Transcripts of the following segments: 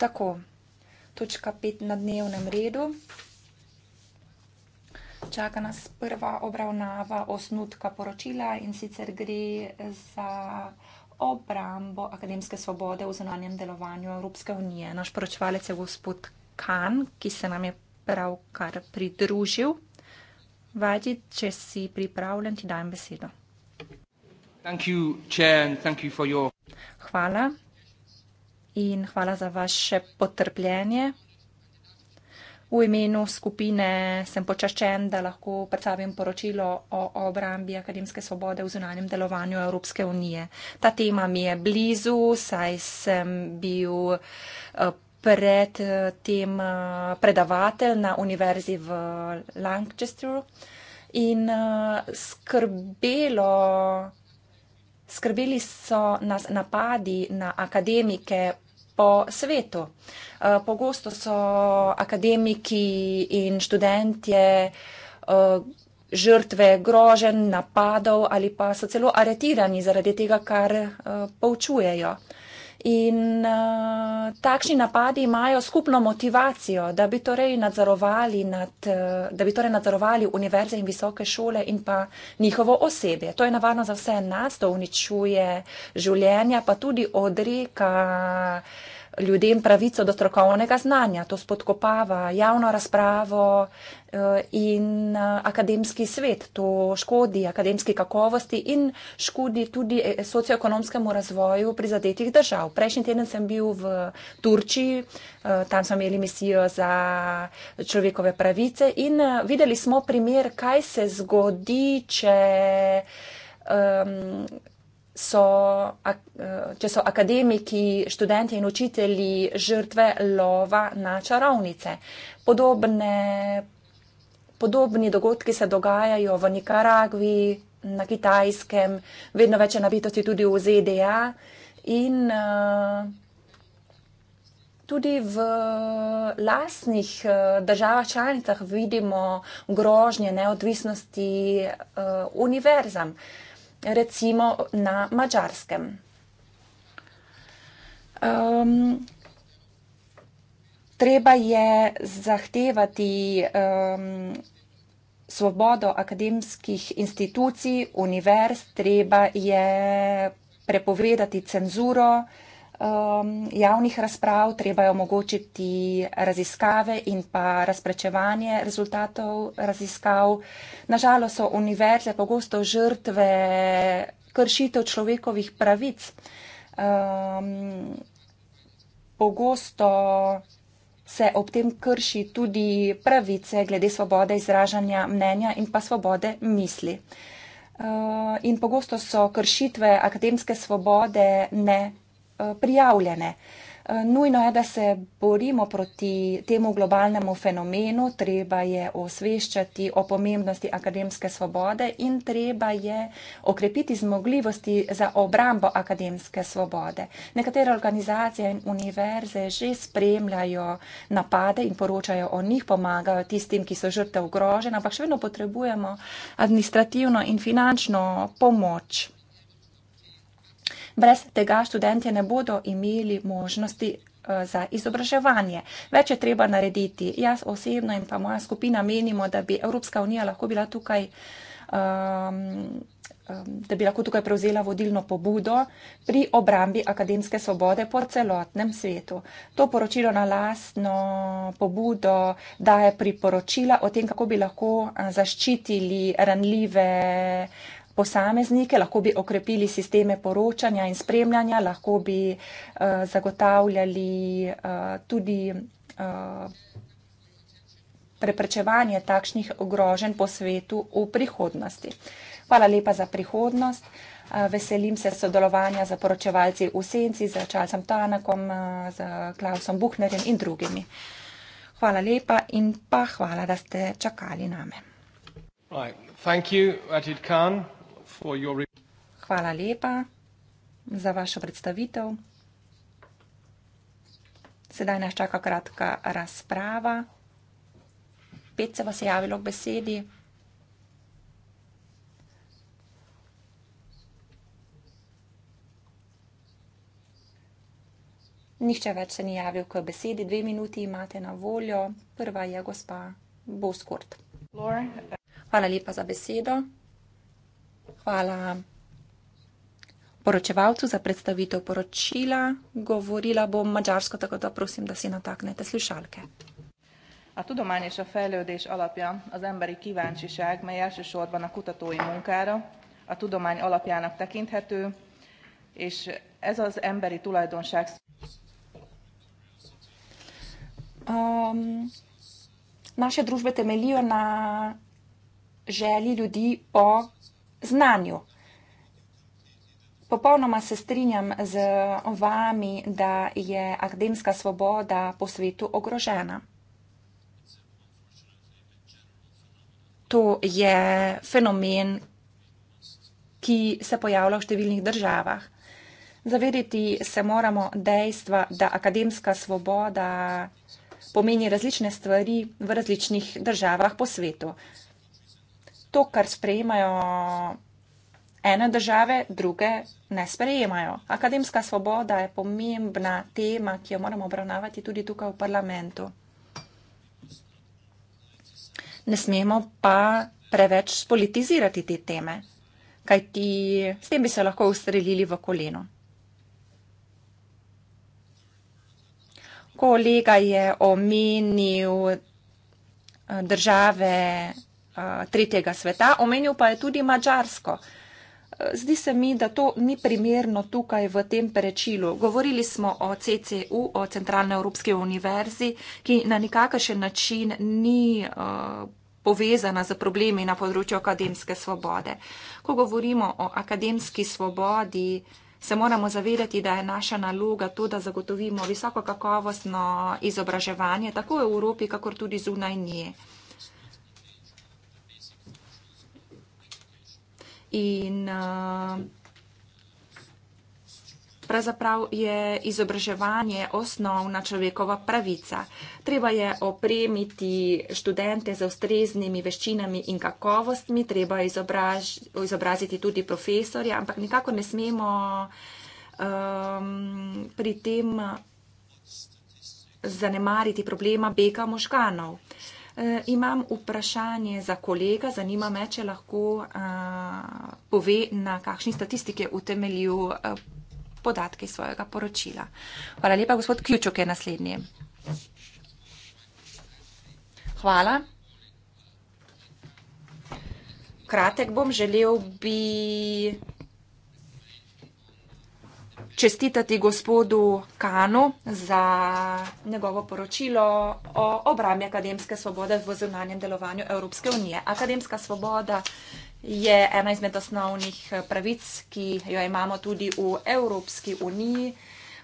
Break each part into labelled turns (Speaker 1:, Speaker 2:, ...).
Speaker 1: Tako, točka 5 na dnevnem redu. Čaka nas prva obravnava osnutka poročila in sicer gre za obrambo akademske svobode v zunanjem delovanju Evropske unije. Naš poročevalec je gospod Kan, ki se nam je pravkar pridružil. Vadi, če si pripravljen, ti dajem besedo.
Speaker 2: Thank you, Chair, and thank you for your...
Speaker 1: Hvala, in hvala za vaše potrpljenje. V imenu skupine sem počaščen, da lahko predstavim poročilo o obrambi akademske svobode v zunanjem delovanju Evropske unije. Ta tema mi je blizu, saj sem bil eh, pred eh, tem eh, predavatelj na univerzi v Lancasteru in skrbelo. Skrbeli so nas napadi na akademike po svetu. Eh, pogosto so akademiki in študentje eh, žrtve grožen, napadov ali pa so celo aretirani zaradi tega, kar eh, poučujejo. In uh, takšni napadi imajo skupno motivacijo, da bi torej nadzorovali, nad, uh, da bi torej nadzorovali univerze in visoke šole in pa njihovo osebje. To je navarno za vse nas, to uničuje življenja, pa tudi odreka uh, ljudem pravico do strokovnega znanja. To spodkopava javno razpravo eh, in eh, akademski svet. To škodi akademski kakovosti in škodi tudi eh, socioekonomskemu razvoju prizadetih držav. Prejšnji teden sem bil v Turčiji, tam smo imeli misijo za človekove pravice in videli smo primer, kaj se zgodi, če. Um, so, eh, če so akademiki, študenti in učitelji žrtve lova na čarovnice. Podobne, podobni dogodki se dogajajo v Nikaragvi, na Kitajskem, vedno več nabitosti tudi v ZDA in eh, tudi v lasnih eh, državah članicah vidimo grožnje neodvisnosti univerzam recimo na mačarskem. Um, treba je zahtevati um, svobodo akademskih institucij, univerz, treba je prepovedati cenzuro, uh, um, javnih razprav, treba je omogočiti raziskave in pa razprečevanje rezultatov raziskav. Nažalost so univerze pogosto žrtve kršitev človekovih pravic. Um, pogosto se ob tem krši tudi pravice glede svobode izražanja mnenja in pa svobode misli. Uh, in pogosto so kršitve akademske svobode ne Eh, prijavljene. Eh, nujno je, da se borimo proti temu globalnemu fenomenu, treba je osveščati o pomembnosti akademske svobode in treba je okrepiti zmogljivosti za obrambo akademske svobode. Nekatere organizacije in univerze že spremljajo napade in poročajo o njih, pomagajo tistim, ki so žrtve ogrožene, ampak še vedno potrebujemo administrativno in finančno pomoč. Brez tega študentje ne bodo imeli možnosti eh, za izobraževanje. Več je treba narediti. Jaz osebno in pa moja skupina menimo, da bi Evropska unija lahko bila tukaj. Um, da bi lahko tukaj prevzela vodilno pobudo pri obrambi akademske svobode po celotnem svetu. To poročilo na lastno pobudo daje priporočila o tem, kako bi lahko eh, zaščitili ranljive uh, posameznike, lahko bi okrepili sisteme poročanja in spremljanja, lahko bi uh, zagotavljali uh, tudi eh, preprečevanje takšnih groženj po svetu v prihodnosti. Hvala lepa za prihodnost. Veselim se sodelovanja za poročevalci v Senci, za Čalcem Tanakom, za Klausom Buhnerjem in drugimi. Hvala lepa in pa hvala, da ste čakali name. Right. Hvala lepa za vašo predstavitev. Sedaj nas čaka kratka razprava. Pet se vas je javilo k besedi. Nihče več se ni javil k besedi. Dve minuti imate na voljo. Prva je gospa Boskurt. Hvala lepa za besedo. Hvala. Poročevalcu za predstavitev poročila govorila bom mađarsko, tako da prosim, da si nataknete slušalke. A tudományos a fejlődés alapja az emberi kíváncsiság, mely elsősorban a kutatói munkára, a tudomány alapjának tekinthető, és ez az emberi tulajdonság. Um, naše družbe temeljijo na želji ljudi po znanju. Popolnoma se strinjam z vami, da je akademska svoboda po svetu ogrožena. To je fenomen, ki se pojavlja v številnih državah. Zavedeti se moramo dejstva, da akademska svoboda pomeni različne stvari v različnih državah po svetu to, kar sprejemajo ene države, druge ne sprejemajo. Akademska svoboda je pomembna tema, ki jo moramo obravnavati tudi tukaj v parlamentu. Ne smemo pa preveč politizirati te teme, kajti s tem bi se lahko ustrelili v koleno. Kolega je omenil eh, države tretjega sveta, omenil pa je tudi Mačarsko. E, zdi se mi, da to ni primerno tukaj v tem prečilu. Govorili smo o CCU, o Centralne Evropske univerzi, ki na nikakršen način ni e, povezana z problemi na področju akademske svobode. Ko govorimo o akademski svobodi, se moramo zavedati, da je naša naloga to, da zagotovimo visoko kakovostno izobraževanje tako v Evropi, kakor tudi zunaj nje. In uh, pravzaprav je izobraževanje osnovna človekova pravica. Treba je opremiti študente z ustreznimi veščinami in kakovostmi, treba izobraž, izobraziti tudi profesorje, ampak nikako ne smemo um, pri tem zanemariti problema bega možganov. Eh, imam vprašanje za kolega, zanima me, če lahko eh, pove, na kakšni statistike utemeljuje eh, podatke iz svojega poročila. Hvala lepa, gospod Ključok je naslednji. Hvala. Kratek bom želel bi čestitati gospodu Kanu za njegovo poročilo o obrambi akademske svobode v zunanjem delovanju Evropske unije. Akademska svoboda je ena izmed osnovnih pravic, ki jo imamo tudi v Evropski uniji.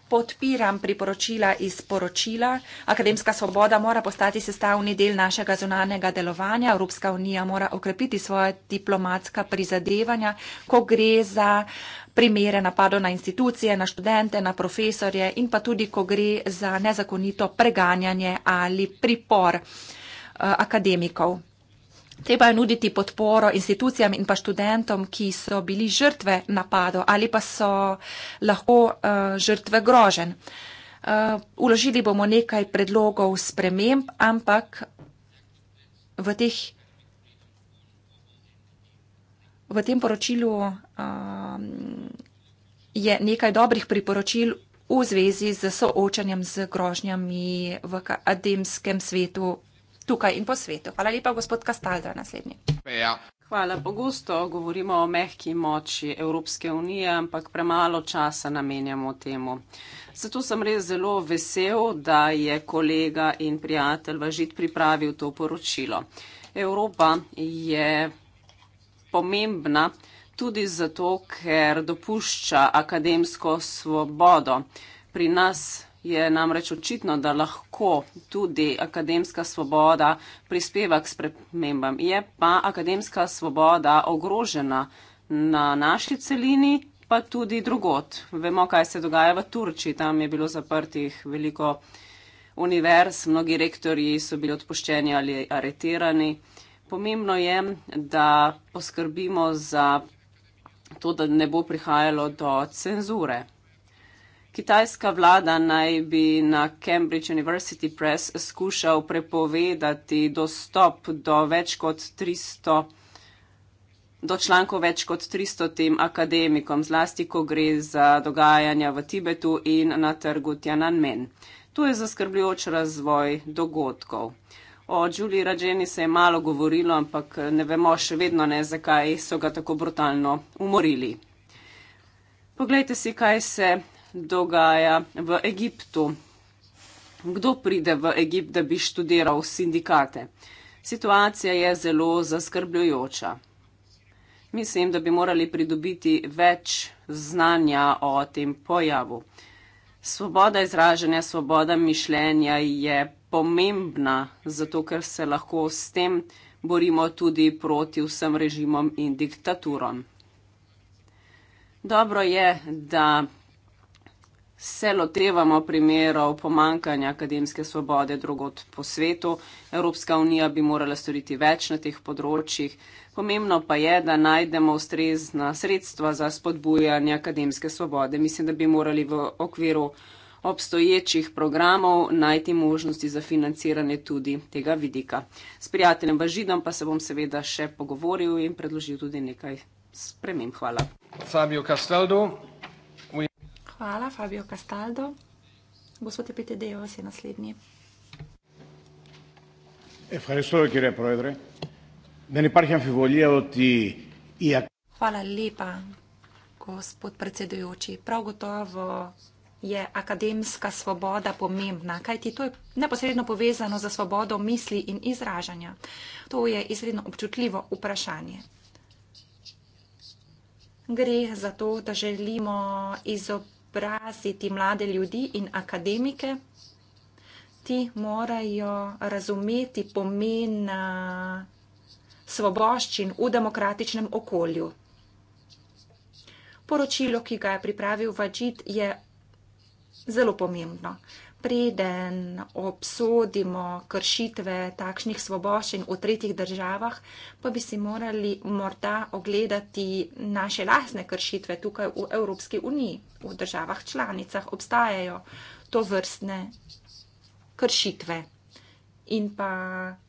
Speaker 1: Podpiram priporočila iz poročila. Akademska svoboda mora postati sestavni del našega zunanjega delovanja. Evropska unija mora okrepiti svoje diplomatska prizadevanja, ko gre za uh, primere napadov na institucije, na študente, na profesorje in pa tudi, ko gre za nezakonito preganjanje ali pripor eh, akademikov. Treba je nuditi podporo institucijam in pa študentom, ki so bili žrtve napadov ali pa so lahko eh, žrtve grožen. Eh, uložili bomo nekaj predlogov sprememb, ampak v, teh, v tem poročilu um, je nekaj dobrih priporočil v zvezi z soočanjem z grožnjami v akademskem svetu tukaj in po svetu. Hvala lepa, gospod Kastaldra, naslednji.
Speaker 3: Ja. Hvala. Pogosto govorimo o mehki moči Evropske unije, ampak premalo časa namenjamo temu. Zato sem res zelo vesel, da je kolega in prijatelj Važit pripravil to poročilo. Evropa je pomembna tudi zato, ker dopušča akademsko svobodo. Pri nas je namreč očitno, da lahko tudi akademska svoboda prispeva k spremembam. Je pa akademska svoboda ogrožena na naši celini, pa tudi drugot. Vemo, kaj se dogaja v Turčiji. Tam je bilo zaprtih veliko univerz, mnogi rektorji so bili odpuščeni ali aretirani. Pomembno je, da poskrbimo za to, da ne bo prihajalo do cenzure. Kitajska vlada naj bi na Cambridge University Press skušal prepovedati dostop do več kot 300 do člankov več kot 300 tem akademikom, zlasti ko gre za dogajanja v Tibetu in na trgu Tiananmen. To je zaskrbljujoč razvoj dogodkov. O Julii Rađeni se je malo govorilo, ampak eh, ne vemo še vedno ne, zakaj so ga tako brutalno umorili. Poglejte si, kaj se dogaja v Egiptu. Kdo pride v Egipt, da bi študiral sindikate? Situacija je zelo zaskrbljujoča. Mislim, da bi morali pridobiti več znanja o tem pojavu. Svoboda izražanja, svoboda mišljenja je pomembna, zato ker se lahko s tem borimo tudi proti vsem režimom in diktaturom. Dobro je, da se lotevamo primerov pomankanja akademske svobode drugot po svetu. Evropska unija bi morala storiti več na teh področjih. Pomembno pa je, da najdemo ustrezna sredstva za spodbujanje akademske svobode. Mislim, da bi morali v okviru obstoječih programov najti možnosti za financiranje tudi tega vidika. S prijateljem Bažidom pa se bom seveda še pogovoril in predložil tudi nekaj sprememb. Hvala.
Speaker 2: Fabio Castaldo. We...
Speaker 1: Hvala, Fabio Castaldo. Gospod PTD, vas je naslednji.
Speaker 4: Ευχαριστώ κύριε Πρόεδρε. Δεν υπάρχει αμφιβολία ότι η Ευχαριστώ
Speaker 1: κύριε Πρόεδρε. Prav gotovo je akademska svoboda pomembna, kajti to je neposredno povezano za svobodo misli in izražanja. To je izredno občutljivo vprašanje. Gre za to, da želimo izobraziti mlade ljudi in akademike. Ti morajo razumeti pomen svoboščin v demokratičnem okolju. Poročilo, ki ga je pripravil Vajid, je zelo pomembno. Preden obsodimo kršitve takšnih svoboščin v tretjih državah, pa bi si morali morda ogledati naše lasne kršitve tukaj v Evropski uniji, v državah članicah. Obstajajo to vrstne kršitve in pa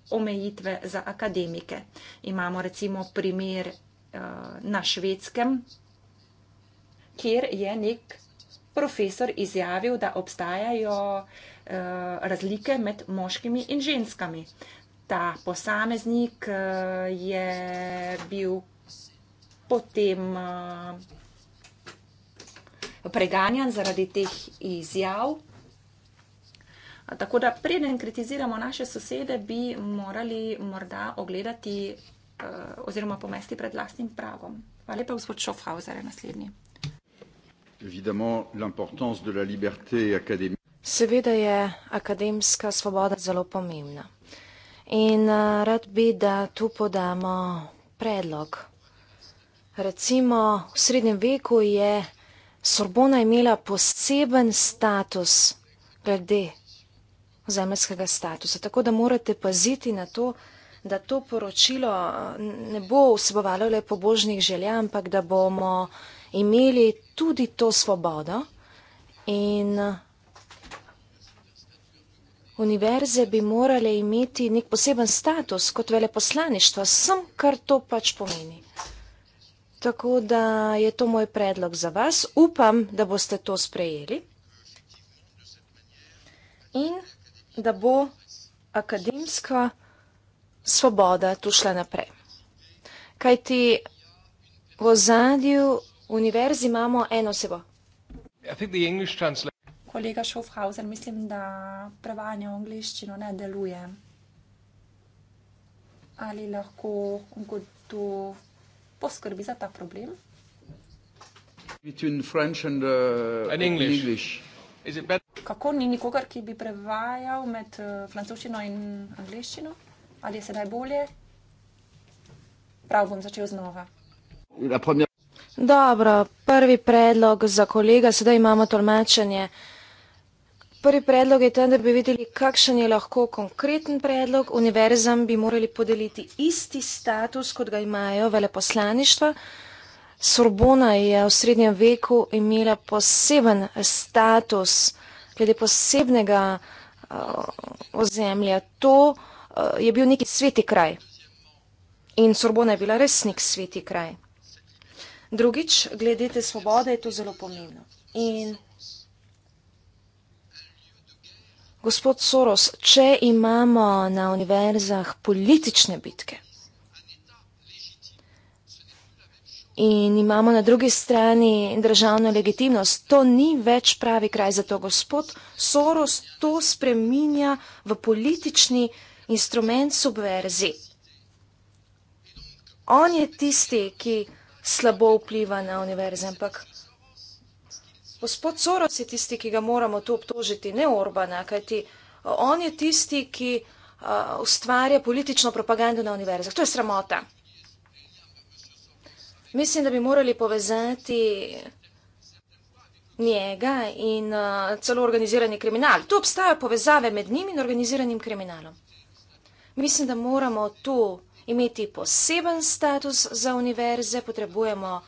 Speaker 1: omejitve za akademike. Imamo recimo primer eh, na švedskem, kjer je nek profesor izjavil, da obstajajo eh, razlike med moškimi in ženskami. Ta posameznik eh, je bil potem eh, preganjan zaradi teh izjav. Tako da preden kritiziramo naše sosede, bi morali morda ogledati oziroma pomesti pred vlastnim pragom. Hvala lepa, gospod Šofhauser, naslednji. Seveda
Speaker 5: je akademska svoboda zelo pomembna. In eh, rad bi, da tu podamo predlog. Recimo v srednjem veku je Sorbona imela poseben status glede zemljskega statusa. Tako da morate paziti na to, da to poročilo eh, ne bo vsebovalo le pobožnih želja, ampak da bomo imeli tudi to svobodo in eh, univerze bi morale imeti nek poseben status kot veleposlaništvo, sem kar to pač pomeni. Tako da je to moj predlog za vas. Upam, da boste to sprejeli in da bo akademska svoboda tu šla naprej. Kaj ti v zadju univerzi imamo eno osebo.
Speaker 1: Kolega Šofhauser, mislim, da prevajanje v angliščino ne deluje. Ali lahko kdo poskrbi za ta problem?
Speaker 2: And, uh, and English. English.
Speaker 1: Kako ni nikogar, ki bi prevajal med uh, francoščino in angliščino? Ali je sedaj bolje? Prav bom začel znova.
Speaker 5: Dobro, prvi predlog za kolega, sedaj imamo tolmačenje. Prvi predlog je ten, da bi videli, kakšen je lahko konkreten predlog. Univerzam bi morali podeliti isti status, kot ga imajo veleposlaništva. Sorbona je v srednjem veku imela poseben status, glede posebnega uh, ozemlja. To uh, je bil neki sveti kraj. In Sorbona je bila res nek sveti kraj. Drugič, glede te svobode je to zelo pomembno. In gospod Soros, če imamo na univerzah politične bitke in imamo na drugi strani državno legitimnost, to ni več pravi kraj. Zato gospod Soros to spreminja v politični instrument subverzi. On je tisti, ki slabo vpliva na univerze, ampak gospod Soros je tisti, ki ga moramo tu obtožiti, ne Orbana, kajti eh, on je tisti, ki eh, ustvarja politično propagando na univerzah. To je sramota. Mislim, da bi morali povezati njega in uh, celo organizirani kriminal. Tu obstajajo povezave med njim in organiziranim kriminalom. Mislim, da moramo tu imeti poseben status za univerze, potrebujemo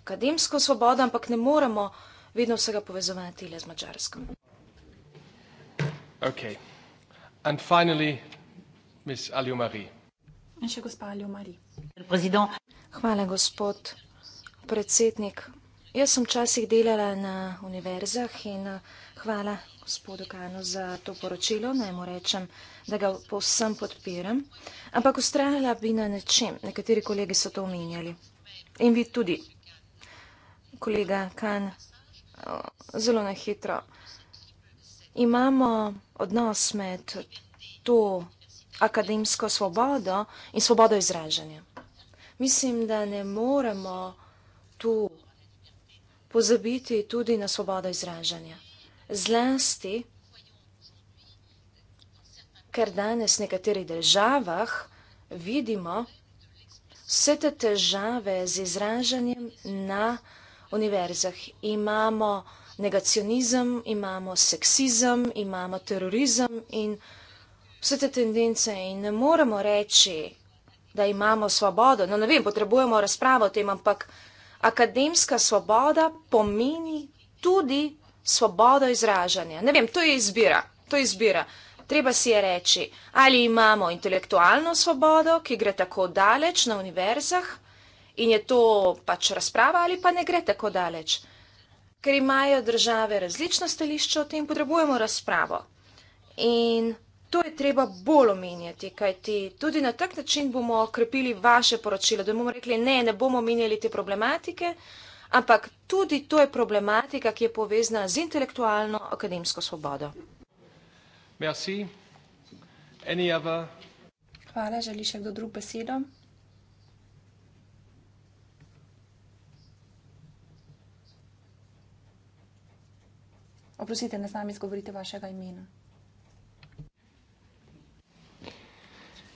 Speaker 5: akademsko svobodo, ampak ne moremo vedno vsega povezovati le z Mačarsko.
Speaker 2: Okay. And finally, Ms.
Speaker 5: In
Speaker 1: še gospa Aljomari. Hvala,
Speaker 5: gospod predsednik. Jaz sem včasih delala na univerzah in hvala gospodu Kano za to poročilo. Naj mu rečem, da ga povsem podpiram, ampak ustrajala bi na nečem. Nekateri kolegi so to omenjali. In vi tudi, kolega Kan, zelo nahitro. Imamo odnos med to akademsko svobodo in svobodo izražanja. Mislim, da ne moremo tu pozabiti tudi na svobodo izražanja. Zlasti, ker danes v nekaterih državah vidimo vse te težave z izražanjem na univerzah. Imamo negacionizem, imamo seksizem, imamo terorizem in vse te tendence in ne moremo reči, da imamo svobodo. No, ne vem, potrebujemo razpravo o tem, ampak akademska svoboda pomeni tudi svobodo izražanja. Ne vem, to je izbira. To je izbira. Treba si je reči, ali imamo intelektualno svobodo, ki gre tako daleč na univerzah in je to pač razprava, ali pa ne gre tako daleč. Ker imajo države različno stališče o tem, potrebujemo razpravo. In to je treba bolj omenjati, kajti tudi na tak način bomo okrepili vaše poročilo, da bomo rekli, ne, ne bomo omenjali te problematike, ampak tudi to je problematika, ki je povezana z intelektualno akademsko svobodo.
Speaker 1: Hvala. Želi še kdo drug besedo? Oprostite, ne znam izgovoriti vašega imena.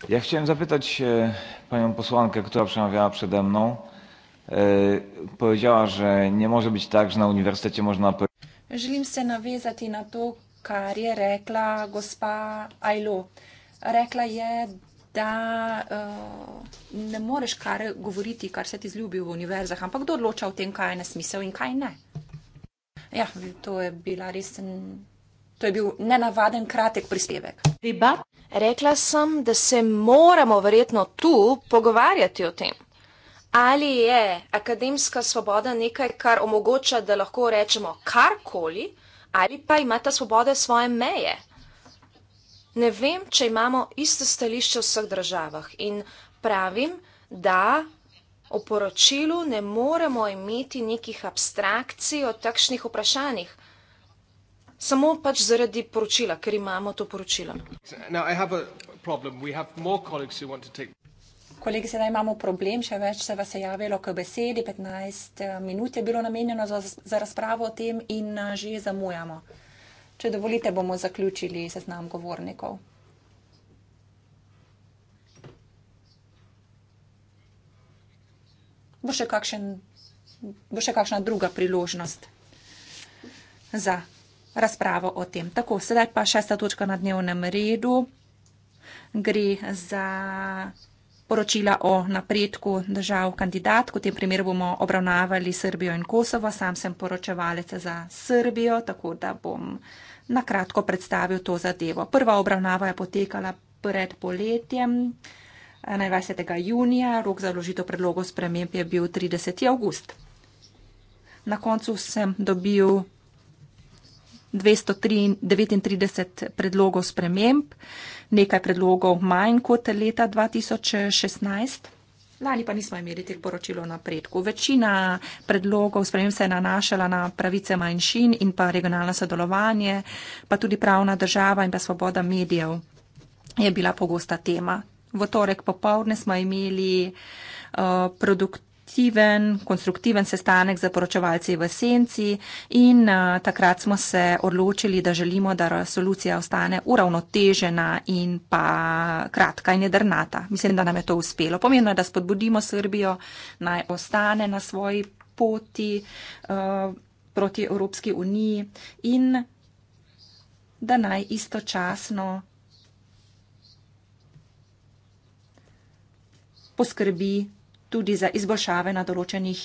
Speaker 2: Ja, chciałem zapytać e,
Speaker 5: panią posłankę, która przemawiała przede mną. E, powiedziała, że nie może być tak, że na uniwersytecie można.
Speaker 1: Želim se navezati na to, kar je rekla gospa Ailo. Rekla je, da uh, ne moreš kar govoriti, kar se ti zljubi v univerzah, ampak kdo odloča o tem, kaj je nesmisel in kaj ne. Ja, to je bila res. To je bil nenavaden kratek prispevek. Riba. Rekla sem, da se moramo verjetno
Speaker 5: tu pogovarjati o tem. Ali je akademska svoboda nekaj, kar omogoča, da lahko rečemo karkoli, ali pa ima ta svoboda svoje meje. Ne vem, če imamo iste stališče v vseh državah in pravim, da o poročilu ne moremo imeti nekih abstrakcij o takšnih vprašanjih. Samo pač zaradi poročila,
Speaker 1: ker imamo to poročilo.
Speaker 2: Now, take...
Speaker 1: Kolegi, sedaj imamo problem, še več se vas je javilo k besedi, 15 eh, minut je bilo namenjeno za, za razpravo o tem in eh, že zamujamo. Če dovolite, bomo zaključili seznam govornikov. Bo še, kakšen, bo še kakšna druga priložnost za razpravo o tem. Tako, sedaj pa šesta točka na dnevnem redu. Gre za poročila o napredku držav kandidat. V tem primeru bomo obravnavali Srbijo in Kosovo. Sam sem poročevalec za Srbijo, tako da bom na kratko predstavil to zadevo. Prva obravnava je potekala pred poletjem. 21. junija, rok za vložitev predlogov sprememb je bil 30. august. Na koncu sem dobil 239 predlogov sprememb nekaj predlogov manj kot leta 2016. Lani pa nismo imeli teh poročil o napredku. Večina predlogov sprememb se je nanašala na pravice manjšin in pa regionalno sodelovanje, pa tudi pravna država in pa svoboda medijev je bila pogosta tema. V torek popovdne smo imeli uh, produkt aktiven, konstruktiven sestanek za poročevalce v senci in uh, takrat smo se odločili, da želimo, da resolucija ostane uravnotežena in pa kratka in jedrnata. Mislim, da nam je to uspelo. Pomembno je, da spodbudimo Srbijo, naj ostane na svoji poti uh, proti Evropski uniji in da naj istočasno. poskrbi tudi za izboljšave na določenih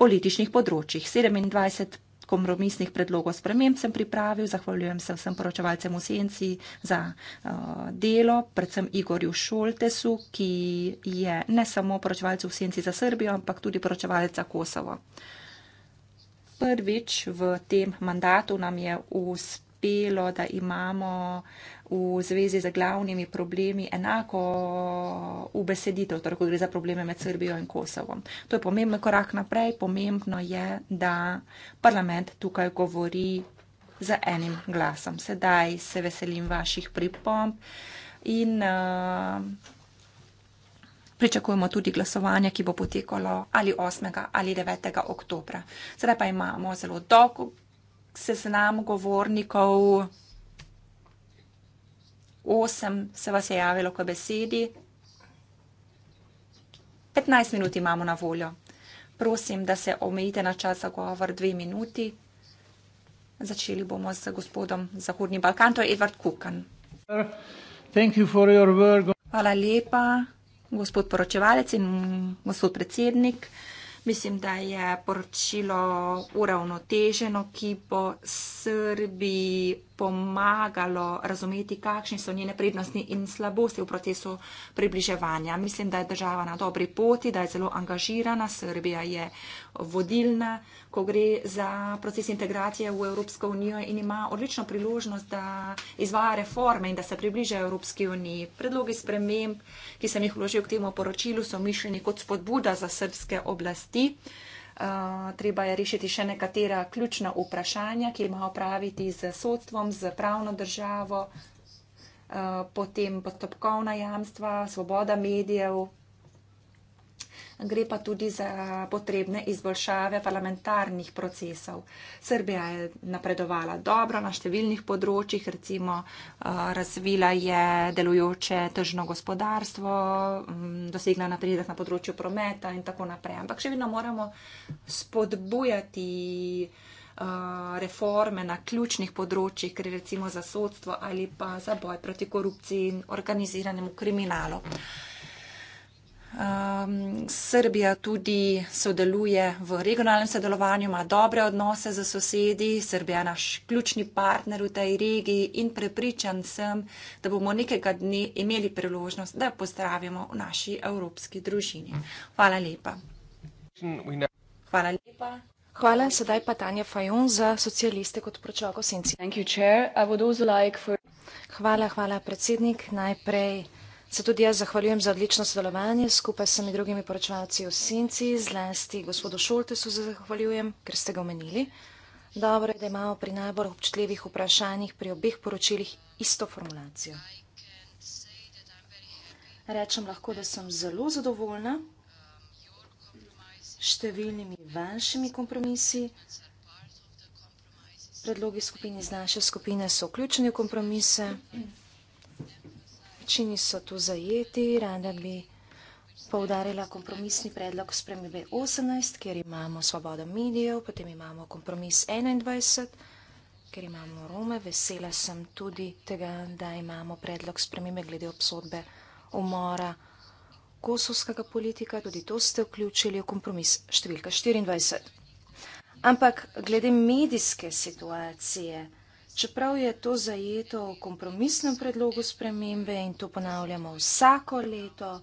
Speaker 1: političnih področjih. 27 kompromisnih predlogov sprememb sem pripravil, zahvaljujem se vsem poročevalcem v Senci za uh, delo, predvsem Igorju Šoltesu, ki je ne samo poročevalcu v Senci za Srbijo, ampak tudi poročevalca Kosovo. Prvič v tem mandatu nam je uspel apelo, da imamo v zvezi z glavnimi problemi enako v beseditev, torej ko gre za probleme med Srbijo in Kosovom. To je pomemben korak naprej, pomembno je, da parlament tukaj govori za enim glasom. Sedaj se veselim vaših pripomb in uh, pričakujemo tudi glasovanje, ki bo potekalo ali 8. ali 9. oktobra. Sedaj pa imamo zelo dolgo seznam govornikov, osem se vas je javilo k besedi. 15 minut imamo na voljo. Prosim, da se omejite na čas za govor dve minuti. Začeli bomo z gospodom Zahodni Balkan, to je Edward Kukan. Hvala lepa, gospod poročevalec in gospod predsednik. Uh, Mislim, da je poročilo uravnoteženo, ki bo Srbiji pomagalo razumeti, kakšni so njene prednosti in slabosti v procesu približevanja. Mislim, da je država na dobri poti, da je zelo angažirana, Srbija je vodilna, ko gre za proces integracije v Evropsko unijo in ima odlično priložnost, da izvaja reforme in da se približa Evropski uniji. Predlogi sprememb, ki sem jih vložil k temu poročilu, so mišljeni kot spodbuda za srbske oblasti. Eh, treba je rešiti še nekatera ključna vprašanja, ki imajo praviti z sodstvom, z pravno državo, eh, potem postopkovna jamstva, svoboda medijev, gre pa tudi za potrebne izboljšave parlamentarnih procesov. Srbija je napredovala dobro na številnih področjih, recimo eh, razvila je delujoče tržno gospodarstvo, mm, dosegla napredek na področju prometa in tako naprej. Ampak še vedno moramo spodbujati eh, reforme na ključnih področjih, kjer recimo za sodstvo ali pa za boj proti korupciji in organiziranemu kriminalu. Um, Srbija tudi sodeluje v regionalnem sodelovanju, ima dobre odnose z sosedi. Srbija je naš ključni partner v tej regiji in prepričan sem, da bomo nekega dne imeli priložnost, da jo pozdravimo v naši evropski družini. Hvala lepa. Hvala lepa. Hvala, sedaj pa Tanja Fajon za socialiste kot pročlovek v senci.
Speaker 5: Hvala, hvala predsednik. Najprej. Se tudi jaz zahvaljujem za odlično sodelovanje skupaj s temi drugimi poročevalci v Sinci, zlasti gospodu Šoltesu zahvaljujem, ker ste ga omenili. Dobro je, da imamo pri najbolj občutljivih vprašanjih pri obeh poročilih isto formulacijo. Rečem lahko, da sem zelo zadovoljna številnimi vašimi kompromisi. Predlogi skupini z naše skupine so vključeni v kompromise. Mm -hmm občini so tu zajeti, rada bi povdarila kompromisni predlog spremljive 18, kjer imamo svobodo medijev, potem imamo kompromis 21, kjer imamo Rome. Vesela sem tudi tega, da imamo predlog spremljive glede obsodbe umora kosovskega politika, tudi to ste vključili v kompromis številka 24. Ampak glede medijske situacije, Čeprav je to zajeto v kompromisnem predlogu spremembe in to ponavljamo vsako leto,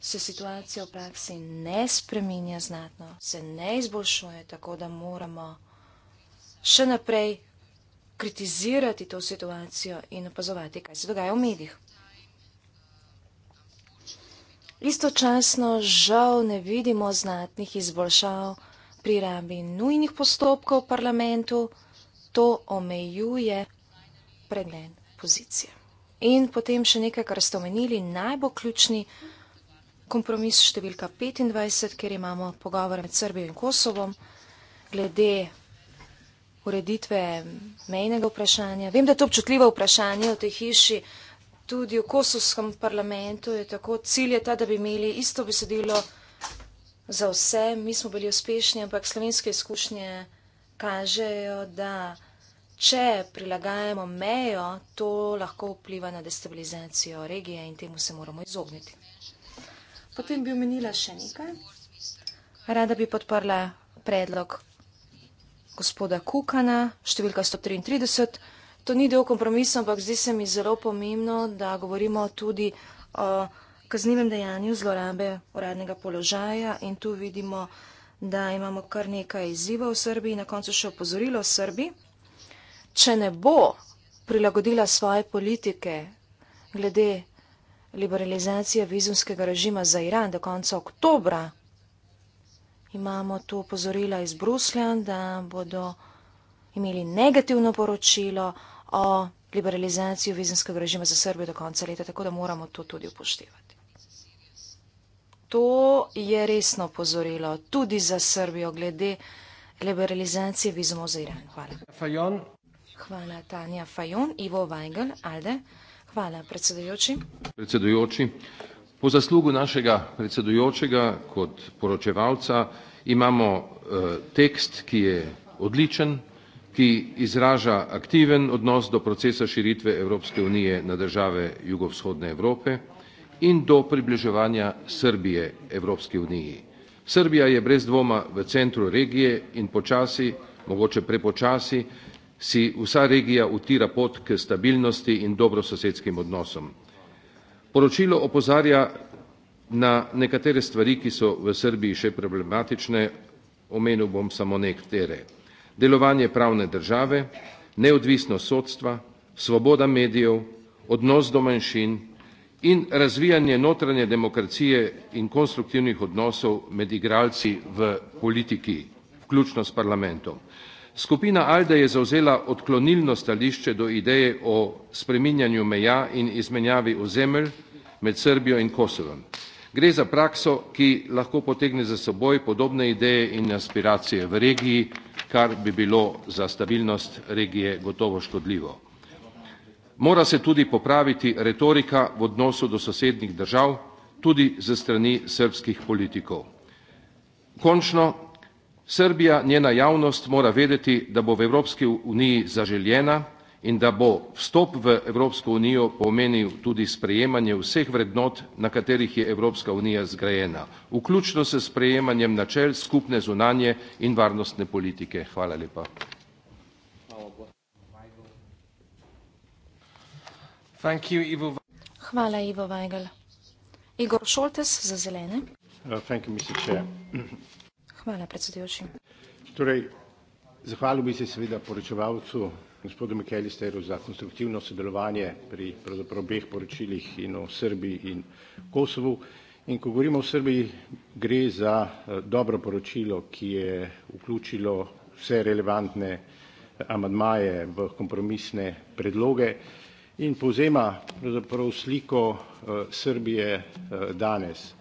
Speaker 5: se situacija v praksi ne spreminja znatno, se ne izboljšuje, tako da moramo še naprej kritizirati to situacijo in opazovati, kaj se dogaja v medijih. Istočasno žal ne vidimo znatnih izboljšav, pri rabi nujnih postopkov v parlamentu, to omejuje predmen pozicije. In potem še nekaj, kar ste omenili, najbolj ključni kompromis številka 25, kjer imamo pogovore med Srbijo in Kosovom glede ureditve mejnega vprašanja. Vem, da je to občutljivo vprašanje v tej hiši, tudi v kosovskem parlamentu je tako. Cilj je ta, da bi imeli isto besedilo. Bi za vse, mi smo bili uspešni, ampak slovenske izkušnje kažejo, da če prilagajamo mejo, to lahko vpliva na destabilizacijo regije in temu se moramo izogniti. Potem bi omenila še nekaj. Rada bi podprla predlog gospoda Kukana, številka 133. To ni del kompromisa, ampak zdi se mi zelo pomembno, da govorimo tudi o. Uh, kaznivem dejanju zlorabe uradnega položaja in tu vidimo, da imamo kar nekaj izziva v Srbiji. Na koncu še opozorilo Srbiji, če ne bo prilagodila svoje politike glede liberalizacije vizumskega režima za Iran do konca oktobra, imamo tu opozorila iz Bruslja, da bodo imeli negativno poročilo o liberalizaciji vizumskega režima za Srbijo do konca leta, tako da moramo to tudi upoštevati to je resno pozorilo tudi za Srbijo glede liberalizacije vizumov za Iran. Hvala. Fajon. Hvala, Tanja Fajon, Ivo Weigel, Alde. Hvala, predsedujoči.
Speaker 2: Predsedujoči, po zaslugu našega predsedujočega kot poročevalca imamo eh, tekst, ki je odličen, ki izraža aktiven odnos do procesa širitve Evropske unije na države jugovzhodne Evrope in do približevanja Srbije Evropski uniji. Srbija je brez dvoma v centru regije in počasi, mogoče prepočasi, si vsa regija utira pot k stabilnosti in dobrososedskim odnosom. Poročilo opozarja na nekatere stvari, ki so v Srbiji še problematične, omenil bom samo nektere. Delovanje pravne države, neodvisnost sodstva, svoboda medijev, odnos do manjšin, in razvijanje notranje demokracije in konstruktivnih odnosov med igralci v politiki, vključno s parlamentom. Skupina Alde je zauzela odklonilno stališče do ideje o spreminjanju meja in izmenjavi ozemelj med Srbijo in Kosovom. Gre za prakso, ki lahko potegne za seboj podobne ideje in aspiracije v regiji, kar bi bilo za stabilnost regije gotovo škodljivo mora se tudi popraviti retorika v odnosu do sosednjih držav, tudi ze strani srbskih politikov. Končno, Srbija, njena javnost mora vedeti, da bo v Evropski uniji zaželjena in da bo vstop v Evropsko unijo pomenil tudi sprejemanje vseh vrednot, na katerih je Evropska unija zgrajena, vključno s sprejemanjem načel skupne zunanje in varnostne politike. Hvala lepa.
Speaker 4: Thank you, Ivo.
Speaker 5: Hvala, Ivo Weigel. Igor Šoltes za zelene.
Speaker 4: Uh, thank you, Mr. Chair.
Speaker 5: Hvala, predsedujoči.
Speaker 4: Torej, zahvalil bi se seveda poročevalcu gospodu Mikelisteru za konstruktivno sodelovanje pri pravzaprav obeh poročilih in o Srbiji in Kosovu. In ko govorimo o Srbiji, gre za uh, dobro poročilo, ki je vključilo vse relevantne uh, amadmaje v kompromisne predloge in povzema pravzaprav sliko eh, Srbije eh, danes.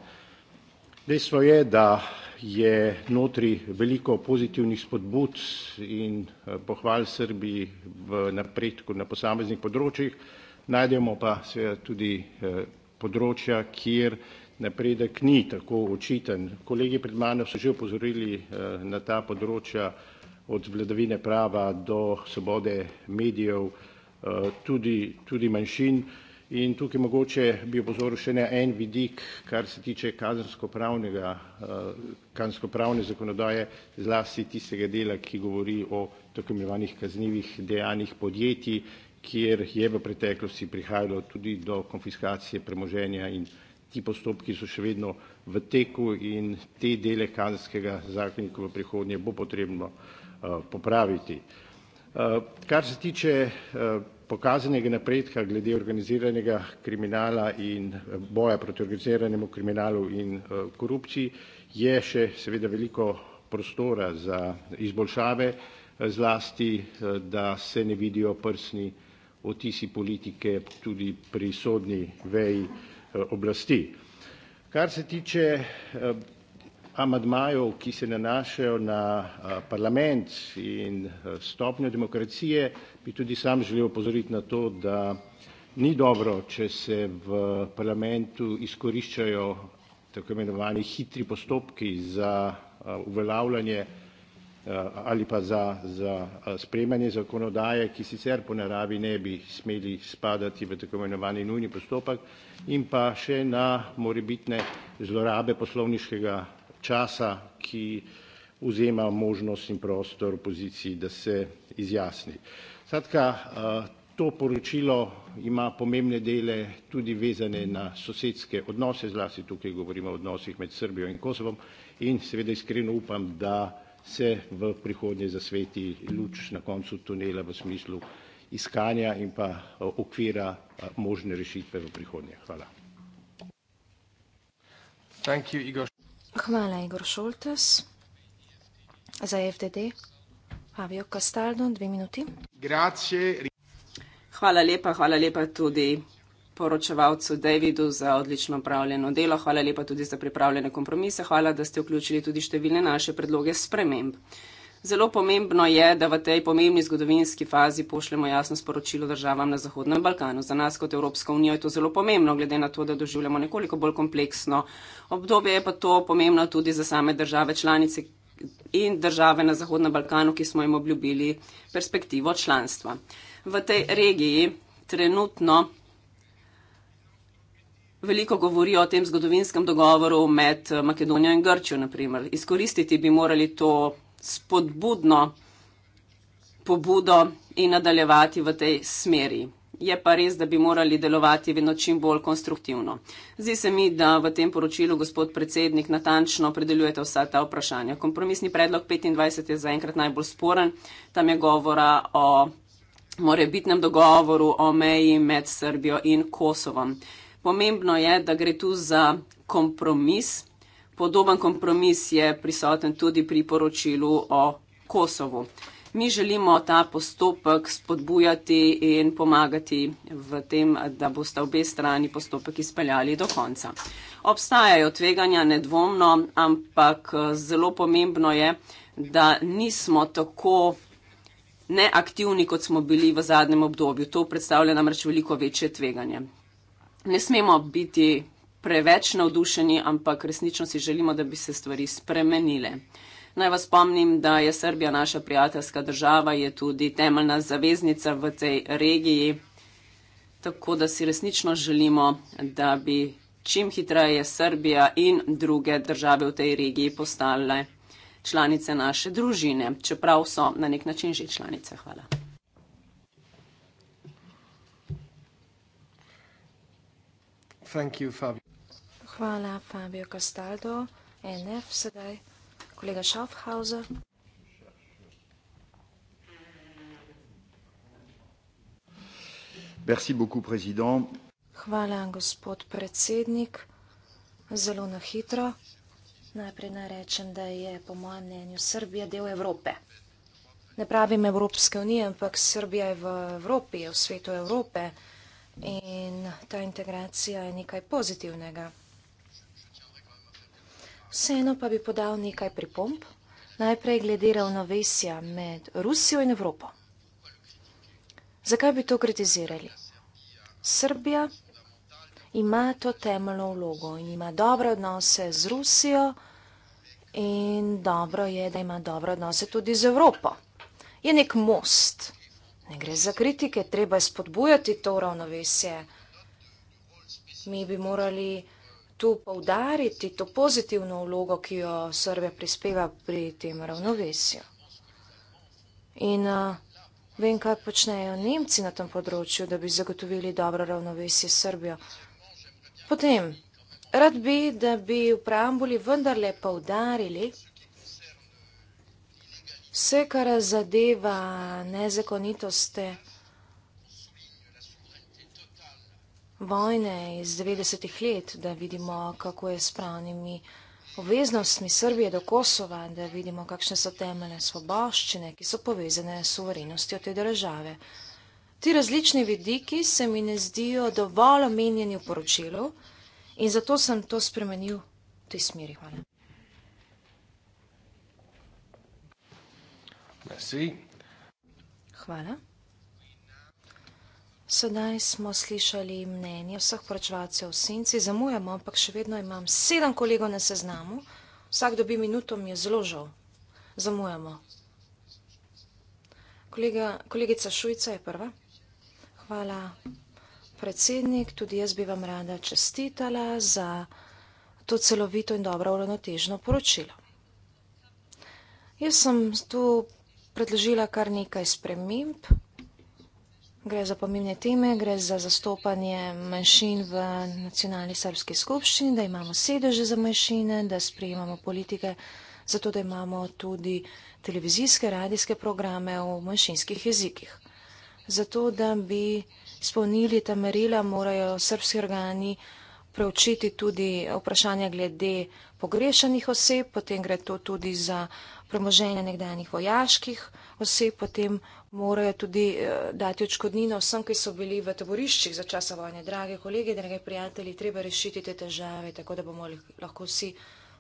Speaker 4: Dejstvo je, da je notri veliko pozitivnih spodbud in eh, pohval Srbiji v napredku na posameznih področjih, najdemo pa seveda tudi področja, kjer napredek ni tako očiten. Kolegi pred mano so že opozorili na ta področja od vladavine prava do svobode medijev, tudi, tudi manjšin. In tukaj mogoče bi opozoril še na en vidik, kar se tiče kazenskopravnega, kazenskopravne zakonodaje, zlasti tistega dela, ki govori o tako imenovanih kaznivih dejanjih podjetij, kjer je v preteklosti prihajalo tudi do konfiskacije premoženja in ti postopki so še vedno v teku in te dele kazenskega zakonika v prihodnje bo potrebno, popraviti. Eh, kar se tiče eh, pokazanega napredka glede organiziranega kriminala in eh, boja proti organiziranemu kriminalu in korupciji, je še seveda veliko prostora za izboljšave, zlasti, da se ne vidijo prsni otisi politike tudi pri sodni veji oblasti. Kar se tiče amadmajev, ki se nanašajo na eh, parlament in eh, stopnjo demokracije, bi tudi sam želel opozoriti na to, da ni dobro, če se v parlamentu izkoriščajo tako imenovani hitri postopki za eh, uveljavljanje ali pa za, za sprejemanje zakonodaje, ki sicer po naravi ne bi smeli spadati v tako imenovani nujni postopek in pa še na morebitne zlorabe poslovniškega časa, ki vzema možnost in prostor opoziciji, da se izjasni. Skratka, eh, to poročilo ima pomembne dele tudi vezane na sosedske odnose, zlasti tukaj govorimo o odnosih med Srbijo in Kosovom in seveda iskreno upam, da se v prihodnje zasveti luč na koncu tunela v smislu iskanja in pa eh, okvira eh, možne rešitve v prihodnje. Hvala. Thank you, Igor.
Speaker 5: Hvala, Igor Šoltes. Za FDD, Avio Castaldo, dve minuti.
Speaker 3: Grazie. Hvala lepa, hvala lepa tudi poročevalcu Davidu za odlično upravljeno delo, hvala lepa tudi za pripravljene kompromise, hvala, da ste vključili tudi številne naše predloge sprememb. Zelo pomembno je, da v tej pomembni zgodovinski fazi pošljemo jasno sporočilo državam na Zahodnem Balkanu. Za nas kot Evropsko unijo je to zelo pomembno, glede na to, da doživljamo nekoliko bolj kompleksno obdobje, je pa to pomembno tudi za same države članice in države na Zahodnem Balkanu, ki smo jim obljubili perspektivo članstva. V tej regiji trenutno veliko govori o tem zgodovinskem dogovoru med eh, Makedonijo in Grčijo, naprimer. Izkoristiti bi morali to spodbudno pobudo in nadaljevati v tej smeri. Je pa res, da bi morali delovati vedno čim bolj konstruktivno. Zdi se mi, da v tem poročilu, gospod predsednik, natančno predeljujete vsa ta vprašanja. Kompromisni predlog 25 je zaenkrat najbolj sporen. Tam je govora o morebitnem dogovoru o meji med Srbijo in Kosovom. Pomembno je, da gre tu za kompromis Podoben kompromis je prisoten tudi pri poročilu o Kosovu. Mi želimo ta postopek spodbujati in pomagati v tem, da boste obe strani postopek izpeljali do konca. Obstajajo tveganja nedvomno, ampak zelo pomembno je, da nismo tako neaktivni, kot smo bili v zadnjem obdobju. To predstavlja namreč veliko večje tveganje. Ne smemo biti preveč navdušeni, ampak resnično si želimo, da bi se stvari spremenile. Naj vas spomnim, da je Srbija naša prijateljska država, je tudi temeljna zaveznica v tej regiji, tako da si resnično želimo, da bi čim hitreje Srbija in druge države v tej regiji postale članice naše družine, čeprav so na nek način že članice. Hvala.
Speaker 2: Thank you,
Speaker 5: Hvala, Fabio Castaldo, NF sedaj, kolega Schaffhauser. Merci beaucoup, président. Hvala, gospod predsednik. Zelo na hitro. Najprej narečem, da je po mojem mnenju Srbija del Evrope. Ne pravim Evropske unije, ampak Srbija je v Evropi, v svetu Evrope in ta integracija je nekaj pozitivnega. Vseeno pa bi podal nekaj pripomp, najprej glede ravnovesja med Rusijo in Evropo. Zakaj bi to kritizirali? Srbija ima to temeljno vlogo in ima dobre odnose z Rusijo in dobro je, da ima dobre odnose tudi z Evropo. Je nek most. Ne gre za kritike, treba je spodbujati to ravnovesje. Mi bi morali tu poudariti to pozitivno vlogo, ki jo Srbija prispeva pri tem ravnovesju. In uh, vem, kaj počnejo Nemci na tem področju, da bi zagotovili dobro ravnovesje Srbijo. Potem, rad bi, da bi v preambuli vendarle poudarili vse, kar zadeva nezakonitoste. vojne iz 90-ih let, da vidimo, kako je s pravnimi obveznostmi Srbije do Kosova, da vidimo, kakšne so temeljne svoboščine, ki so povezane s suverenostjo te države. Ti različni vidiki se mi ne zdijo dovolj omenjeni v poročilu in zato sem to spremenil v tej smeri. Hvala. Merci. Hvala. Sedaj smo slišali mnenje vseh poročevalcev v senci, zamujamo, ampak še vedno imam sedem kolegov na seznamu. Vsak dobi minuto, mi je zelo žal. Zamujamo. Kolega, kolegica Šujca je prva. Hvala, predsednik. Tudi jaz bi vam rada čestitala za to celovito in dobro uravnotežno poročilo. Jaz sem tu predložila kar nekaj sprememb. Gre za pomembne teme, gre za zastopanje manjšin v nacionalni srpski skupščini, da imamo sedeže za manjšine, da sprejemamo politike, zato da imamo tudi televizijske, radijske programe v manjšinskih jezikih. Zato, da bi spolnili ta merila, morajo srpski organi preučiti tudi vprašanja glede pogrešanih oseb, potem gre to tudi za premoženje nekdanjih vojaških oseb, potem morajo tudi eh, dati očkodnino vsem, ki so bili v taboriščih za časa vojne. Drage kolege, drage prijatelji, treba rešiti te težave, tako da bomo lahko vsi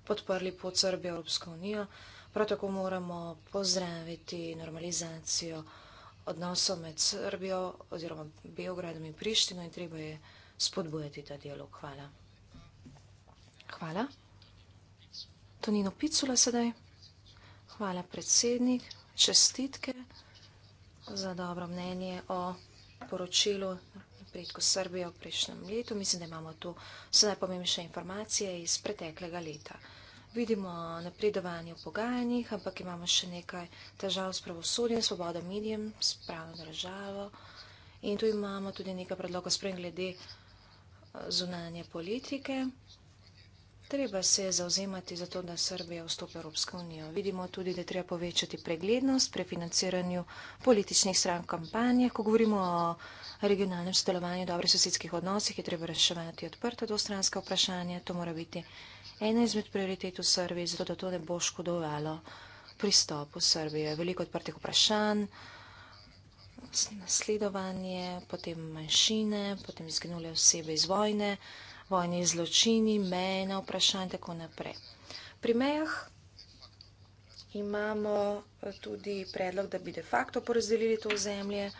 Speaker 5: podprli pot Srbije v Evropsko unijo. Prav tako moramo pozdraviti normalizacijo odnosov med Srbijo oziroma Beogradom in Prištino in treba je spodbujati ta dialog. Hvala. Hvala. Tonino Picula sedaj. Hvala, predsednik. Čestitke. Hvala za dobro mnenje o poročilu napredku Srbije v prejšnjem letu. Mislim, da imamo tu vse najpomembnejše informacije iz preteklega leta. Vidimo napredovanje v pogajanjih, ampak imamo še nekaj težav s pravosodjem, svobodo medijem, s pravno državo. In tu imamo tudi nekaj predlogov sprem glede eh, zunanje politike. Treba se je zauzemati za to, da Srbija vstopi v Evropsko unijo. Vidimo tudi, da je treba povečati preglednost pri financiranju političnih strank kampanje. Ko govorimo o regionalnem sodelovanju, dobrih sosedskih odnosih, je treba reševati odprta dvostranska vprašanja. To mora biti ena izmed prioritet v Srbiji, zato da to ne bo škodovalo pristopu Srbije. Veliko odprtih vprašanj, nasledovanje, potem manjšine, potem izginule osebe iz vojne vojni zločini, mejna vprašanja in tako naprej. Pri mejah imamo eh, tudi predlog, da bi de facto porazdelili to zemlje.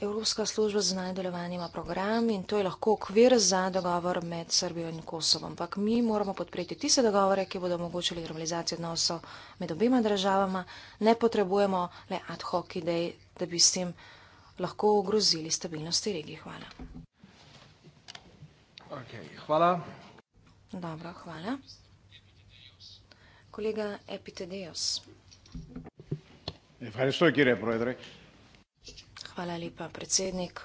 Speaker 5: Evropska služba za najdelovanje ima program in to je lahko okvir za dogovor med Srbijo in Kosovom. Ampak mi moramo podpreti tiste dogovore, ki bodo omogočili normalizacijo odnosov med obima državama. Ne potrebujemo le ad hoc idej, da bi s tem lahko ogrozili stabilnosti regije. Hvala. Okay, hvala. Dobro, hvala. Kolega Epitedeos. Hvala lepa, predsednik.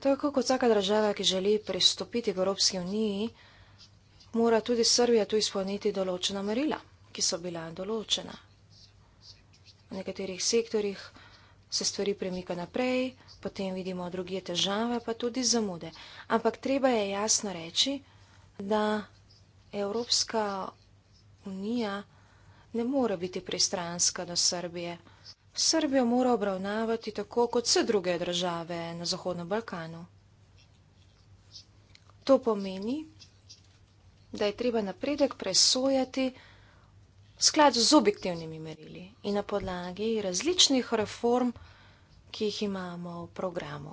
Speaker 5: Tako kot vsaka država, ki želi pristopiti v Evropski uniji, mora tudi Srbija tu izpolniti določena merila, ki so bila določena. V nekaterih sektorjih se stvari premika naprej, potem vidimo druge težave, pa tudi zamude. Ampak treba je jasno reči, da Evropska unija ne more biti pristranska do Srbije. Srbijo mora obravnavati tako kot vse druge države na Zahodnem Balkanu. To pomeni, da je treba napredek presojati v skladu z objektivnimi merili in na podlagi različnih reform, ki jih imamo v programu.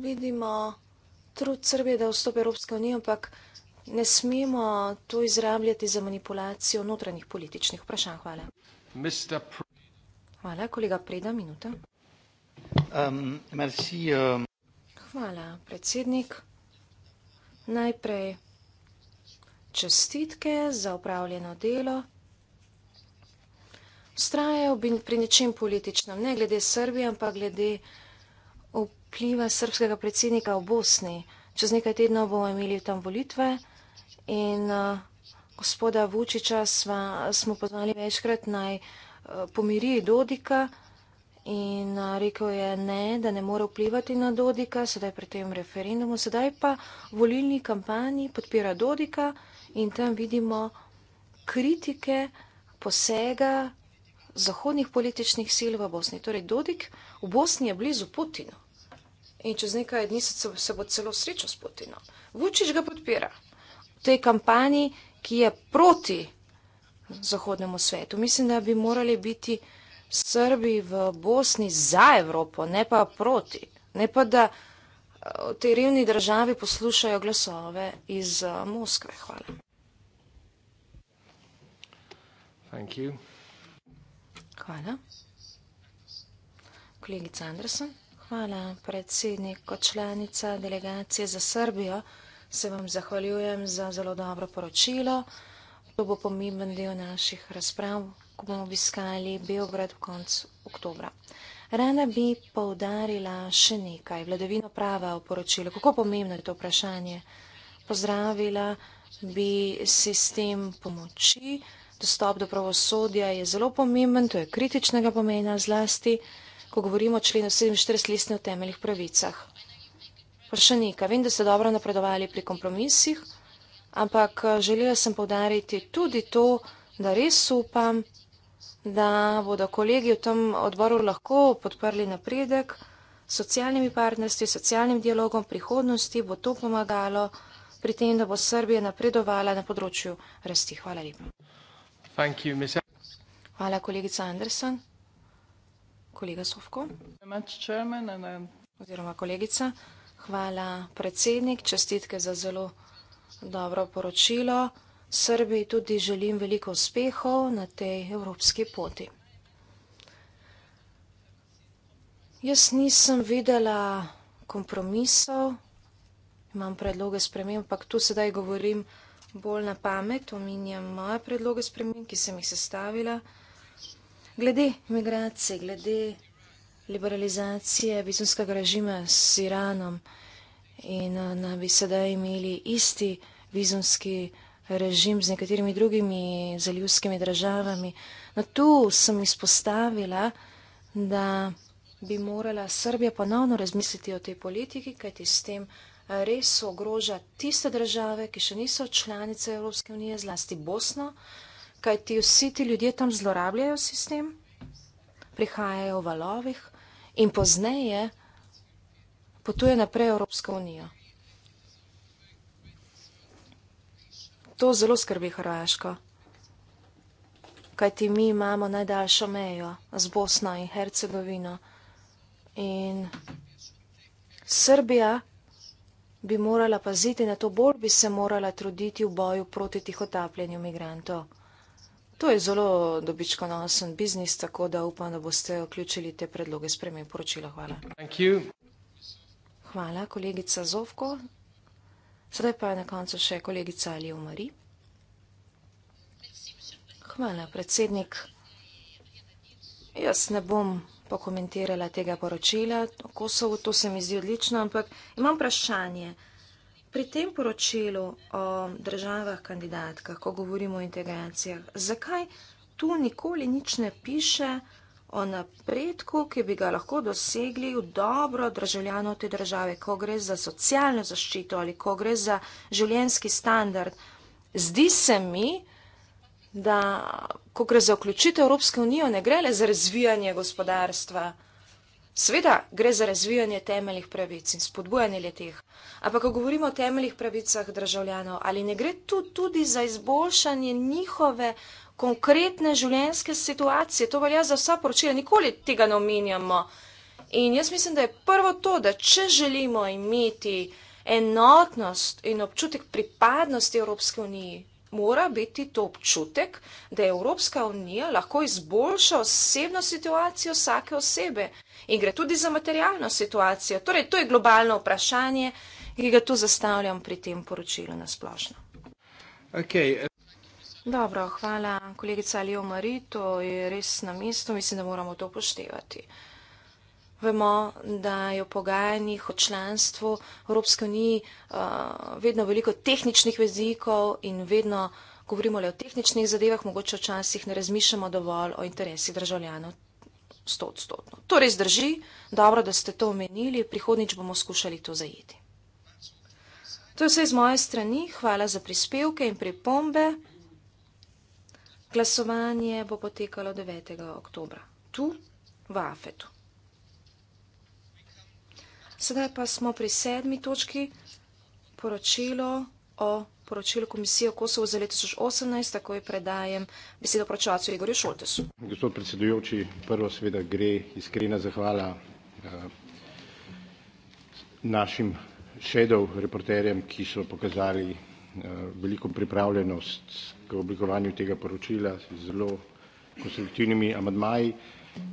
Speaker 5: Vidimo trud Srbije, da vstopi Evropska unija, ampak ne smemo to izrabljati za manipulacijo notranjih političnih vprašanj. Hvala. Hvala, kolega Preda, minuta.
Speaker 4: Um, um.
Speaker 5: Hvala, predsednik. Najprej čestitke za upravljeno delo. Vztrajajo pri nečem političnem, ne glede Srbije, ampak glede vpliva srpskega predsednika v Bosni. Čez nekaj tednov bomo imeli tam volitve in uh, gospoda Vučiča sva, smo pozvali večkrat naj uh, pomiri Dodika in uh, rekel je ne, da ne more vplivati na Dodika, sedaj pri tem referendumu, sedaj pa volilni kampanji podpira Dodika in tam vidimo kritike posega zahodnih političnih sil v Bosni. Torej, Dodik v Bosni je blizu Putinu in čez nekaj dni se, se bo celo srečal s Putinom. Vučić ga podpira v tej kampanji, ki je proti zahodnemu svetu. Mislim, da bi morali biti Srbi v Bosni za Evropo, ne pa proti. Ne pa da. Eh, v tej revni državi poslušajo glasove iz eh, Moskve. Hvala. Thank you. Hvala. Kolegica Andersen, hvala predsednik kot članica delegacije za Srbijo. Se vam zahvaljujem za zelo dobro poročilo. To bo pomemben del naših razprav, ko bomo obiskali Beograd v koncu oktobra. Rada bi poudarila še nekaj, vladavino prava v poročilu, kako pomembno je to vprašanje. Pozdravila bi sistem pomoči, dostop do pravosodja je zelo pomemben, to je kritičnega pomena zlasti, ko govorimo o členu 47 listne o temeljih pravicah. Pa še nekaj, vem, da ste dobro napredovali pri kompromisih, ampak želela sem poudariti tudi to, da res upam, da bodo kolegi v tem odboru lahko podprli napredek s socialnimi partnerstvi, s socialnim dialogom prihodnosti, bo to pomagalo pri tem, da bo Srbija napredovala na področju rasti. Hvala lepa. You, Hvala, kolegica Anderson. Kolega Sovko. Um, Oziroma kolegica. Hvala, predsednik. Čestitke za zelo dobro poročilo. Srbiji tudi želim veliko uspehov na tej evropski poti. Jaz nisem videla kompromisov, imam predloge sprememb, ampak tu sedaj govorim bolj na pamet, omenjam moje predloge sprememb, ki sem jih sestavila. Glede imigracije, glede liberalizacije vizumskega režima s Iranom in da eh, bi sedaj imeli isti vizumski režim, režim z nekaterimi drugimi zaljivskimi državami. No, tu sem izpostavila, da bi morala Srbija ponovno razmisliti o tej politiki, kajti s tem eh, res ogroža tiste države, ki še niso članice Evropske unije, zlasti Bosno, kajti vsi ti ljudje tam zlorabljajo sistem, prihajajo v valovih in pozneje potuje naprej Evropsko unijo. to zelo skrbi Hrvaško. Kajti mi imamo najdaljšo mejo z Bosno in Hercegovino. In Srbija bi morala paziti na to, bolj bi se morala truditi v boju proti tihotapljenju migrantov. To je zelo dobičkonosen biznis, tako da upam, da boste vključili te predloge spremem poročila. Hvala. Hvala, kolegica Zovko. Sedaj pa je na koncu še kolegica Alijo Mari. Hvala, predsednik. Jaz ne bom pokomentirala tega poročila o Kosovu, to se mi zdi odlično, ampak imam vprašanje. Pri tem poročilu o državah kandidatkah, ko govorimo o integracijah, zakaj tu nikoli nič ne piše? o napredku, ki bi ga lahko dosegli v dobro državljano te države, ko gre za socialno zaščito ali ko gre za življenski standard. Zdi se mi, da ko gre za vključitev Evropske unije, ne gre le za razvijanje gospodarstva. Sveda gre za razvijanje temeljih pravic in spodbujanje letih. Ampak, ko govorimo o temeljih pravicah državljanov, ali ne gre tu tudi za izboljšanje njihove konkretne življenjske situacije. To velja za vsa poročila, nikoli tega ne omenjamo. In jaz mislim, da je prvo to, da če želimo imeti enotnost in občutek pripadnosti Evropske unije, mora biti to občutek, da je Evropska unija lahko izboljša osebno situacijo vsake osebe. In gre tudi za materialno situacijo. Torej, to je globalno vprašanje, ki ga tu zastavljam pri tem poročilu na splošno. Okay. Dobro, hvala kolegica Leo Mari, to je res na mestu, mislim, da moramo to poštevati. Vemo, da je v pogajanjih o članstvu Evropske unije uh, vedno veliko tehničnih vezikov in vedno govorimo le o tehničnih zadevah, mogoče včasih ne razmišljamo dovolj o interesih državljanov. Stotno. To res drži, dobro, da ste to omenili, prihodnič bomo skušali to zajeti. To je vse z moje strani, hvala za prispevke in pripombe. Glasovanje bo potekalo 9. oktober, tu v Afetu. Sedaj pa smo pri sedmi točki, poročilo o poročilu Komisije o Kosovo za leto 2018, takoj predajem besedo pročovacu Igorju Šoltesu.
Speaker 4: Gospod predsedujoči, prvo seveda gre iskrena zahvala uh, našim šedov reporterjem, ki so pokazali Eh, veliko pripravljenost k oblikovanju tega poročila z zelo konstruktivnimi amadmaji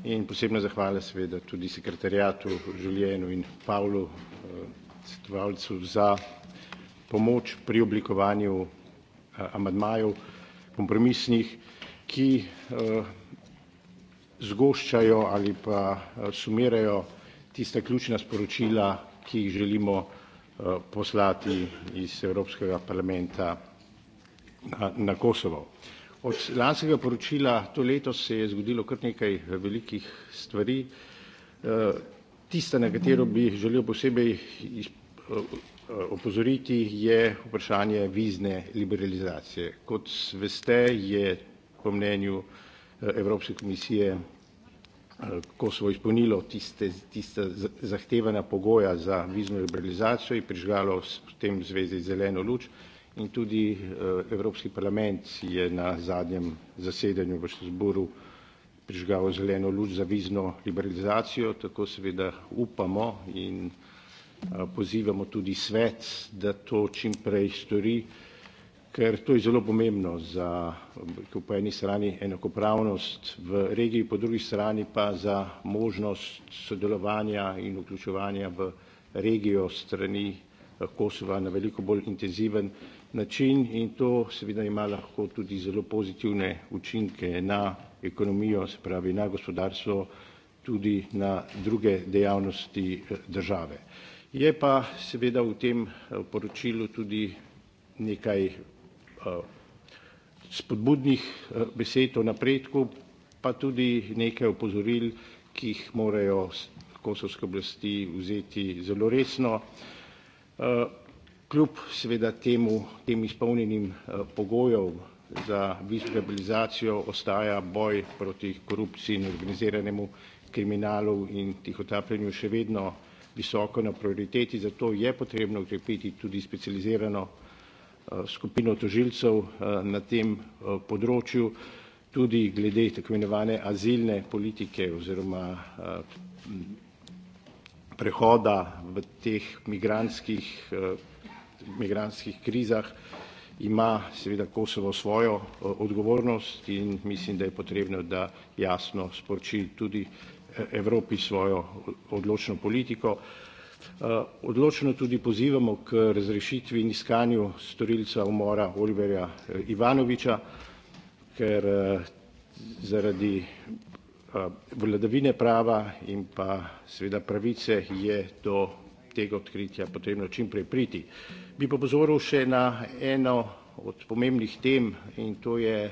Speaker 4: in posebna zahvala seveda tudi sekretarijatu Žuljenu in Pavlu Cetovalcu eh, za pomoč pri oblikovanju eh, amadmajev kompromisnih, ki zgoščajo ali pa sumirajo tista ključna sporočila, ki jih želimo Eh, poslati iz Evropskega parlamenta na, na Kosovo. Od lanskega poročila to leto se je zgodilo kar nekaj velikih stvari. Eh, tista, na katero bi želel posebej eh, opozoriti, je vprašanje vizne liberalizacije. Kot veste, je po mnenju Evropske komisije Eh, ko so izpolnilo tiste, tiste zahtevana pogoja za vizno liberalizacijo in prižgalo s tem zvezi zeleno luč in tudi eh, Evropski parlament je na zadnjem zasedanju v Štrasburu prižgal zeleno luč za vizno liberalizacijo, tako seveda upamo in eh, pozivamo tudi svet, da to čimprej stori ker to je zelo pomembno za po eni strani enakopravnost v regiji, po drugi strani pa za možnost sodelovanja in vključevanja v regijo strani eh, Kosova na veliko bolj intenziven način in to seveda ima lahko tudi zelo pozitivne učinke na ekonomijo, se pravi na gospodarstvo, tudi na druge dejavnosti eh, države. Je pa seveda v tem eh, poročilu tudi nekaj Eh, spodbudnih eh, besed o napredku, pa tudi nekaj opozoril, ki jih morajo kosovske oblasti vzeti zelo resno. Eh, kljub seveda temu, tem izpolnjenim pogojev za destabilizacijo ostaja boj proti korupciji in organiziranemu kriminalu in tihotapljenju še vedno visoko na prioriteti, zato je potrebno okrepiti tudi specializirano Eh, skupino tožilcev eh, na tem eh, področju, tudi glede tako imenovane azilne politike oziroma prehoda v teh migrantskih, migrantskih krizah, ima seveda Kosovo svojo odgovornost in mislim, da je potrebno, da jasno sporoči tudi Evropi svojo odločno politiko. Eh, odločno tudi pozivamo k razrešitvi in iskanju storilca umora Oliverja eh, Ivanoviča, ker eh, zaradi vladavine prava in pa seveda pravice je do tega odkritja potrebno čim prej priti. Bi pa pozoril še na eno od pomembnih tem in to je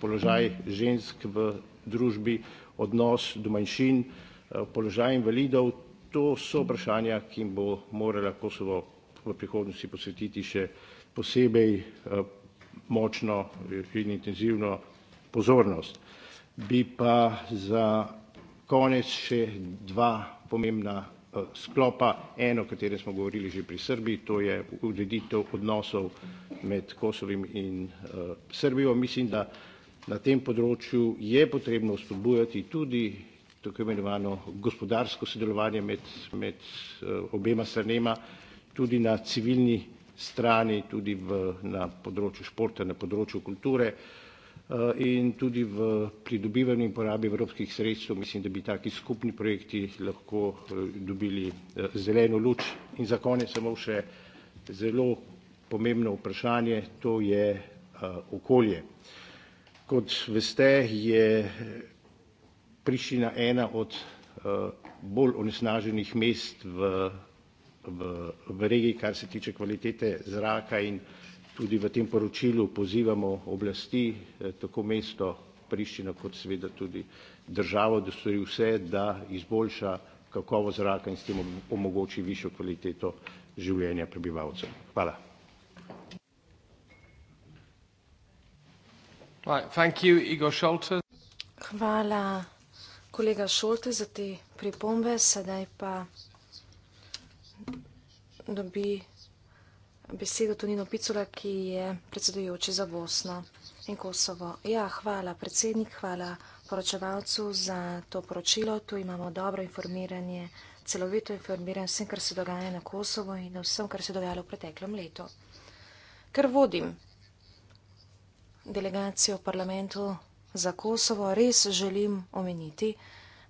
Speaker 4: položaj žensk v družbi, odnos do manjšin, položaj invalidov, to so vprašanja, ki jim bo morala Kosovo v prihodnosti posvetiti še posebej eh, močno in intenzivno pozornost. Bi pa za konec še dva pomembna eh, sklopa, eno, o katerem smo govorili že pri Srbiji, to je ureditev odnosov med Kosovim in eh, Srbijo. Mislim, da na tem področju je potrebno spodbujati tudi tako imenovano gospodarsko sodelovanje med, med eh, obema stranema, tudi na civilni strani, tudi v, na področju športa, na področju kulture eh, in tudi v pridobivanju in porabi evropskih sredstev. Mislim, da bi taki skupni projekti lahko eh, dobili zeleno luč. In za konec samo še zelo pomembno vprašanje, to je okolje. Kot veste, je Priština ena od eh, bolj onesnaženih mest v, v, v regiji, kar se tiče kvalitete zraka in tudi v tem poročilu pozivamo oblasti, eh, tako mesto Priština kot seveda tudi državo, da stori vse, da izboljša kakovo zraka in s tem omogoči višjo kvaliteto življenja prebivalcev. Hvala.
Speaker 2: Right, thank you, Igor
Speaker 5: Hvala kolega Šolte za te pripombe, sedaj pa dobi besedo Tonino Picula, ki je predsedujoči za Bosno in Kosovo. Ja, hvala predsednik, hvala poročevalcu za to poročilo. Tu imamo dobro informiranje, celovito informiranje vsem, kar se dogaja na Kosovo in vsem, kar se dogajalo v preteklem letu. Ker vodim delegacijo v parlamentu za Kosovo res želim omeniti,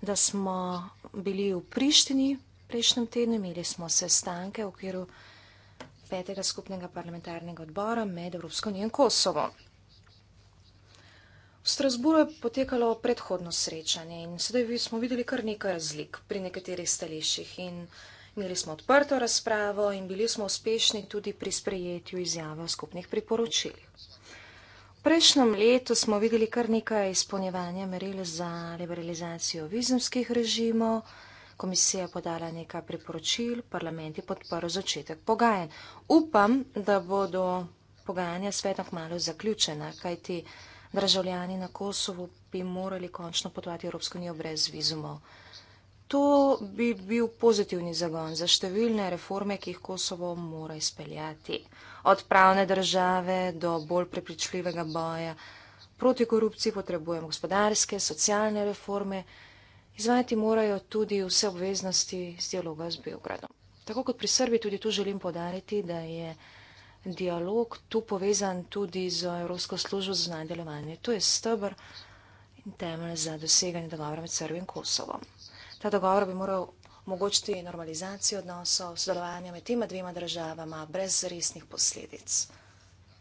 Speaker 5: da smo bili v Prištini prejšnjem tednu, imeli smo sestanke v okviru petega skupnega parlamentarnega odbora med Evropsko unijo in Kosovo. V Strasburu je potekalo predhodno srečanje in sedaj smo videli kar nekaj razlik pri nekaterih stališčih in imeli smo odprto razpravo in bili smo uspešni tudi pri sprejetju izjave o skupnih priporočilih. Prejšnjem letu smo videli kar nekaj izpolnjevanja meril za liberalizacijo vizumskih režimov, komisija podala nekaj priporočil, parlament je podprl začetek pogajanj. Upam, da bodo pogajanja svetno kmalo zaključena, kajti državljani na Kosovo bi morali končno potovati Evropsko unijo brez vizumov. To bi bil pozitivni zagon za številne reforme, ki jih Kosovo mora izpeljati. Od pravne države do bolj prepričljivega boja proti korupciji potrebujemo gospodarske, socialne reforme. Izvajati morajo tudi vse obveznosti z dialoga z Beogradom. Tako kot pri Srbiji, tudi tu želim podariti, da je dialog tu povezan tudi z Evropsko službo za znanje delovanje. To je stebr in temelj za doseganje dogovora med Srbijo in Kosovo. Ta dogovor bi moral omogočiti normalizacijo odnosov, sodelovanja med tema dvema državama brez resnih posledic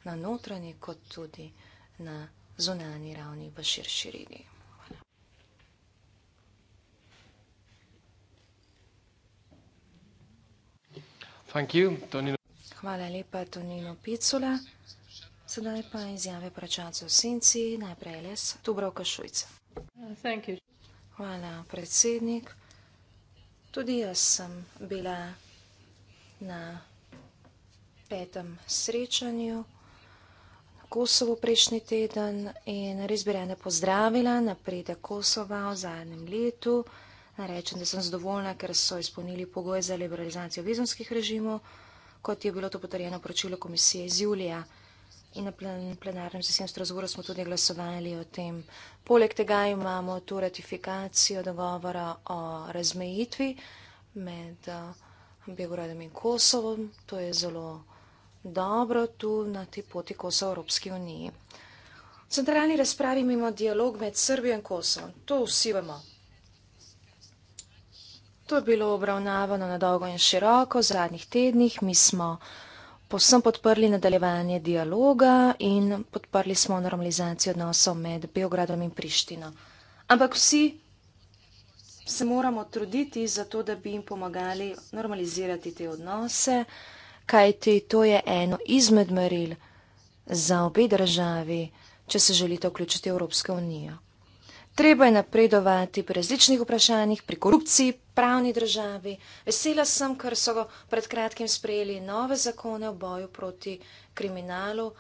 Speaker 5: na notranji kot tudi na zunanji ravni v širši regiji. Hvala lepa Tonino Picula. Sedaj pa izjave pračacov Sinci, najprej les Tubravka Šujca. Hvala predsednik. Tudi jaz sem bila na petem srečanju na Kosovo prejšnji teden in res bi rada pozdravila napredek Kosova v zadnjem letu. Naj rečem, da sem zadovoljna, ker so izpolnili pogoje za liberalizacijo vizumskih režimov, kot je bilo to potrjeno poročilo komisije iz julija. In na plen, plenarnem zasedanju v Strasburu smo tudi glasovali o tem. Poleg tega imamo tu ratifikacijo dogovora o razmejitvi med eh, Beogradom in Kosovom. To je zelo dobro tu na tej poti Kosova Evropski uniji. V centralni razpravi imamo dialog med Srbijo in Kosovom. To vsi vemo. To je bilo obravnavano na dolgo in široko v zadnjih tednih. Mi smo. Povsem podprli nadaljevanje dialoga in podprli smo normalizacijo odnosov med Beogradom in Prištino. Ampak vsi se moramo truditi za to, da bi jim pomagali normalizirati te odnose, kajti to je eno izmed meril za obe državi, če se želite vključiti v Evropsko unijo. Treba je napredovati pri različnih vprašanjih, pri korupciji, pravni državi. Vesela sem, ker so pred kratkim sprejeli nove zakone o boju proti kriminalu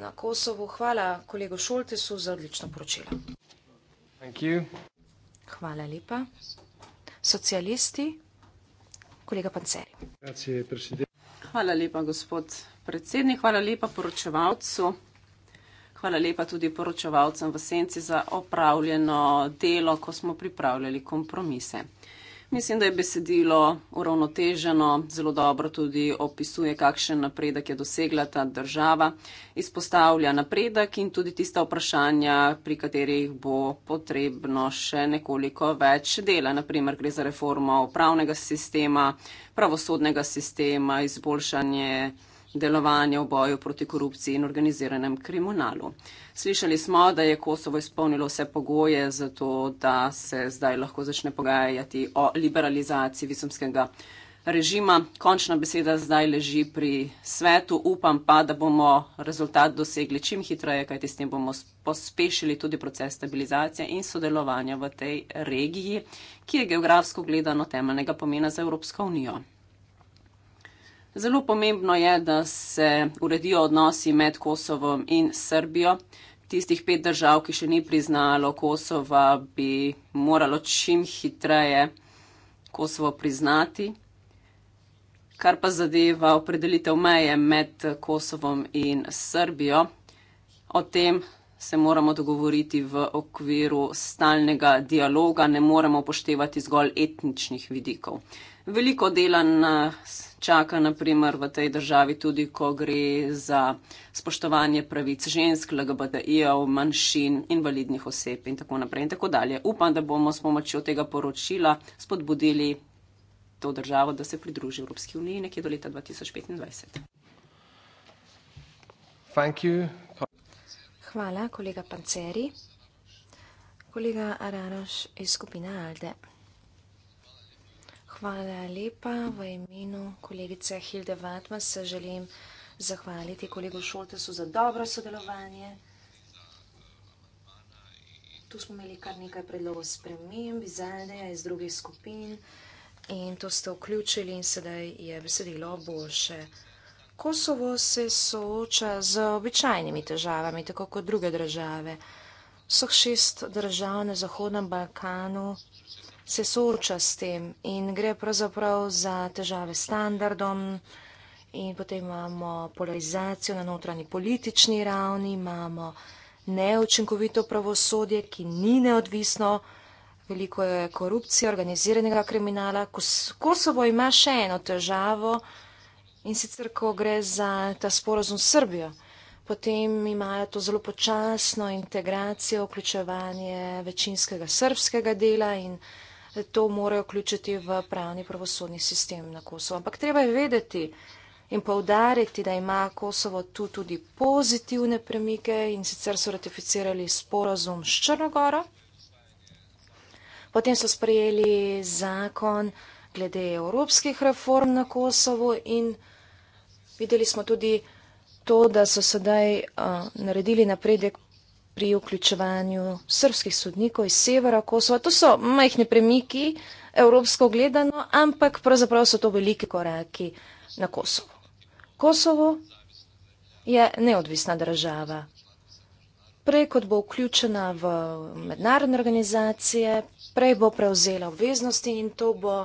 Speaker 5: na Kosovu. Hvala kolego Šoltesu za odlično poročilo. Hvala lepa. Socialisti, kolega Panceri.
Speaker 3: Hvala lepa, gospod predsednik. Hvala lepa poročevalcu. Hvala lepa tudi poročevalcem v senci za opravljeno delo, ko smo pripravljali kompromise. Mislim, da je besedilo uravnoteženo, zelo dobro tudi opisuje, kakšen napredek je dosegla ta država, izpostavlja napredek in tudi tista vprašanja, pri katerih bo potrebno še nekoliko več dela. Naprimer, gre za reformo upravnega sistema, pravosodnega sistema, izboljšanje delovanja v boju proti korupciji in organiziranem kriminalu. Slišali smo, da je Kosovo izpolnilo vse pogoje za to, da se zdaj lahko začne pogajati o liberalizaciji visomskega režima. Končna beseda zdaj leži pri svetu. Upam pa, da bomo rezultat dosegli čim hitreje, kajti s tem bomo pospešili tudi proces stabilizacije in sodelovanja v tej regiji, ki je geografsko gledano temeljnega pomena za Evropsko unijo. Zelo pomembno je, da se uredijo odnosi med Kosovom in Srbijo. Tistih pet držav, ki še ni priznalo Kosova, bi moralo čim hitreje Kosovo priznati. Kar pa zadeva opredelitev meje med Kosovom in Srbijo, o tem se moramo dogovoriti v okviru stalnega dialoga, ne moremo upoštevati zgolj etničnih vidikov. Veliko dela nas čaka naprimer v tej državi tudi, ko gre za spoštovanje pravic žensk, LGBTI-ov, manjšin, invalidnih oseb in tako naprej in tako dalje. Upam, da bomo s pomočjo tega poročila spodbudili to državo, da se pridruži Evropski uniji nekje do leta 2025.
Speaker 5: Hvala, kolega Panceri. Kolega Aranoš iz skupine Alde. Hvala lepa. V imenu kolegice Hilde Vatma se želim zahvaliti kolegu Šoltesu za dobro sodelovanje. Tu smo imeli kar nekaj predlogov sprememb iz Aldeja, iz drugih skupin in to ste vključili in sedaj je besedilo boljše. Kosovo se sooča z običajnimi težavami, tako kot druge države. Vseh šest držav na Zahodnem Balkanu se sooča s tem in gre pravzaprav za težave s standardom in potem imamo polarizacijo na notranji politični ravni, imamo neučinkovito pravosodje, ki ni neodvisno, veliko je korupcije, organiziranega kriminala. Kosovo ima še eno težavo in sicer, ko gre za ta sporozum s Srbijo. Potem imajo to zelo počasno integracijo, vključevanje večinskega srbskega dela in to morajo vključiti v pravni pravosodni sistem na Kosovo. Ampak treba je vedeti in povdariti, da ima Kosovo tu tudi pozitivne premike in sicer so ratificirali sporazum s Črnogoro. Potem so sprejeli zakon glede evropskih reform na Kosovo in videli smo tudi to, da so sedaj uh, naredili napredek pri vključevanju srpskih sodnikov iz severa Kosova. To so majhni premiki, evropsko gledano, ampak pravzaprav so to veliki koraki na Kosovo. Kosovo je neodvisna država. Prej kot bo vključena v mednarodne organizacije, prej bo prevzela obveznosti in to bo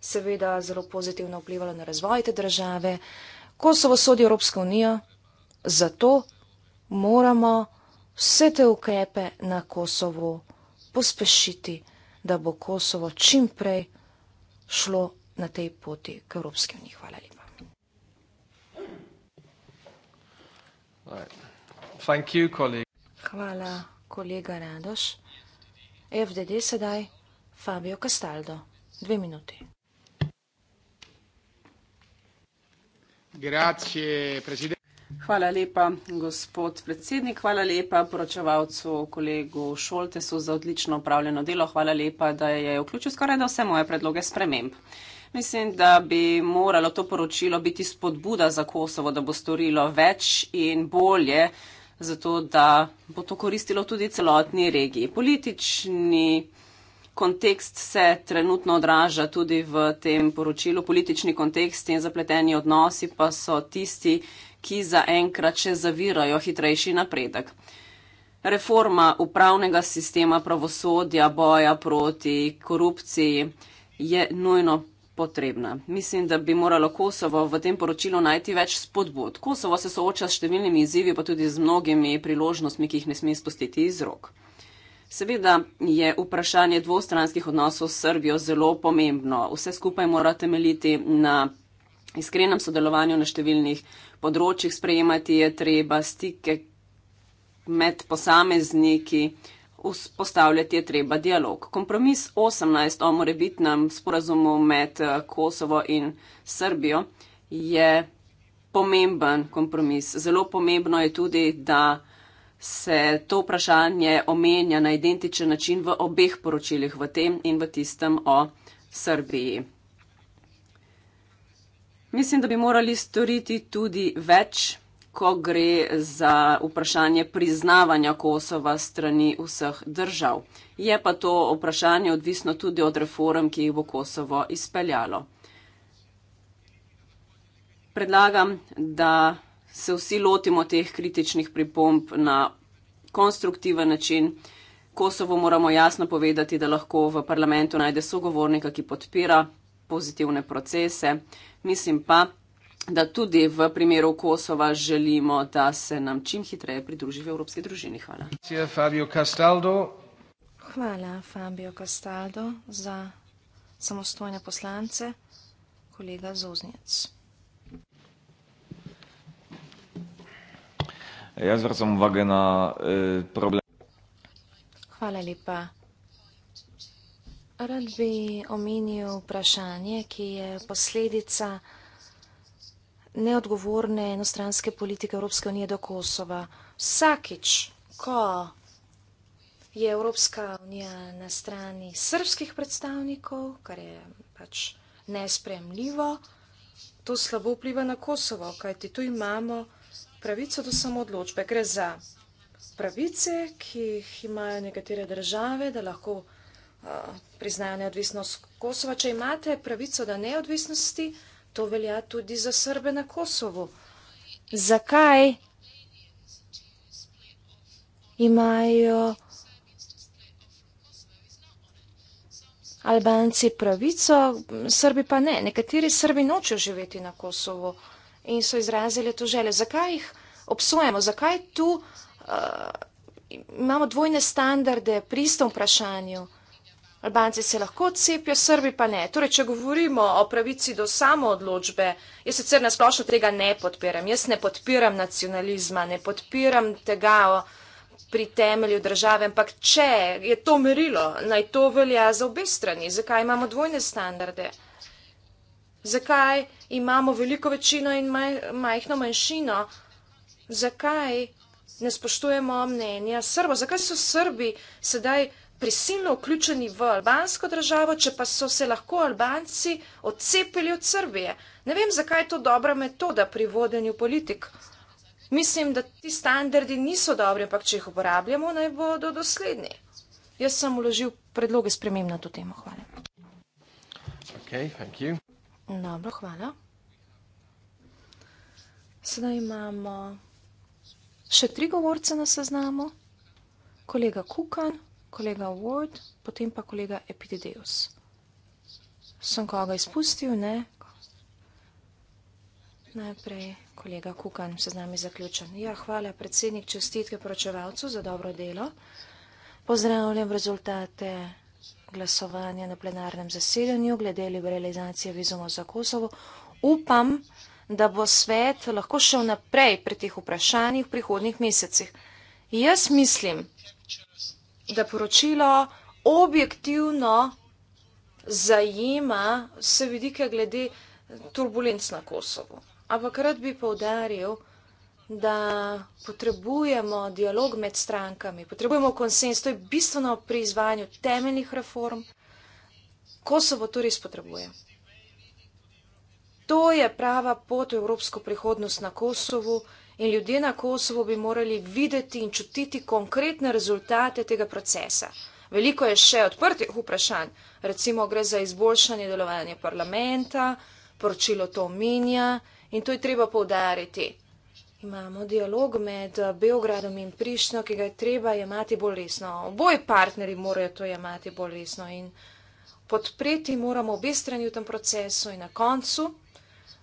Speaker 5: seveda zelo pozitivno vplivalo na razvoj te države. Kosovo sodi Evropsko unijo, zato moramo vse te ukrepe na Kosovo pospešiti, da bo Kosovo čim prej šlo na tej poti k Evropski uniji. Hvala lepa. Hvala, kolega Radoš. FDD sedaj, Fabio Castaldo. Dve minuti.
Speaker 4: Grazie,
Speaker 3: presidente. Hvala lepa, gospod predsednik. Hvala lepa poročevalcu, kolegu Šoltesu za odlično upravljeno delo. Hvala lepa, da je vključil skoraj da vse moje predloge sprememb. Mislim, da bi moralo to poročilo biti spodbuda za Kosovo, da bo storilo več in bolje, zato da bo to koristilo tudi celotni regiji. Politični kontekst se trenutno odraža tudi v tem poročilu. Politični kontekst in zapleteni odnosi pa so tisti, ki zaenkrat še zavirajo hitrejši napredek. Reforma upravnega sistema pravosodja, boja proti korupciji je nujno potrebna. Mislim, da bi moralo Kosovo v tem poročilu najti več spodbud. Kosovo se sooča s številnimi izzivi, pa tudi z mnogimi priložnostmi, ki jih ne sme spustiti iz rok. Seveda je vprašanje dvostranskih odnosov s Srbijo zelo pomembno. Vse skupaj mora temeljiti na iskrenem sodelovanju na številnih področjih, sprejemati je treba stike med posamezniki, vzpostavljati je treba dialog. Kompromis 18 o morebitnem sporazumu med eh, Kosovo in Srbijo je pomemben kompromis. Zelo pomembno je tudi, da se to vprašanje omenja na identičen način v obeh poročilih, v tem in v tistem o Srbiji. Mislim, da bi morali storiti tudi več, ko gre za vprašanje priznavanja Kosova strani vseh držav. Je pa to vprašanje odvisno tudi od reform, ki jih bo Kosovo izpeljalo. Predlagam, da se vsi lotimo teh kritičnih pripomb na konstruktiven način. Kosovo moramo jasno povedati, da lahko v parlamentu najde sogovornika, ki podpira pozitivne procese. Mislim pa, da tudi v primeru Kosova želimo, da se nam čim hitreje pridruži v Evropski družini. Hvala.
Speaker 5: Hvala Fabio Castaldo za samostojne poslance, kolega Zoznic. Jaz vrzam vage na eh, problem. Hvala lepa. Rad bi omenil vprašanje, ki je posledica neodgovorne enostranske politike Evropske unije do Kosova. Vsakič, ko je Evropska unija na strani srpskih predstavnikov, kar je pač nespremljivo, to slabo vpliva na Kosovo, kajti tu imamo pravico do samoodločbe. Gre za pravice, ki jih imajo nekatere države, da lahko vsega. Eh, priznajo neodvisnost Kosova. Če imate pravico do neodvisnosti, to velja tudi za Srbe na Kosovu. Zakaj imajo Albanci pravico, Srbi pa ne? Nekateri Srbi nočejo živeti na Kosovu in so izrazili to željo. Zakaj jih obsojamo? Zakaj tu uh, imamo dvojne standarde pri istem vprašanju? Albanci se lahko cepijo, Srbi pa ne. Torej, če govorimo o pravici do samoodločbe, jaz sicer nasplošno tega ne podpiram. Jaz ne podpiram nacionalizma, ne podpiram tega pri temelju države, ampak če je to merilo, naj to velja za obe strani. Zakaj imamo dvojne standarde? Zakaj imamo veliko večino in maj, majhno manjšino? Zakaj ne spoštujemo mnenja Srbo? Zakaj so Srbi sedaj prisilno vključeni v albansko državo, če pa so se lahko Albanci odcepili od Srbije. Ne vem, zakaj je to dobra metoda pri vodenju politik. Mislim, da ti standardi niso dobri, ampak če jih uporabljamo, naj bodo doslednji. Jaz sem uložil predloge spremem na to temo. Hvala.
Speaker 2: Okay, thank you.
Speaker 5: Dobro, hvala. Sedaj imamo še tri govorce na seznamu. Kolega Kukan kolega Ward, potem pa kolega Epidideus. Sem koga izpustil, ne? Najprej kolega Kukan, se z nami zaključen. Ja, hvala predsednik čestitke poročevalcu za dobro delo. Pozdravljam rezultate glasovanja na plenarnem zasedanju glede liberalizacije vizumov za Kosovo. Upam, da bo svet lahko šel naprej pri teh vprašanjih v prihodnih mesecih. Jaz mislim, da poročilo objektivno zajema vse vidike glede turbulenc na Kosovo. Ampak rad bi povdaril, da potrebujemo dialog med strankami, potrebujemo konsens, to je bistveno pri izvajanju temeljnih reform. Kosovo to res potrebuje. To je prava pot v evropsko prihodnost na Kosovo in ljudje na Kosovo bi morali videti in čutiti konkretne rezultate tega procesa. Veliko je še odprtih vprašanj, recimo gre za izboljšanje delovanja parlamenta, poročilo to minja in to je treba povdariti. Imamo dialog med Beogradom in Prišno, ki ga je treba jemati bolj resno. Oboji partneri morajo to jemati bolj resno in podpreti moramo obe strani v tem procesu in na koncu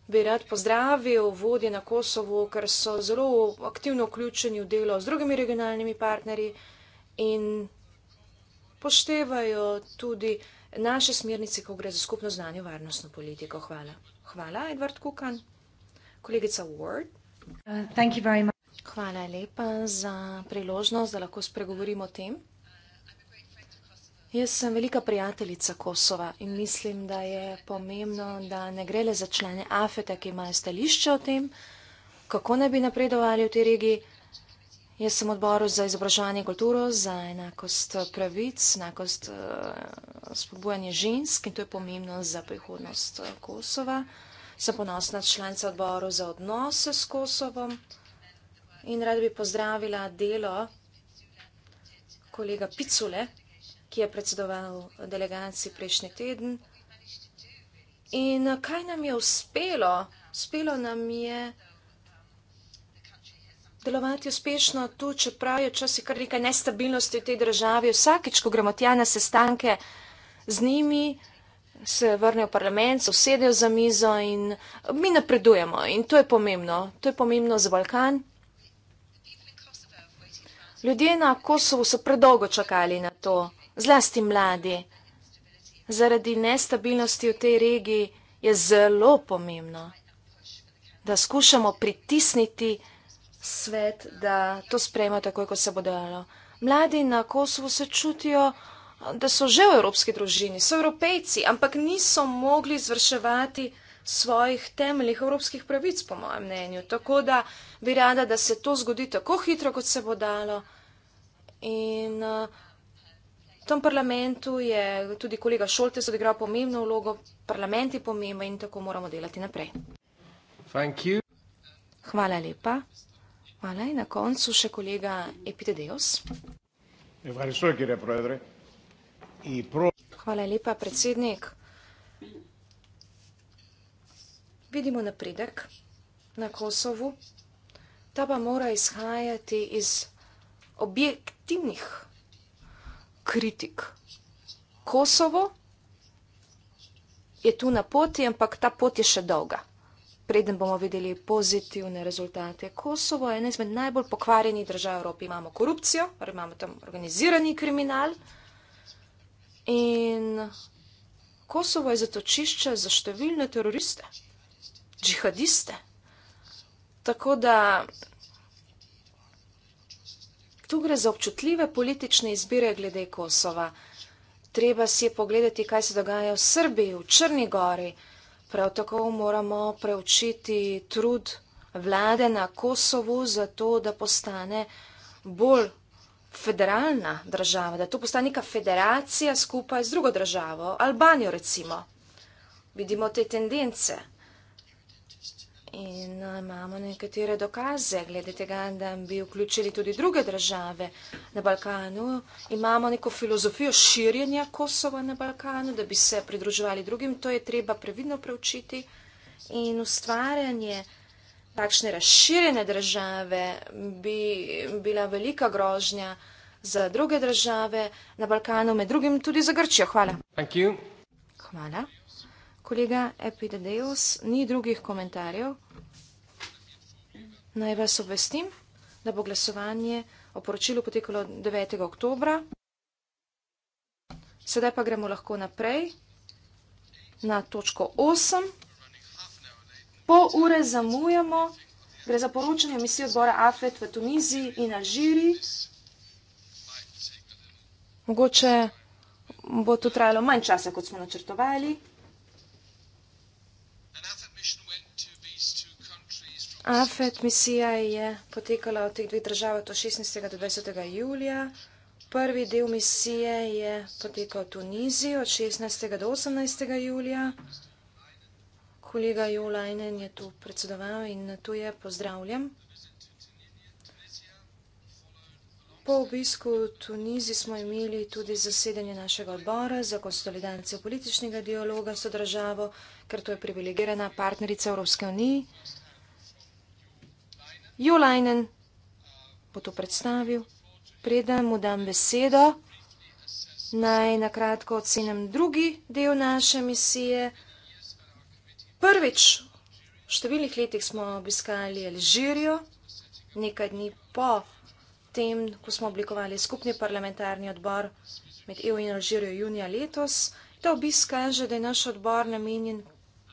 Speaker 5: bi rad pozdravil vodje na Kosovo, ker so zelo aktivno vključeni v delo z drugimi regionalnimi partnerji in poštevajo tudi naše smernice, ko gre za skupno znanje v varnostno politiko. Hvala. Hvala, Edvard Kukan. Kolegica Ward. Uh, Hvala lepa za priložnost, da lahko spregovorimo o tem. Jaz sem velika prijateljica Kosova in mislim, da je pomembno, da ne gre le za člane AFETA, ki imajo stališče o tem, kako ne bi napredovali v tej regiji. Jaz sem odboru za izobraževanje in kulturo, za enakost pravic, enakost eh, spodbujanje žensk in to je pomembno za prihodnost eh, Kosova. Sem ponosna članca odboru za odnose s Kosovom in rada bi pozdravila delo kolega Picule ki je predsedoval delegaciji prejšnji teden. In eh, kaj nam je uspelo? Uspelo nam je delovati uspešno tu, čeprav je včasih kar nekaj nestabilnosti v tej državi. Vsakič, ko gremo tja na sestanke z njimi, se vrnejo v parlament, se usedejo za mizo in eh, mi napredujemo. In to je pomembno. To je pomembno za Balkan. Ljudje na Kosovu so predolgo čakali na to zlasti mladi, zaradi nestabilnosti v tej regiji je zelo pomembno, da skušamo pritisniti svet, da to sprejmo takoj, ko se bo dalo. Mladi na Kosovo se čutijo, da so že v evropski družini, so evropejci, ampak niso mogli zvrševati svojih temeljih evropskih pravic, po mojem mnenju. Tako da bi rada, da se to zgodi tako hitro, kot se bo dalo. In uh, V tem parlamentu je tudi kolega Šoltes odigral pomembno vlogo, parlament je pomemben in tako moramo delati naprej. Hvala lepa. Hvala in na koncu še kolega Epitedeus. Hvala lepa, predsednik. Vidimo napredek na Kosovu. Ta pa mora izhajati iz objektivnih kritik. Kosovo je tu na poti, ampak ta pot je še dolga. Preden bomo videli pozitivne rezultate. Kosovo je ena izmed najbolj pokvarjenih držav Evropi. Imamo korupcijo, torej imamo tam organizirani kriminal. In Kosovo je zatočišče za številne teroriste, džihadiste. Tako da tu gre za občutljive politične izbire glede Kosova. Treba si je pogledati, kaj se dogaja v Srbiji, v Črni gori. Prav tako moramo preučiti trud vlade na Kosovu za to, da postane bolj federalna država, da to postane neka federacija skupaj z drugo državo, Albanijo recimo. Vidimo te tendence. In eh, imamo nekatere dokaze glede tega, da bi vključili tudi druge države na Balkanu. Imamo neko filozofijo širjenja Kosova na Balkanu, da bi se pridruževali drugim. To je treba previdno preučiti. In ustvarjanje takšne razširjene države bi bila velika grožnja za druge države na Balkanu, med drugim tudi za Grčijo. Hvala. Hvala kolega Epidedeus, ni drugih komentarjev. Naj vas obvestim, da bo glasovanje o poročilu potekalo 9. oktober. Sedaj pa gremo lahko naprej na točko 8. Po ure zamujamo, gre za poročanje misije odbora AFET v Tuniziji in Alžiriji. Mogoče bo to trajalo manj časa, kot smo načrtovali. AFET misija je potekala v teh dveh državah od 16. do 20. julija. Prvi del misije je potekal v Tuniziji od 16. do 18. julija. Kolega Jolajnen je tu predsedoval in tu je pozdravljam. Po obisku v Tuniziji smo imeli tudi zasedanje našega odbora za konsolidacijo političnega dialoga s državo, ker to je privilegirana partnerica Evropske unije. Jolajnen bo to predstavil. Predem mu dam besedo, naj nakratko ocenem drugi del naše misije. Prvič, v številnih letih smo obiskali Alžirijo, nekaj dni po tem, ko smo oblikovali skupni parlamentarni odbor med EU in Alžirijo junija letos. Ta obisk kaže, da je naš odbor namenjen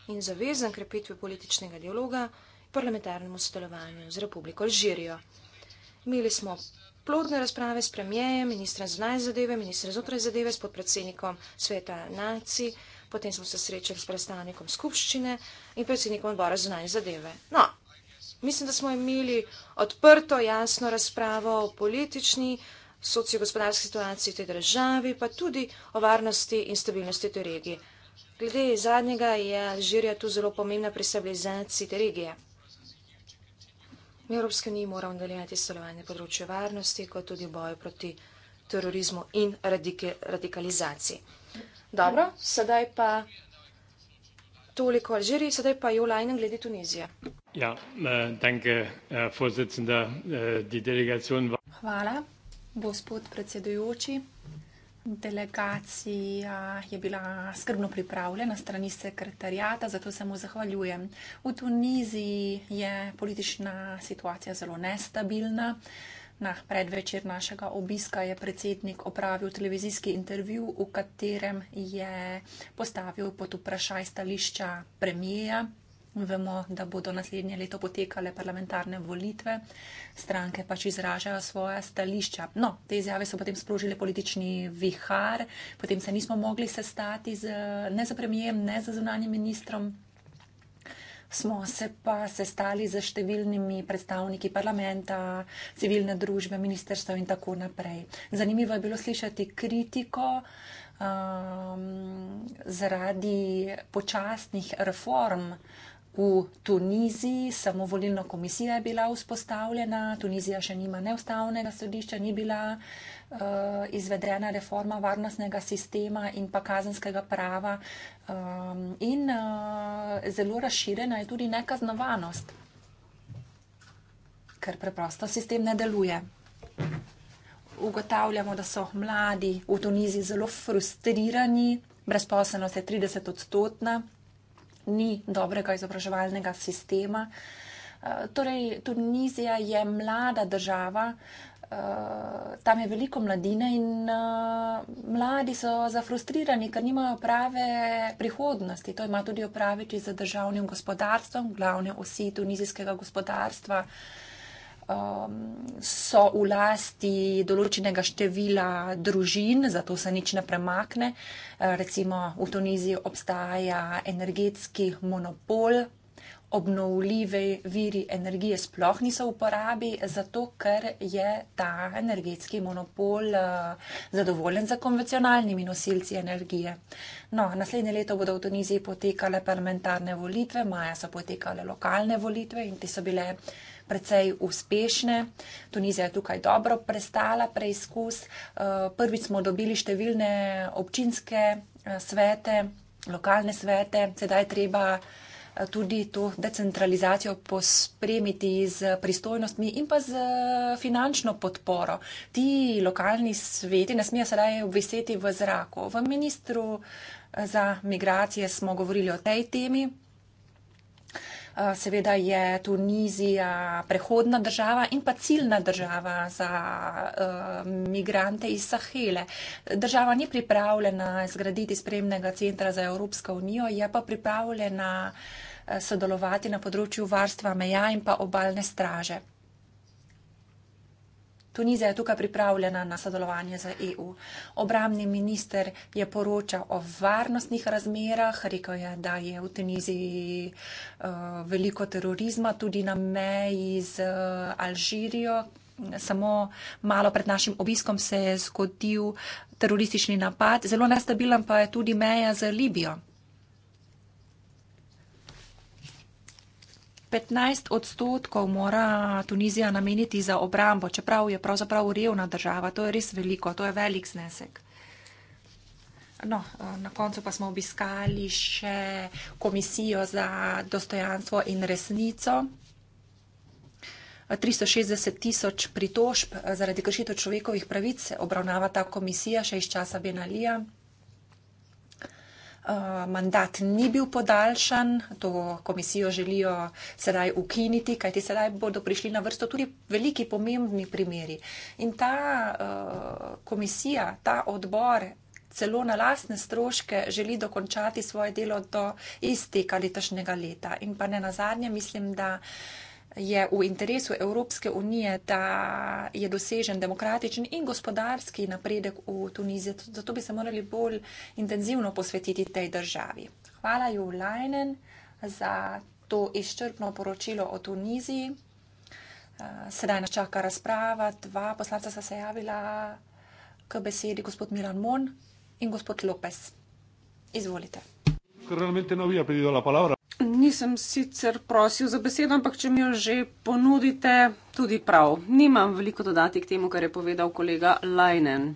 Speaker 5: in zavezan krepitvi političnega dialoga parlamentarnemu sodelovanju z Republiko Alžirijo. Imeli smo plodne razprave s premijejem, ministrem za zunanje zadeve, ministrem za notranje zadeve, s podpredsednikom sveta nacij, potem smo se srečali s predstavnikom skupščine in predsednikom odbora za zunanje zadeve. No, mislim, da smo imeli odprto, jasno razpravo o politični, sociogospodarski situaciji te državi, pa tudi o varnosti in stabilnosti te regije. Glede zadnjega je Alžirija tu zelo pomembna pri stabilizaciji te regije. Mi v Evropski uniji moramo nadaljevati sodelovanje na področju varnosti, kot tudi v boju proti terorizmu in radikalizaciji. Dobro, sedaj pa toliko o Alžiriji, sedaj pa Jula in glede Tunizije.
Speaker 4: Ja, eh, danke, predsednica, eh, eh, di delegacijo.
Speaker 1: Hvala, gospod predsedujoči. Delegacija je bila skrbno pripravljena strani sekretarjata, zato se mu zahvaljujem. V Tuniziji je politična situacija zelo nestabilna. Na predvečer našega obiska je predsednik opravil televizijski intervju, v katerem je postavil pod vprašaj stališča premijeja Vemo, da bodo naslednje leto potekale parlamentarne volitve, stranke pač izražajo svoje stališča. No, te izjave so potem sprožile politični vihar, potem se nismo mogli sestati z, ne za premijem, ne za zunanjem ministrom. Smo se pa sestali z številnimi predstavniki parlamenta, civilne družbe, ministerstva in tako naprej. Zanimivo je bilo slišati kritiko um, zaradi počasnih reform uh, V Tuniziji samo volilna komisija je bila vzpostavljena, Tunizija še nima neustavnega sodišča, ni bila uh, izvedena reforma varnostnega sistema in pa kazenskega prava. Um, in uh, zelo razširjena je tudi nekaznovanost, ker preprosto sistem ne deluje. Ugotavljamo, da so mladi v Tuniziji zelo frustrirani, brezposelnost je 30 odstotna ni dobrega izobraževalnega sistema. Eh, torej, Tunizija je mlada država, eh, tam je veliko mladine in eh, mladi so zafrustrirani, ker nimajo prave prihodnosti. To ima tudi opraviti z državnim gospodarstvom, glavne osi tunizijskega gospodarstva um, so v lasti določenega števila družin, zato se nič ne premakne. Uh, recimo v Tuniziji obstaja energetski monopol, obnovljive viri energije sploh niso v uporabi, zato ker je ta energetski monopol uh, zadovoljen za konvencionalnimi nosilci energije. No, naslednje leto bodo v Tuniziji potekale parlamentarne volitve, maja so potekale lokalne volitve in te so bile precej uspešne. Tunizija je tukaj dobro prestala preizkus. Eh, prvič smo dobili številne občinske eh, svete, lokalne svete, sedaj treba eh, tudi to decentralizacijo pospremiti z pristojnostmi in pa z finančno podporo. Ti lokalni sveti ne smejo sedaj obveseti v zraku. V ministru za migracije smo govorili o tej temi. Eh, seveda je Tunizija prehodna država in pa ciljna država za eh, migrante iz Sahele. Država ni pripravljena zgraditi spremnega centra za Evropsko unijo, je pa pripravljena eh, sodelovati na področju varstva meja in pa obalne straže. Tunizija je tukaj pripravljena na sodelovanje z EU. Obramni minister je poročal o varnostnih razmerah, rekel je, da je v Tuniziji uh, veliko terorizma, tudi na meji z uh, Alžirijo. Samo malo pred našim obiskom se je zgodil teroristični napad, zelo nestabilen pa je tudi meja z Libijo. 15 odstotkov mora Tunizija nameniti za obrambo, čeprav je pravzaprav revna država. To je res veliko, to je velik znesek. No, eh, na koncu pa smo obiskali še komisijo za dostojanstvo in resnico. 360 tisoč pritožb eh, zaradi kršitev človekovih pravic obravnava ta komisija še iz časa Benalija. Eh, mandat ni bil podaljšan, to komisijo želijo sedaj ukiniti, kajti sedaj bodo prišli na vrsto tudi veliki pomembni primeri. In ta eh, komisija, ta odbor celo na lastne stroške želi dokončati svoje delo do iztekalitašnjega leta. In pa ne na zadnje, mislim, da je v interesu Evropske unije, da je dosežen demokratičen in gospodarski napredek v Tuniziji. Zato bi se morali bolj intenzivno posvetiti tej državi. Hvala ju, Lajnen, za to izčrpno poročilo o Tuniziji. Eh, sedaj nas čaka razprava. Dva poslanca sta se javila k besedi, gospod Milan Mon in gospod Lopes. Izvolite.
Speaker 2: Realmente no había pedido
Speaker 4: la palabra
Speaker 3: nisem sicer prosil za besedo, ampak če mi jo že ponudite, tudi prav. Nimam veliko dodati k temu, kar je povedal kolega Lajnen.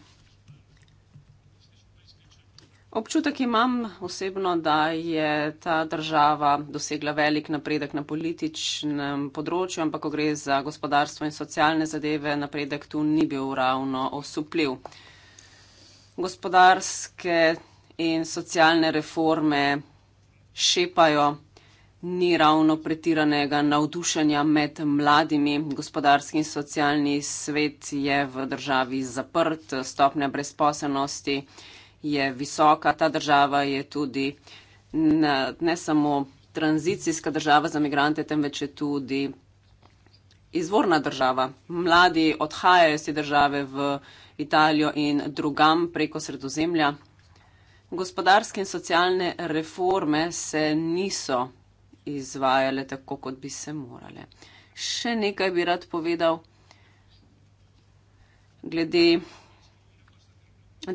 Speaker 3: Občutek imam osebno, da je ta država dosegla velik napredek na političnem področju, ampak ko gre za gospodarstvo in socialne zadeve, napredek tu ni bil ravno osupljiv. Gospodarske in socialne reforme šepajo ni ravno pretiranega navdušenja med mladimi. Gospodarski in socialni svet je v državi zaprt, stopnja brezposelnosti je visoka. Ta država je tudi ne, ne samo tranzicijska država za migrante, temveč je tudi izvorna država. Mladi odhajajo iz te države v Italijo in drugam preko sredozemlja. Gospodarske in socialne reforme se niso izvajale tako, kot bi se morale. Še nekaj bi rad povedal glede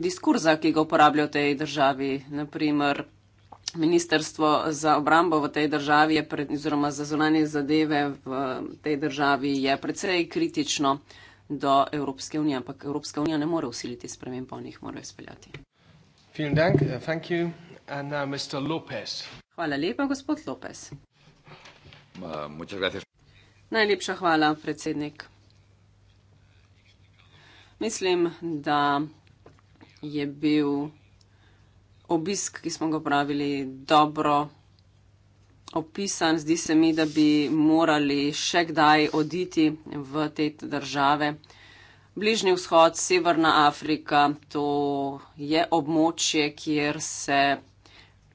Speaker 3: diskurza, ki ga uporabljajo v tej državi. Naprimer, Ministrstvo za obrambo v tej državi pred, oziroma za zunanje zadeve v tej državi je predvsej kritično do Evropske unije, ampak Evropska unija ne more usiliti sprememb, pa jih mora izpeljati.
Speaker 2: Hvala. In zdaj, gospod
Speaker 3: Lopes. Hvala lepa, gospod Lopes. Najlepša hvala, predsednik. Mislim, da je bil obisk, ki smo ga pravili, dobro opisan. Zdi se mi, da bi morali še kdaj oditi v te države. Bližnji vzhod, Severna Afrika, to je območje, kjer se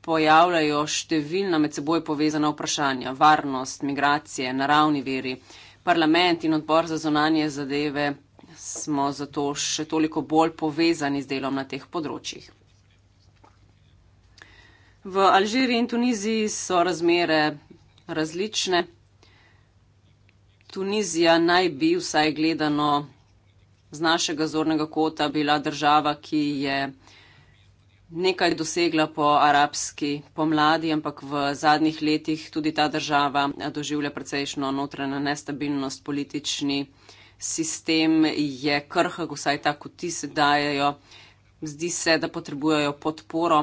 Speaker 3: pojavljajo številna med seboj povezana vprašanja: varnost, migracije, naravni veri. Parlament in odbor za zonanje zadeve smo zato še toliko bolj povezani z delom na teh področjih. V Alžiriji in Tuniziji so razmere različne. Tunizija naj bi, vsaj gledano z našega zornega kota, bila država, ki je nekaj dosegla po arabski pomladi, ampak v zadnjih letih tudi ta država doživlja precejšno notranjo nestabilnost, politični sistem je krhak, vsaj tako ti se dajajo. Zdi se, da potrebujejo podporo.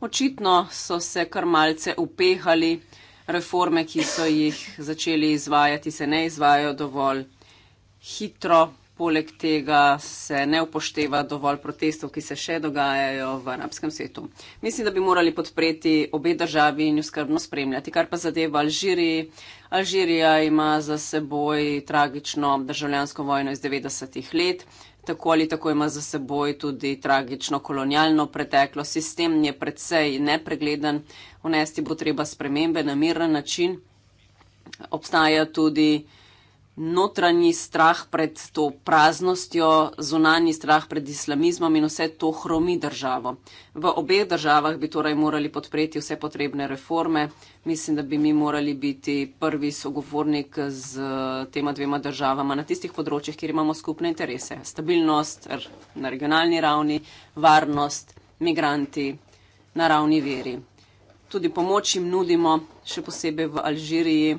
Speaker 3: Očitno so se kar malce upehali, reforme, ki so jih začeli izvajati, se ne izvajajo dovolj hitro poleg tega se ne upošteva dovolj protestov, ki se še dogajajo v arabskem svetu. Mislim, da bi morali podpreti obe državi in jo skrbno spremljati. Kar pa zadeva Alžiriji, Alžirija ima za seboj tragično državljansko vojno iz 90-ih let. Tako ali tako ima za seboj tudi tragično kolonialno preteklo. Sistem je predvsej nepregleden, vnesti bo treba spremembe na miren način. Obstaja tudi uh, notranji strah pred to praznostjo, zunanji strah pred islamizmom in vse to hromi državo. V obeh državah bi torej morali podpreti vse potrebne reforme. Mislim, da bi mi morali biti prvi sogovornik z eh, tema dvema državama na tistih področjih, kjer imamo skupne interese. Stabilnost na regionalni ravni, varnost, migranti, naravni veri. Tudi pomoč jim nudimo, še posebej v Alžiriji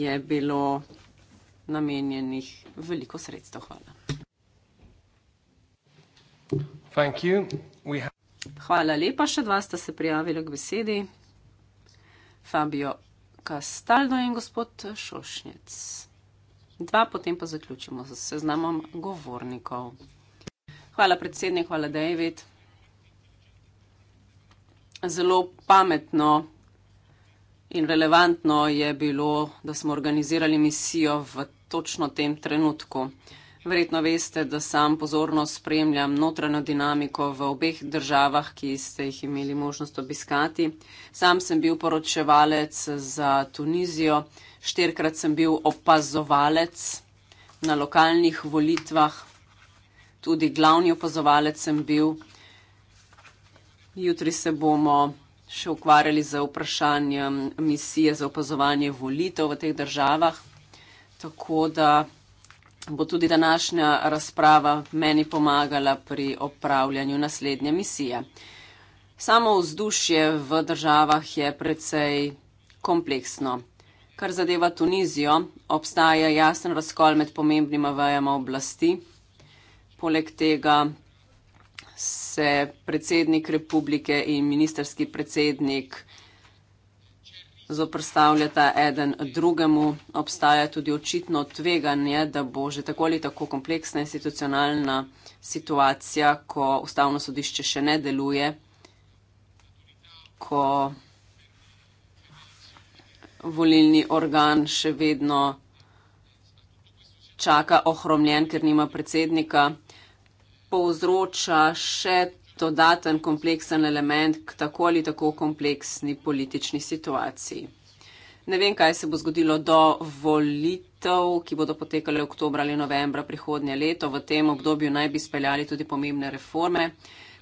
Speaker 3: je bilo namenjenih veliko sredstev. Hvala. Hvala lepa, še dva sta se prijavila k besedi. Fabio Castaldo in gospod Šošnjec. Dva, potem pa zaključimo z seznamom govornikov. Hvala predsednik, hvala David. Zelo pametno in relevantno je bilo, da smo organizirali misijo v točno v tem trenutku. Verjetno veste, da sam pozorno spremljam notranjo dinamiko v obeh državah, ki ste jih imeli možnost obiskati. Sam sem bil poročevalec za Tunizijo, štirkrat sem bil opazovalec na lokalnih volitvah, tudi glavni opazovalec sem bil. Jutri se bomo še ukvarjali z vprašanjem misije za opazovanje volitev v teh državah. Tako da bo tudi današnja razprava meni pomagala pri opravljanju naslednje misije. Samo vzdušje v državah je precej kompleksno. Kar zadeva Tunizijo, obstaja jasen razkol med pomembnima vajama oblasti. Poleg tega se predsednik republike in ministerski predsednik zoprstavljata eden drugemu. Obstaja tudi očitno tveganje, da bo že tako ali tako kompleksna institucionalna situacija, ko ustavno sodišče še ne deluje, ko volilni organ še vedno čaka ohromljen, ker nima predsednika, povzroča še dodaten kompleksen element k tako ali tako kompleksni politični situaciji. Ne vem, kaj se bo zgodilo do volitev, ki bodo potekale v oktobra ali novembra prihodnje leto. V tem obdobju naj bi speljali tudi pomembne reforme.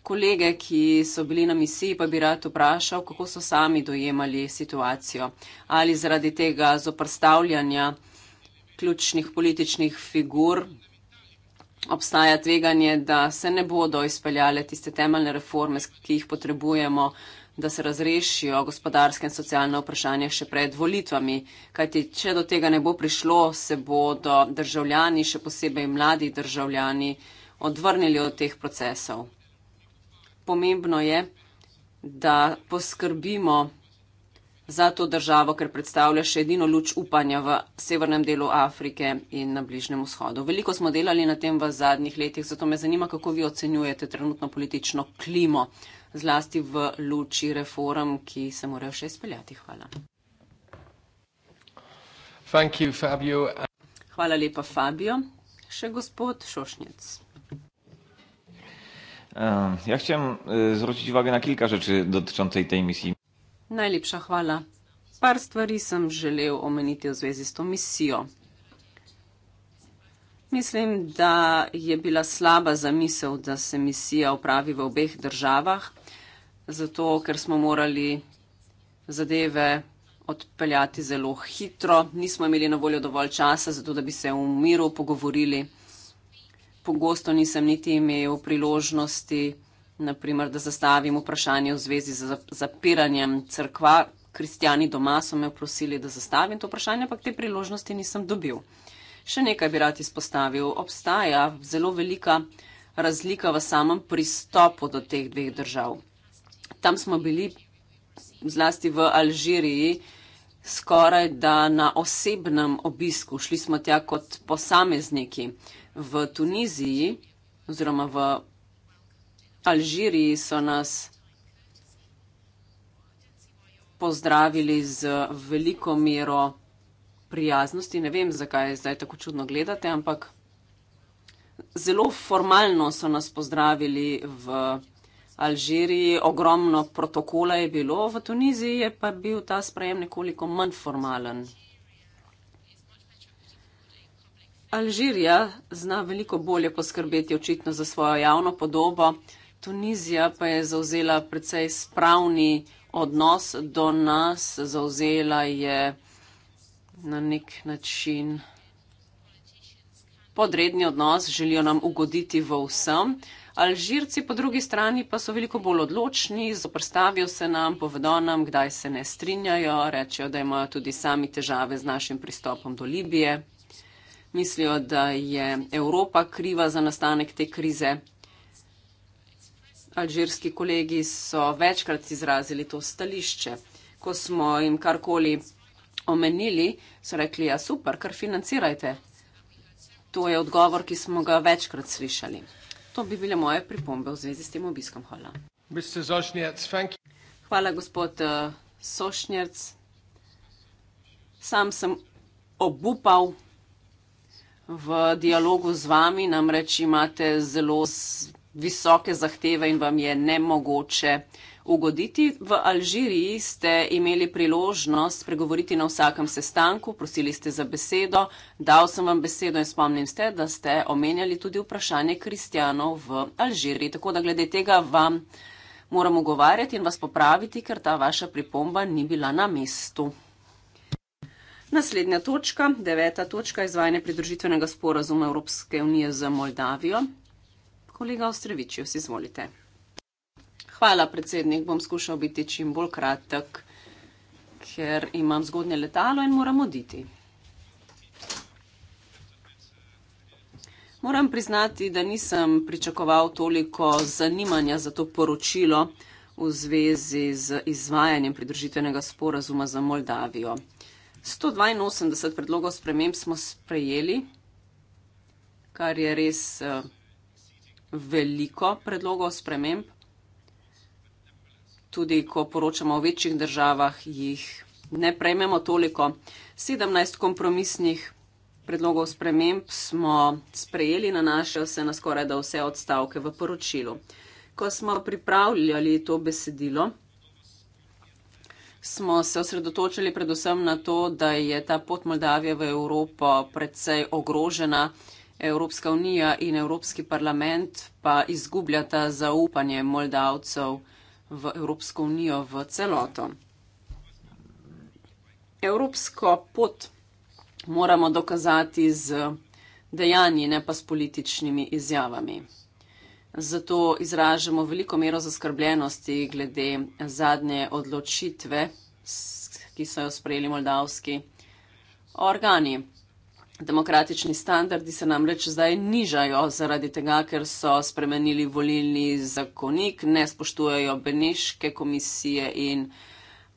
Speaker 3: Kolege, ki so bili na misiji, pa bi rad vprašal, kako so sami dojemali situacijo. Ali zaradi tega zoprstavljanja ključnih političnih figur obstaja tveganje, da se ne bodo izpeljale tiste temeljne reforme, ki jih potrebujemo, da se razrešijo gospodarske in socialne vprašanja še pred volitvami. Kajti, če do tega ne bo prišlo, se bodo državljani, še posebej mladi državljani, odvrnili od teh procesov. Pomembno je, da poskrbimo za to državo, ker predstavlja še edino luč upanja v severnem delu Afrike in na Bližnjem vzhodu. Veliko smo delali na tem v zadnjih letih, zato me zanima, kako vi ocenjujete trenutno politično klimo, zlasti v luči reform, ki se morajo še izpeljati. Hvala. You, Hvala lepa, Fabio. Še gospod Šošnjec.
Speaker 5: Ehm, ja chciałem e, zwrócić uwagę na kilka rzeczy dotyczącej tej misji.
Speaker 3: Najlepša hvala. Par stvari sem želel omeniti v zvezi s to misijo. Mislim, da je bila slaba zamisel, da se misija upravi v obeh državah, zato ker smo morali zadeve odpeljati zelo hitro, nismo imeli na voljo dovolj časa, zato da bi se v miru pogovorili. Pogosto nisem niti imel priložnosti naprimer, da zastavim vprašanje v zvezi z zapiranjem crkva. Kristijani doma so me prosili, da zastavim to vprašanje, ampak te priložnosti nisem dobil. Še nekaj bi rad izpostavil. Obstaja zelo velika razlika v samem pristopu do teh dveh držav. Tam smo bili, zlasti v Alžiriji, skoraj da na osebnem obisku. Šli smo tja kot posamezniki. V Tuniziji oziroma v Alžiriji so nas pozdravili z veliko mero prijaznosti. Ne vem, zakaj zdaj tako čudno gledate, ampak zelo formalno so nas pozdravili v Alžiriji. Ogromno protokola je bilo, v Tuniziji je pa bil ta sprejem nekoliko manj formalen. Alžirija zna veliko bolje poskrbeti očitno za svojo javno podobo. Tunizija pa je zauzela precej spravni odnos do nas, zauzela je na nek način podredni odnos, želijo nam ugoditi v vsem. Alžirci po drugi strani pa so veliko bolj odločni, zoprstavijo se nam, povedo nam, kdaj se ne strinjajo, rečejo, da imajo tudi sami težave z našim pristopom do Libije. Mislijo, da je Evropa kriva za nastanek te krize alžirski kolegi so večkrat izrazili to stališče. Ko smo jim karkoli omenili, so rekli, ja super, kar financirajte. To je odgovor, ki smo ga večkrat slišali. To bi bile moje pripombe v zvezi s tem obiskom. Hvala. Hvala, gospod uh, Sošnjerc. Sam sem obupal v dialogu z vami, namreč imate zelo visoke zahteve in vam je nemogoče ugoditi. V Alžiriji ste imeli priložnost pregovoriti na vsakem sestanku, prosili ste za besedo, dal sem vam besedo in spomnim ste, da ste omenjali tudi vprašanje kristjanov v Alžiriji. Tako da glede tega vam moram ogovarjati in vas popraviti, ker ta vaša pripomba ni bila na mestu. Naslednja točka, deveta točka, izvajanje pridružitvenega sporazuma Evropske unije z Moldavijo. Kolega Ostrevičjo, si izvolite. Hvala, predsednik. Bom skušal biti čim bolj kratek, ker imam zgodnje letalo in moram oditi. Moram priznati, da nisem pričakoval toliko zanimanja za to poročilo v zvezi z izvajanjem pridružitvenega sporazuma za Moldavijo. 182 predlogov sprememb smo sprejeli, kar je res eh, veliko predlogov sprememb. Tudi, ko poročamo o večjih državah, jih ne prejmemo toliko. 17 kompromisnih predlogov sprememb smo sprejeli, nanašajo se na skoraj da vse odstavke v poročilu. Ko smo pripravljali to besedilo, smo se osredotočili predvsem na to, da je ta pot Moldavije v Evropo precej ogrožena. Evropska unija in Evropski parlament pa izgubljata zaupanje Moldavcev v Evropsko unijo v celoto. Evropsko pot moramo dokazati z dejanji, ne pa s političnimi izjavami. Zato izražamo veliko mero zaskrbljenosti glede zadnje odločitve, ki so jo sprejeli moldavski organi. Demokratični standardi se nam reč zdaj nižajo zaradi tega, ker so spremenili volilni zakonik, ne spoštujejo Beneške komisije in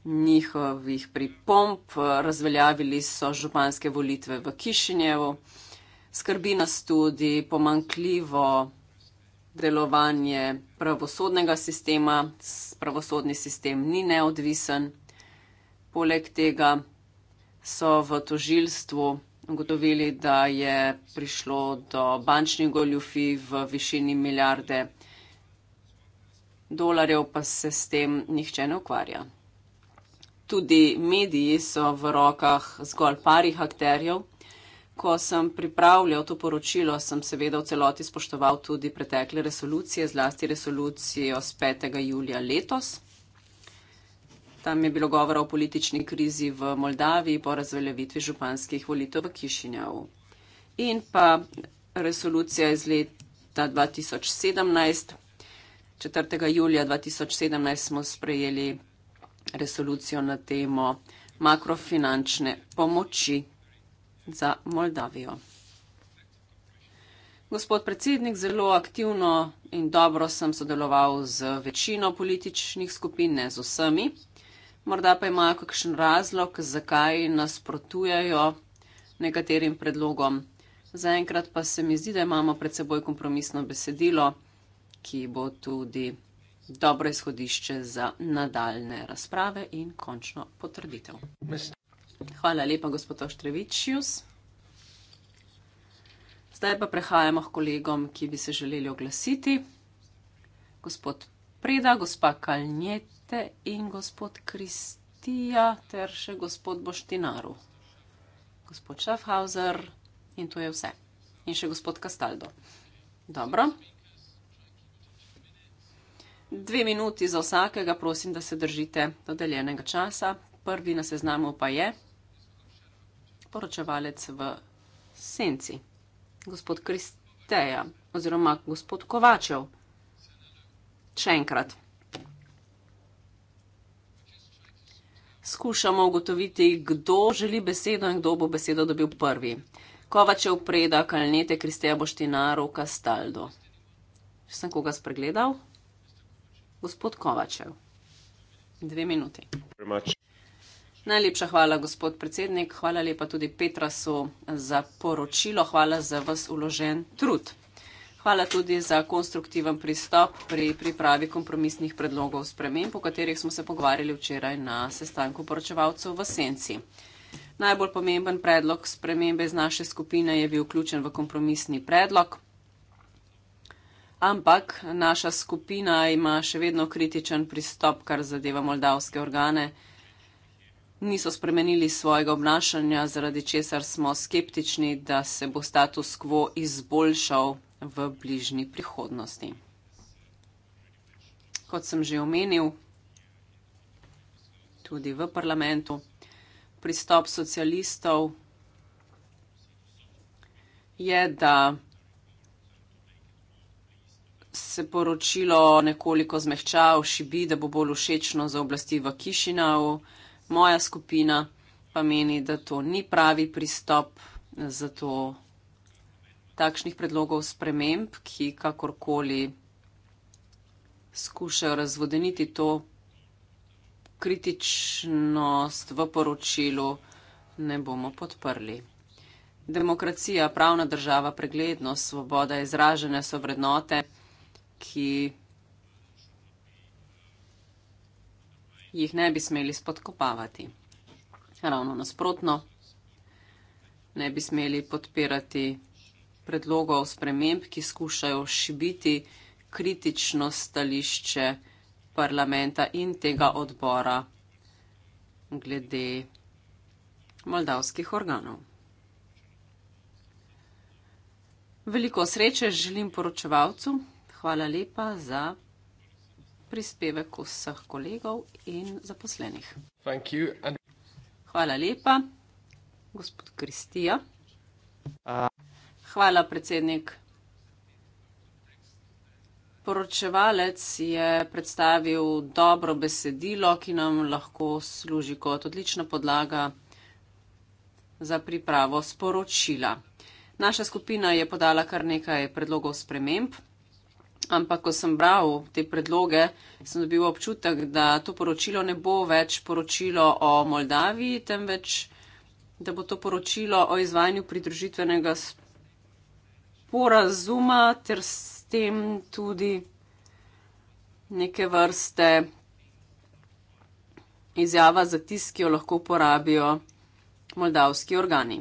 Speaker 3: njihovih pripomp, razveljavili so županske volitve v Kišinjevu. Skrbi nas tudi pomankljivo delovanje pravosodnega sistema, pravosodni sistem ni neodvisen. Poleg tega so v tožilstvu ugotovili, da je prišlo do bančnih goljufi v višini milijarde dolarjev, pa se s tem nihče ne ukvarja. Tudi mediji so v rokah zgolj parih akterjev. Ko sem pripravljal to poročilo, sem seveda v celoti spoštoval tudi pretekle resolucije, zlasti resolucijo z 5. julija letos. Tam je bilo govora o politični krizi v Moldaviji po razveljavitvi županskih volitev v Kišinjavu. In pa resolucija iz leta 2017. 4. julija 2017 smo sprejeli resolucijo na temo makrofinančne pomoči za Moldavijo. Gospod predsednik, zelo aktivno in dobro sem sodeloval z večino političnih skupin, ne z vsemi morda pa imajo kakšen razlog, zakaj nasprotujejo nekaterim predlogom. Zaenkrat pa se mi zdi, da imamo pred seboj kompromisno besedilo, ki bo tudi dobro izhodišče za nadaljne razprave in končno potrditev. Hvala lepa, gospod Oštrevičius. Zdaj pa prehajamo k kolegom, ki bi se želeli oglasiti. Gospod Preda, gospa Kalnjet Ante in gospod Kristija ter še gospod Boštinaru. Gospod Schaffhauser in tu je vse. In še gospod Castaldo. Dobro. Dve minuti za vsakega, prosim, da se držite dodeljenega časa. Prvi na seznamu pa je poročevalec v senci, gospod Kristeja oziroma gospod Kovačev. Še enkrat. skušamo ugotoviti, kdo želi besedo in kdo bo besedo dobil prvi. Kovačev preda, kalnete, Kristeja Boština, Roka Staldo. Če sem koga spregledal? Gospod Kovačev. Dve minuti. Najlepša hvala, gospod predsednik. Hvala lepa tudi Petrasu za poročilo. Hvala za vas uložen trud. Hvala tudi za konstruktiven pristop pri pripravi kompromisnih predlogov sprememb, o katerih smo se pogovarjali včeraj na sestanku poročevalcev v Senci. Najbolj pomemben predlog spremembe iz naše skupine je bil vključen v kompromisni predlog, ampak naša skupina ima še vedno kritičen pristop, kar zadeva moldavske organe. Niso spremenili svojega obnašanja, zaradi česar smo skeptični, da se bo status quo izboljšal v bližnji prihodnosti. Kot sem že omenil, tudi v parlamentu, pristop socialistov je, da se poročilo nekoliko zmehča v šibi, da bo bolj všečno za oblasti v Kišinau. Moja skupina pa meni, da to ni pravi pristop, zato takšnih predlogov sprememb, ki kakorkoli skušajo razvodeniti to kritičnost v poročilu, ne bomo podprli. Demokracija, pravna država, preglednost, svoboda izražene so vrednote, ki jih ne bi smeli spodkopavati. Ravno nasprotno, ne bi smeli podpirati predlogov sprememb, ki skušajo šibiti kritično stališče parlamenta in tega odbora glede moldavskih organov. Veliko sreče želim poročevalcu. Hvala lepa za prispevek vseh kolegov in zaposlenih. Hvala lepa, gospod Kristija. Uh. Hvala, predsednik. Poročevalec je predstavil dobro besedilo, ki nam lahko služi kot odlična podlaga za pripravo sporočila. Naša skupina je podala kar nekaj predlogov sprememb, ampak ko sem bral te predloge, sem dobil občutek, da to poročilo ne bo več poročilo o Moldaviji, temveč da bo to poročilo o izvajanju pridružitvenega sporazuma ter s tem tudi neke vrste izjava za tis, ki jo lahko uporabijo moldavski organi.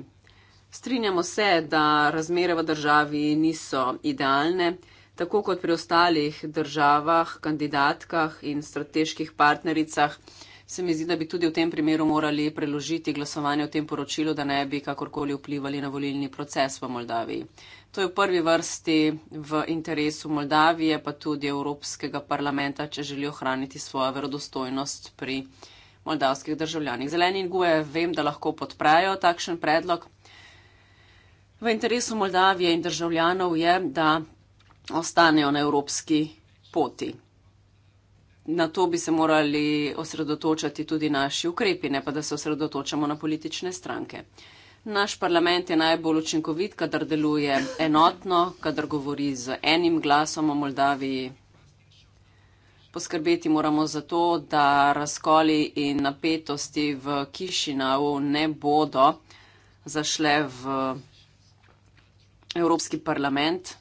Speaker 3: Strinjamo se, da razmere v državi niso idealne, tako kot pri ostalih državah, kandidatkah in strateških partnericah. Se mi zdi, da bi tudi v tem primeru morali preložiti glasovanje o tem poročilu, da ne bi kakorkoli vplivali na volilni proces v Moldaviji. To je v prvi vrsti v interesu Moldavije, pa tudi Evropskega parlamenta, če želi ohraniti svojo verodostojnost pri moldavskih državljanih. Zeleni in guje vem, da lahko podprejo takšen predlog. V interesu Moldavije in državljanov je, da ostanejo na evropski poti. Na to bi se morali osredotočati tudi naši ukrepi, ne pa da se osredotočamo na politične stranke. Naš parlament je najbolj učinkovit, kadar deluje enotno, kadar govori z enim glasom o Moldaviji. Poskrbeti moramo za to, da razkoli in napetosti v Kišinau ne bodo zašle v Evropski parlament.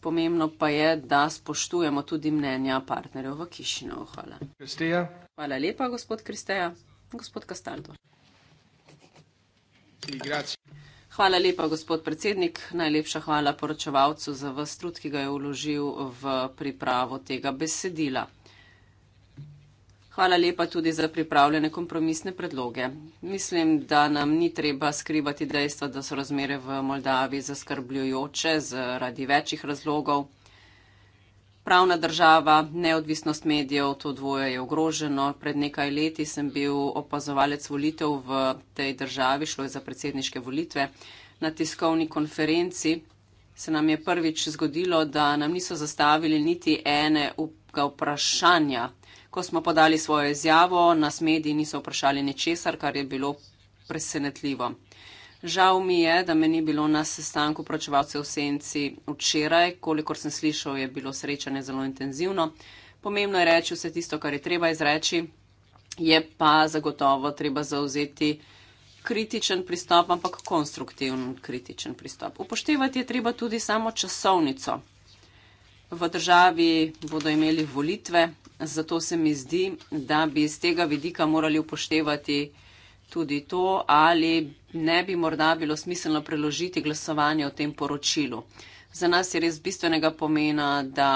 Speaker 3: Pomembno pa je, da spoštujemo tudi mnenja partnerjev v Kišinau. Hvala. Hvala lepa, gospod Kristeja. Gospod Kastaldo. Hvala lepa, gospod predsednik. Najlepša hvala poročevalcu za vse trud, ki ga je vložil v pripravo tega besedila. Hvala lepa tudi za pripravljene kompromisne predloge. Mislim, da nam ni treba skrivati dejstva, da so razmere v Moldavi zaskrbljujoče zaradi večjih razlogov. Pravna država, neodvisnost medijev, to dvoje je ogroženo. Pred nekaj leti sem bil opazovalec volitev v tej državi, šlo je za predsedniške volitve. Na tiskovni konferenci se nam je prvič zgodilo, da nam niso zastavili niti ene vprašanja. Ko smo podali svojo izjavo, nas mediji niso vprašali ničesar, kar je bilo presenetljivo. Žal mi je, da me ni bilo na sestanku pročevalcev v senci včeraj, kolikor sem slišal, je bilo srečanje zelo intenzivno. Pomembno je reči vse tisto, kar je treba izreči, je pa zagotovo treba zauzeti kritičen pristop, ampak konstruktivn kritičen pristop. Upoštevati je treba tudi samo časovnico. V državi bodo imeli volitve, zato se mi zdi, da bi iz tega vidika morali upoštevati tudi to, ali ne bi morda bilo smiselno preložiti glasovanje o tem poročilu. Za nas je res bistvenega pomena, da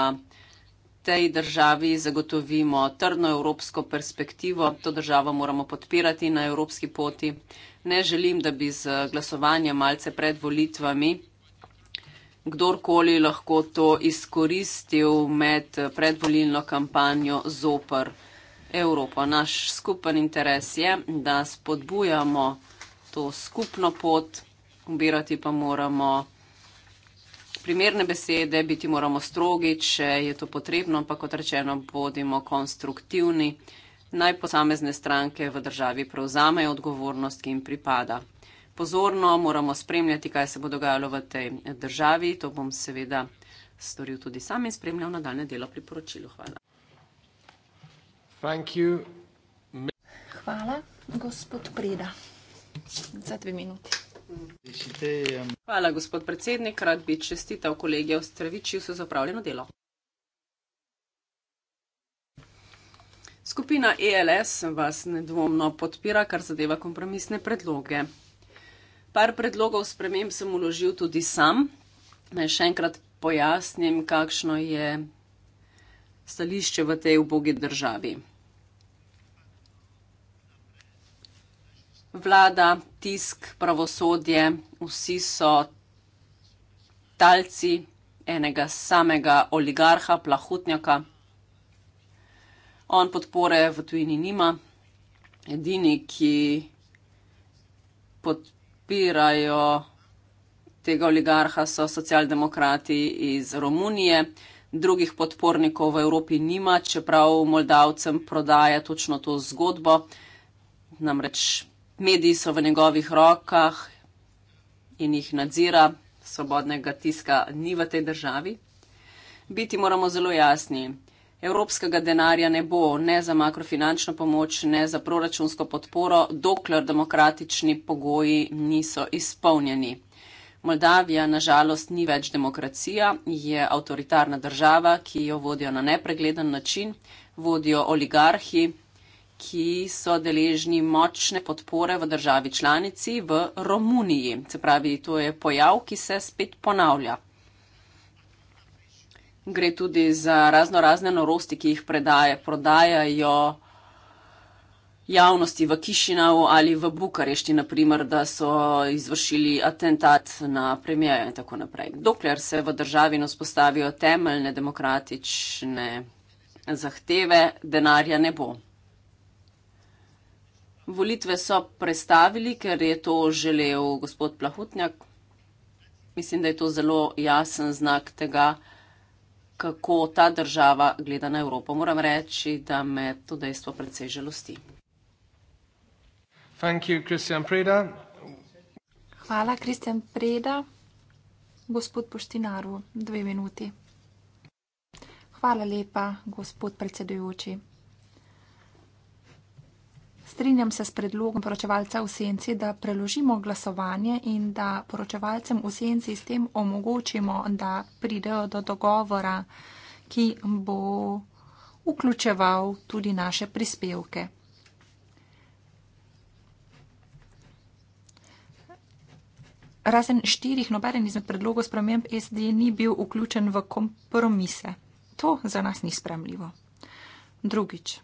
Speaker 3: tej državi zagotovimo trdno evropsko perspektivo. To državo moramo podpirati na evropski poti. Ne želim, da bi z glasovanjem malce pred volitvami kdorkoli lahko to izkoristil med predvolilno kampanjo zopr. Evropo. Naš skupen interes je, da spodbujamo to skupno pot, ubirati pa moramo primerne besede, biti moramo strogi, če je to potrebno, ampak kot rečeno, bodimo konstruktivni. Naj posamezne stranke v državi prevzamejo odgovornost, ki jim pripada. Pozorno moramo spremljati, kaj se bo dogajalo v tej državi. To bom seveda storil tudi sam in spremljal nadaljne delo priporočilo. Hvala.
Speaker 1: Hvala, gospod Preda, za dve minuti.
Speaker 3: Hvala, gospod predsednik. Rad bi čestital kolegi Ostreviči vse za upravljeno delo. Skupina ELS vas nedvomno podpira, kar zadeva kompromisne predloge. Par predlogov sprememb sem uložil tudi sam. Naj še enkrat pojasnim, kakšno je stališče v tej ubogi državi. Vlada, tisk, pravosodje, vsi so talci enega samega oligarha, plahutnjaka. On podpore v tujini nima. Edini, ki podpirajo tega oligarha, so socialdemokrati iz Romunije drugih podpornikov v Evropi nima, čeprav Moldavcem prodaja točno to zgodbo. Namreč mediji so v njegovih rokah in jih nadzira, svobodnega tiska ni v tej državi. Biti moramo zelo jasni. Evropskega denarja ne bo ne za makrofinančno pomoč, ne za proračunsko podporo, dokler demokratični pogoji niso izpolnjeni. Moldavija nažalost ni več demokracija, je avtoritarna država, ki jo vodijo na nepregleden način, vodijo oligarhi, ki so deležni močne podpore v državi članici v Romuniji. Se pravi, to je pojav, ki se spet ponavlja. Gre tudi za razno razne norosti, ki jih predaje, prodajajo javnosti v Kišinavu ali v Bukarešti, naprimer, da so izvršili atentat na premijejo in tako naprej. Dokler se v državi ne vzpostavijo temeljne demokratične zahteve, denarja ne bo. Volitve so prestavili, ker je to želel gospod Plahutnjak. Mislim, da je to zelo jasen znak tega, kako ta država gleda na Evropo. Moram reči, da me to dejstvo precej žalosti.
Speaker 2: Thank you, Christian Preda.
Speaker 1: Hvala, Christian Preda. Gospod Poštinaru, dve minuti. Hvala lepa, gospod predsedujoči. Strinjam se s predlogom poročevalca v senci, da preložimo glasovanje in da poročevalcem v senci s tem omogočimo, da pridejo do dogovora, ki bo vključeval tudi naše prispevke. razen štirih, nobeden izmed predlogov sprememb SD ni bil vključen v kompromise. To za nas ni spremljivo. Drugič,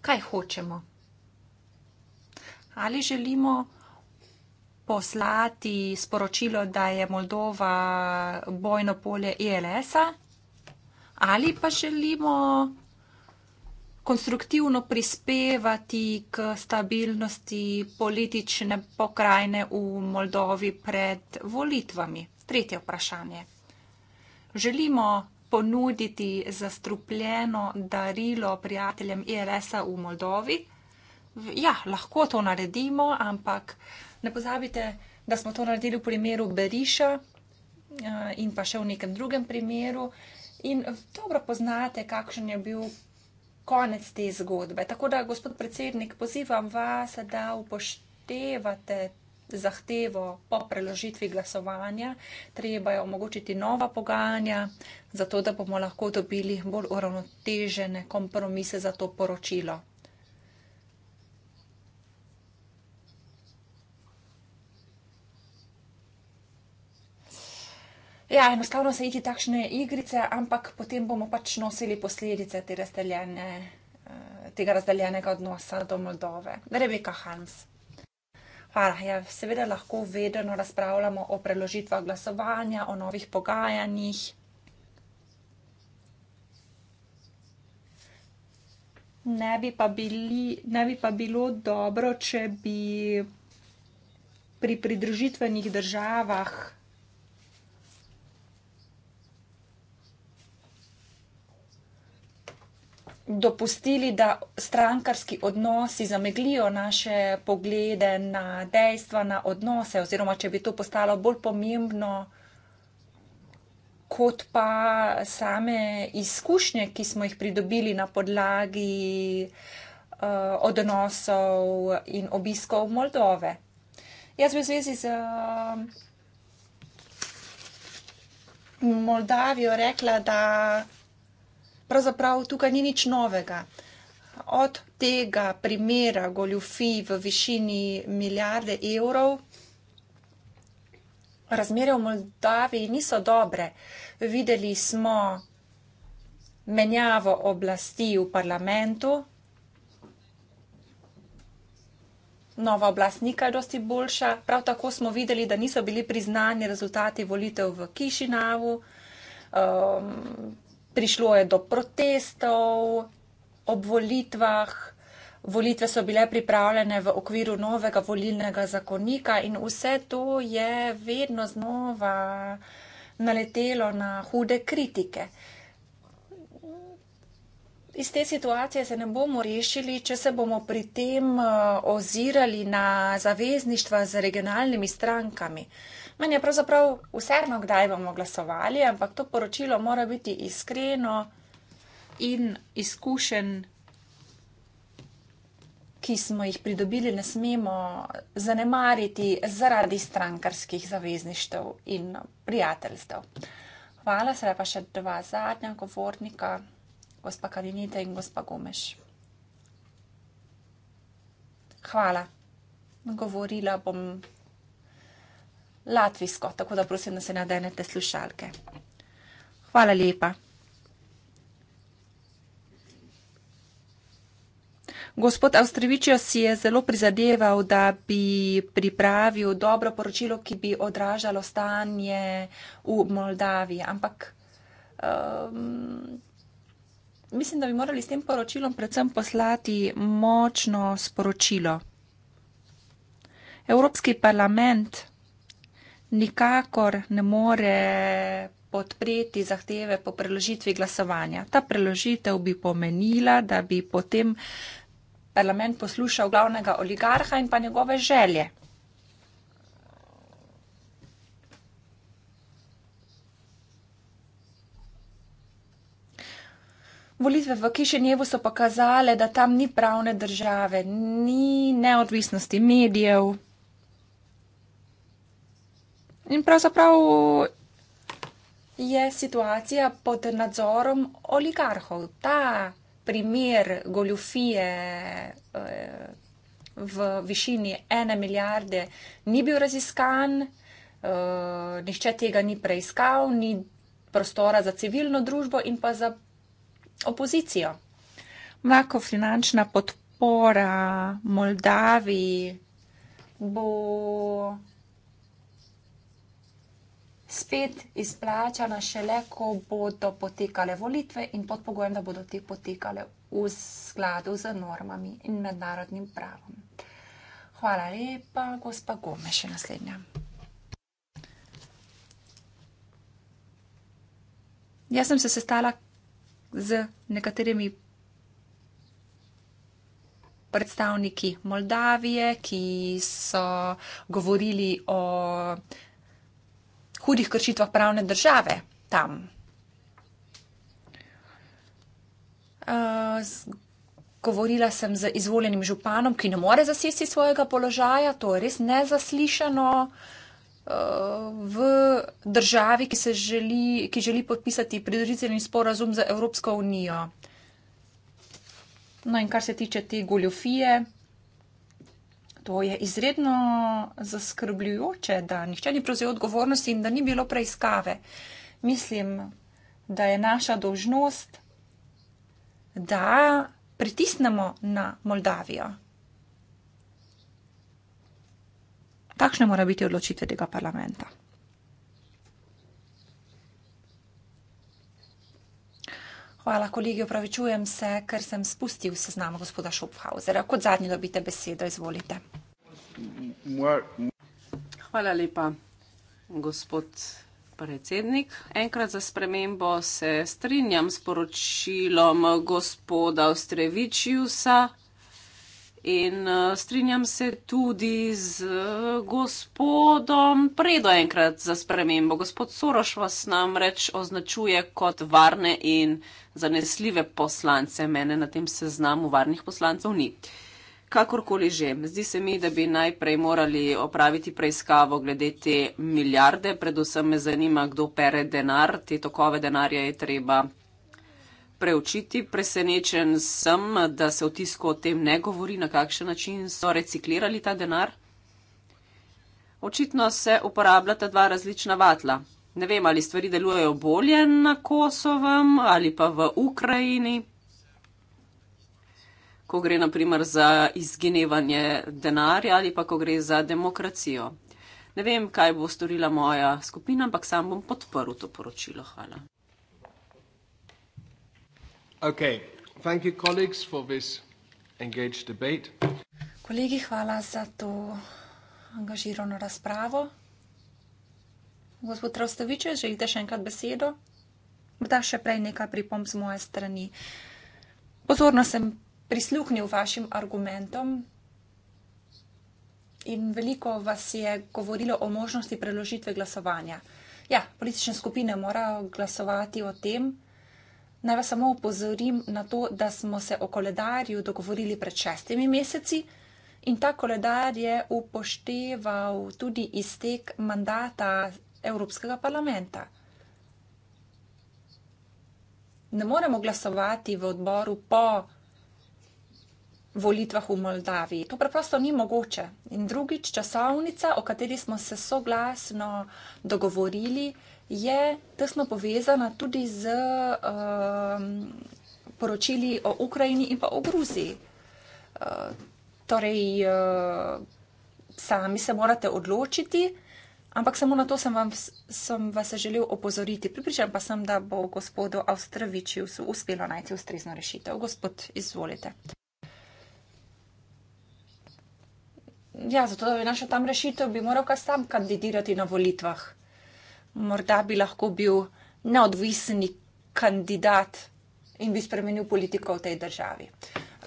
Speaker 1: kaj hočemo? Ali želimo poslati sporočilo, da je Moldova bojno polje ILS-a? E Ali pa želimo konstruktivno prispevati k stabilnosti politične pokrajine v Moldovi pred volitvami? Tretje vprašanje. Želimo ponuditi zastrupljeno darilo prijateljem ILS-a e v Moldovi. Ja, lahko to naredimo, ampak ne pozabite, da smo to naredili v primeru Beriša eh, in pa še v nekem drugem primeru. In dobro poznate, kakšen je bil konec te zgodbe. Tako da, gospod predsednik, pozivam vas, da upoštevate zahtevo po preložitvi glasovanja. Treba je omogočiti nova pogajanja, zato da bomo lahko dobili bolj uravnotežene kompromise za to poročilo. Ja, enostavno se iti takšne igrice, ampak potem bomo pač nosili posledice te razdeljene, eh, tega razdeljenega odnosa do Moldove. Rebeka Hans. Hvala. Ja, seveda lahko vedno razpravljamo o preložitvah glasovanja, o novih pogajanjih. Ne bi pa, bili, ne bi pa bilo dobro, če bi pri pridružitvenih državah. dopustili, da strankarski odnosi zameglijo naše poglede na dejstva, na odnose, oziroma če bi to postalo bolj pomembno kot pa same izkušnje, ki smo jih pridobili na podlagi uh, odnosov in obiskov Moldove. Jaz bi v zvezi z uh, Moldavijo rekla, da pravzaprav tukaj ni nič novega. Od tega primera goljufij v višini milijarde evrov, razmere v Moldaviji niso dobre. Videli smo menjavo oblasti v parlamentu. Nova oblast ni kaj dosti boljša. Prav tako smo videli, da niso bili priznani rezultati volitev v Kišinavu. Um, prišlo je do protestov ob volitvah. Volitve so bile pripravljene v okviru novega volilnega zakonika in vse to je vedno znova naletelo na hude kritike. Uh, Iz te situacije se ne bomo rešili, če se bomo pri tem eh, ozirali na zavezništva z regionalnimi strankami. Meni je pravzaprav vseeno, kdaj bomo glasovali, ampak to poročilo mora biti iskreno in izkušen, ki smo jih pridobili, ne smemo zanemariti zaradi strankarskih zavezništev in prijateljstev. Hvala, sedaj pa še dva zadnja govornika gospa Kalinite in gospa Gomeš. Hvala. Govorila bom latvijsko, tako da prosim, da se nadenete slušalke. Hvala lepa. Gospod Avstrivičjo si je zelo prizadeval, da bi pripravil dobro poročilo, ki bi odražalo stanje v Moldaviji, ampak um, mislim, da bi morali s tem poročilom predvsem poslati močno sporočilo. Evropski parlament nikakor ne more podpreti zahteve po preložitvi glasovanja. Ta preložitev bi pomenila, da bi potem parlament poslušal glavnega oligarha in pa njegove želje. Volitve v Kišenjevu so pokazale, da tam ni pravne države, ni neodvisnosti medijev. In pravzaprav je situacija pod nadzorom oligarhov. Ta primer goljufije eh, v višini ene milijarde ni bil raziskan, eh, nišče tega ni preiskal, ni prostora za civilno družbo in pa za opozicijo. Mlako finančna podpora Moldaviji bo spet izplačana šele, ko bodo potekale volitve in pod pogojem, da bodo te potekale v skladu z normami in mednarodnim pravom. Hvala lepa, gospa Gome, še naslednja. Jaz sem se sestala z nekaterimi predstavniki Moldavije, ki so govorili o hudih kršitvah pravne države tam. Uh, govorila sem z izvoljenim županom, ki ne more zasesti svojega položaja, to je res nezaslišano. Uh, v državi, ki, želi, ki želi podpisati pridružitveni sporazum za Evropsko unijo. No in kar se tiče te goljofije, to je izredno zaskrbljujoče, da nišče ni prevzel odgovornosti in da ni bilo preiskave. Mislim, da je naša dožnost, da pritisnemo na Moldavijo. Takšne mora biti odločitve tega parlamenta. Hvala, kolegi, upravičujem se, ker sem spustil seznam gospoda Schopfhausera. Kot zadnji dobite besedo, izvolite.
Speaker 3: Hvala lepa, gospod predsednik. Enkrat za spremembo se strinjam s poročilom gospoda Ostrevičjusa, In uh, strinjam se tudi z uh, gospodom Predo enkrat za spremembo. Gospod Soroš vas namreč označuje kot varne in zanesljive poslance. Mene na tem seznamu varnih poslancev ni. Kakorkoli že, zdi se mi, da bi najprej morali opraviti preiskavo glede te milijarde. Predvsem me zanima, kdo pere denar. Te tokove denarja je treba preučiti. Presenečen sem, da se v tisku o tem ne govori, na kakšen način so reciklirali ta denar. Očitno se uporabljata dva različna vatla. Ne vem, ali stvari delujejo bolje na Kosovem ali pa v Ukrajini, ko gre naprimer za izginevanje denarja ali pa ko gre za demokracijo. Ne vem, kaj bo storila moja skupina, ampak sam bom podprl to poročilo. Hvala.
Speaker 2: Okay. Thank you colleagues for this engaged debate.
Speaker 1: Kolegi, hvala za to angažirano razpravo. Gospod Rostoviče, želite še enkrat besedo? Morda še prej nekaj pripomb z moje strani. Pozorno sem prisluhnil vašim argumentom in veliko vas je govorilo o možnosti preložitve glasovanja. Ja, politične skupine morajo glasovati o tem, Naj vas samo opozorim na to, da smo se o koledarju dogovorili pred šestimi meseci in ta koledar je upošteval tudi iztek mandata Evropskega parlamenta. Ne moremo glasovati v odboru po volitvah v Moldaviji. To preprosto ni mogoče. In drugič, časovnica, o kateri smo se soglasno dogovorili, je tesno povezana tudi z um, poročili o Ukrajini in pa o Gruziji. Uh, torej, uh, sami se morate odločiti, ampak samo na to sem, vam, sem vas želel opozoriti. Pripričan pa sem, da bo gospodu Avstraviču uspelo najti ustrezno rešitev. Gospod, izvolite. Ja, zato da bi našel tam rešitev, bi moral kar sam kandidirati na volitvah morda bi lahko bil neodvisni kandidat in bi spremenil politiko v tej državi.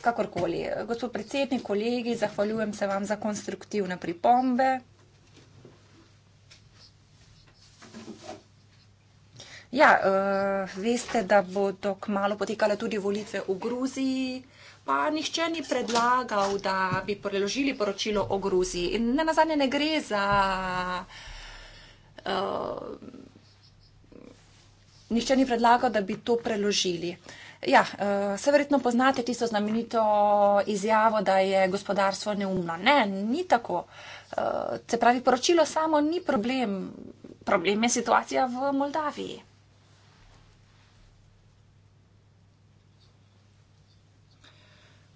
Speaker 1: Kakorkoli, gospod predsednik, kolegi, zahvaljujem se vam za konstruktivne pripombe. Ja, eh, veste, da bodo kmalo potekale tudi volitve v Gruziji, pa nihče ni predlagal, da bi preložili poročilo o Gruziji. In ne nazadnje ne gre za... Eh, nišče ni predlagal, da bi to preložili. Ja, eh, se verjetno poznate tisto znamenito izjavo, da je gospodarstvo neumno. Ne, ni tako. Eh, se pravi, poročilo samo ni problem. Problem je situacija v Moldaviji.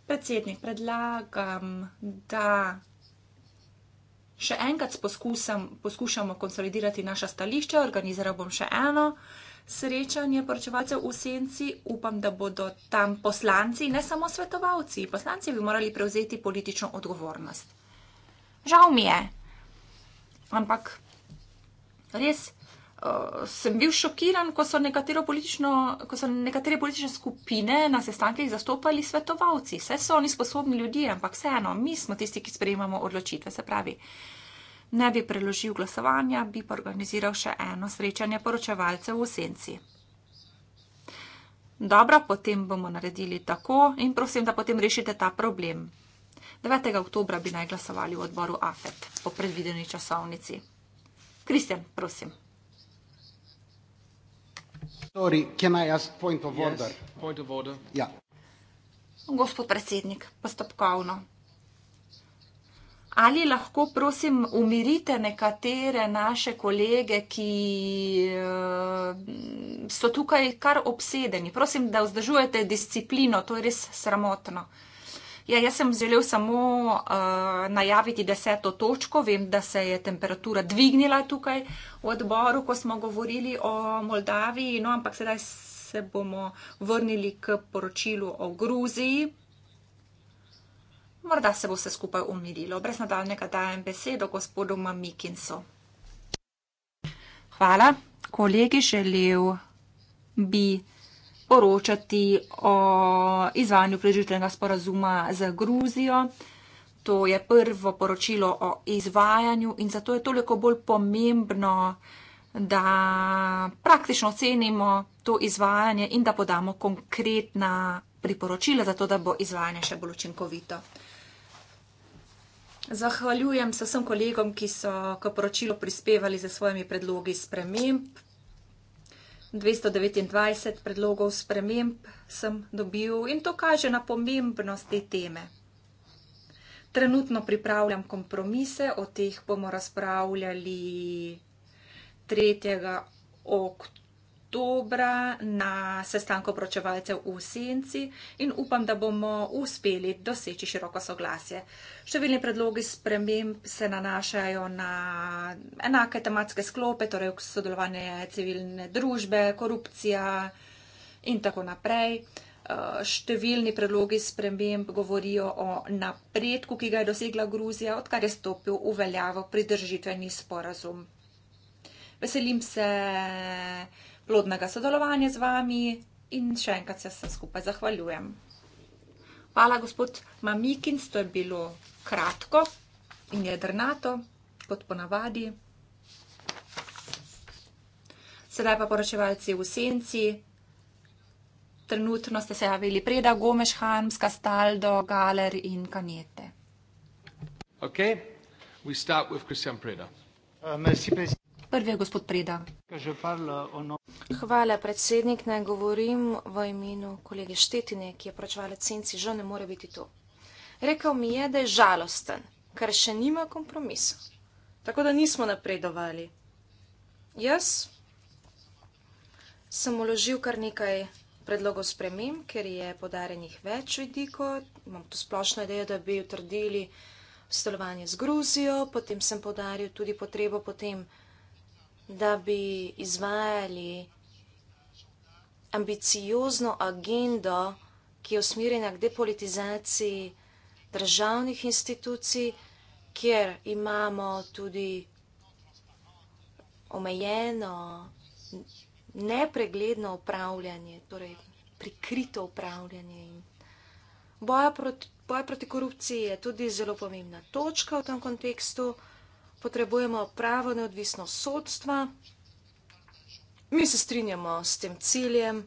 Speaker 1: Predsednik, predlagam, da še enkrat poskusam, poskušamo konsolidirati naša stališča. Organiziral bom še eno srečanje poročevalcev v senci. Upam, da bodo tam poslanci, ne samo svetovalci. Poslanci bi morali prevzeti politično odgovornost. Žal mi je, ampak res uh, sem bil šokiran, ko so, ko so nekatere politične skupine na sestankih zastopali svetovalci. Vse so oni sposobni ljudje, ampak vseeno, mi smo tisti, ki sprejemamo odločitve. Se pravi, ne bi preložil glasovanja, bi pa organiziral še eno srečanje poročevalcev v senci. Dobro, potem bomo naredili tako in prosim, da potem rešite ta problem. 9. oktober bi naj glasovali v odboru AFET po predvideni časovnici. Kristjan, prosim.
Speaker 4: Sorry, can I ask point of order? Yes, point of order. Ja.
Speaker 1: Gospod predsednik, postopkovno. Ali lahko, prosim, umirite nekatere naše kolege, ki eh, so tukaj kar obsedeni? Prosim, da vzdržujete disciplino, to je res sramotno. Ja, jaz sem želel samo uh, najaviti deseto točko. Vem, da se je temperatura dvignila tukaj v odboru, ko smo govorili o Moldaviji, no, ampak sedaj se bomo vrnili k poročilu o Gruziji. Morda se bo vse skupaj umirilo. Brez nadaljnega dajem besedo gospodu Mamikinsu. Hvala. Kolegi želel bi poročati o izvanju prežitvenega sporazuma z Gruzijo. To je prvo poročilo o izvajanju in zato je toliko bolj pomembno, da praktično ocenimo to izvajanje in da podamo konkretna priporočila, zato da bo izvajanje še bolj učinkovito. Zahvaljujem se vsem kolegom, ki so k poročilu prispevali za svojimi predlogi sprememb. 229 predlogov sprememb sem dobil in to kaže na pomembnost te teme. Trenutno pripravljam kompromise, o teh bomo razpravljali 3. oktober oktobra na sestanku pročevalcev v Senci in upam, da bomo uspeli doseči široko soglasje. Številni predlogi sprememb se nanašajo na enake tematske sklope, torej sodelovanje civilne družbe, korupcija in tako naprej. Eh, številni predlogi sprememb govorijo o napredku, ki ga je dosegla Gruzija, odkar je stopil v veljavo pridržitveni sporazum. Veselim se plodnega sodelovanja z vami in še enkrat se vsem skupaj zahvaljujem. Hvala, gospod Mamikins, to je bilo kratko in jedrnato, kot ponavadi. Sedaj pa poročevalci v senci. Trenutno ste se javili Preda, Gomeš, Hanms, Kastaldo, Galer in Kanjete.
Speaker 2: Okay. We start with Christian Preda. Uh, merci,
Speaker 1: Prvi je gospod Preda.
Speaker 5: Hvala, predsednik. Naj govorim v imenu kolege Štetine, ki je pročevalec senci. Žal ne more biti to. Rekel mi je, da je žalosten, ker še nima kompromisa. Tako da nismo napredovali. Jaz sem uložil kar nekaj predlogov spremem, ker je podarenih več vidikov. Imam tu splošno idejo, da bi utrdili stolovanje z Gruzijo. Potem sem podaril tudi potrebo potem, da bi izvajali ambiciozno agendo, ki je usmerjena k depolitizaciji državnih institucij, kjer imamo tudi omejeno, nepregledno upravljanje, torej prikrito upravljanje. Boja proti, boja proti korupciji je tudi zelo pomembna točka v tem kontekstu potrebujemo pravo neodvisno sodstva. Mi se strinjamo s tem ciljem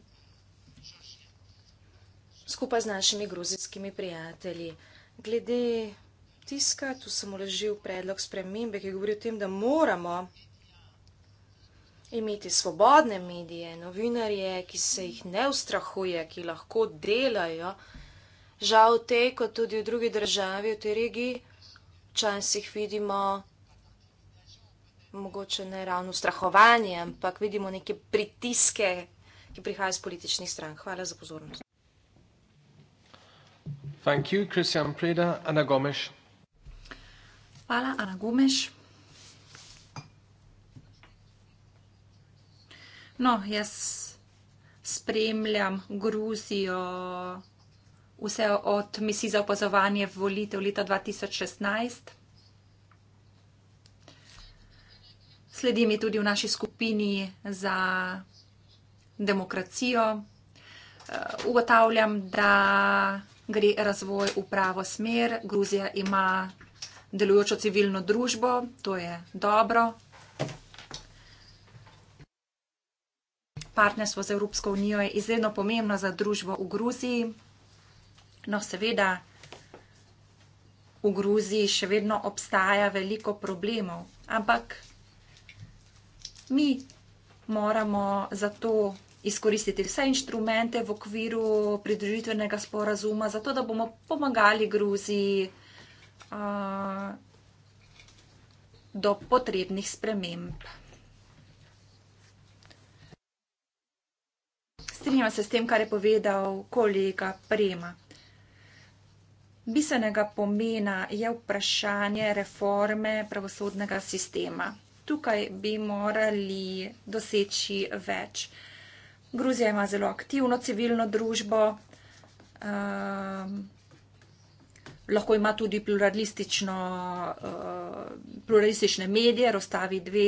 Speaker 5: skupaj z našimi gruzijskimi prijatelji. Glede tiska, tu sem uložil predlog spremembe, ki govori o tem, da moramo imeti svobodne medije, novinarje, ki se jih ne ustrahuje, ki lahko delajo. Žal v tej, kot tudi v drugi državi, v tej regiji, včasih vidimo mogoče ne ravno strahovanje, ampak vidimo neke pritiske, ki prihajajo z političnih strank. Hvala za pozornost.
Speaker 2: You, Preda, Ana
Speaker 1: Hvala, Ana Gomeš. No, jaz spremljam Gruzijo vse od misi za opazovanje volitev leta 2016. sledim ji tudi v naši skupini za demokracijo. Eh, ugotavljam, da gre razvoj v pravo smer. Gruzija ima delujočo civilno družbo, to je dobro. Partnerstvo z Evropsko unijo je izredno pomembno za družbo v Gruziji. No, seveda, v Gruziji še vedno obstaja veliko problemov, ampak mi moramo zato izkoristiti vse inštrumente v okviru pridružitvenega sporazuma, zato da bomo pomagali Gruziji uh, do potrebnih sprememb. Strinjam se s tem, kar je povedal kolega Prema. Bistvenega pomena je vprašanje reforme pravosodnega sistema tukaj bi morali doseči več. Gruzija ima zelo aktivno civilno družbo, um, lahko ima tudi uh, pluralistične medije, razstavi dve.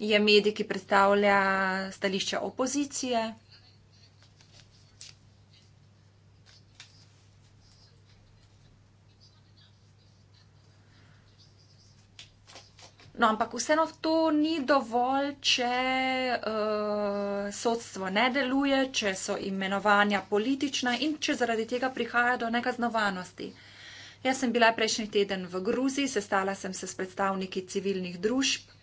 Speaker 1: Je medij, ki predstavlja stališča opozicije. No, ampak vseeno to ni dovolj, če uh, sodstvo ne deluje, če so imenovanja politična in če zaradi tega prihaja do nekaznovanosti. Jaz sem bila prejšnji teden v Gruziji, sestala sem se s predstavniki civilnih družb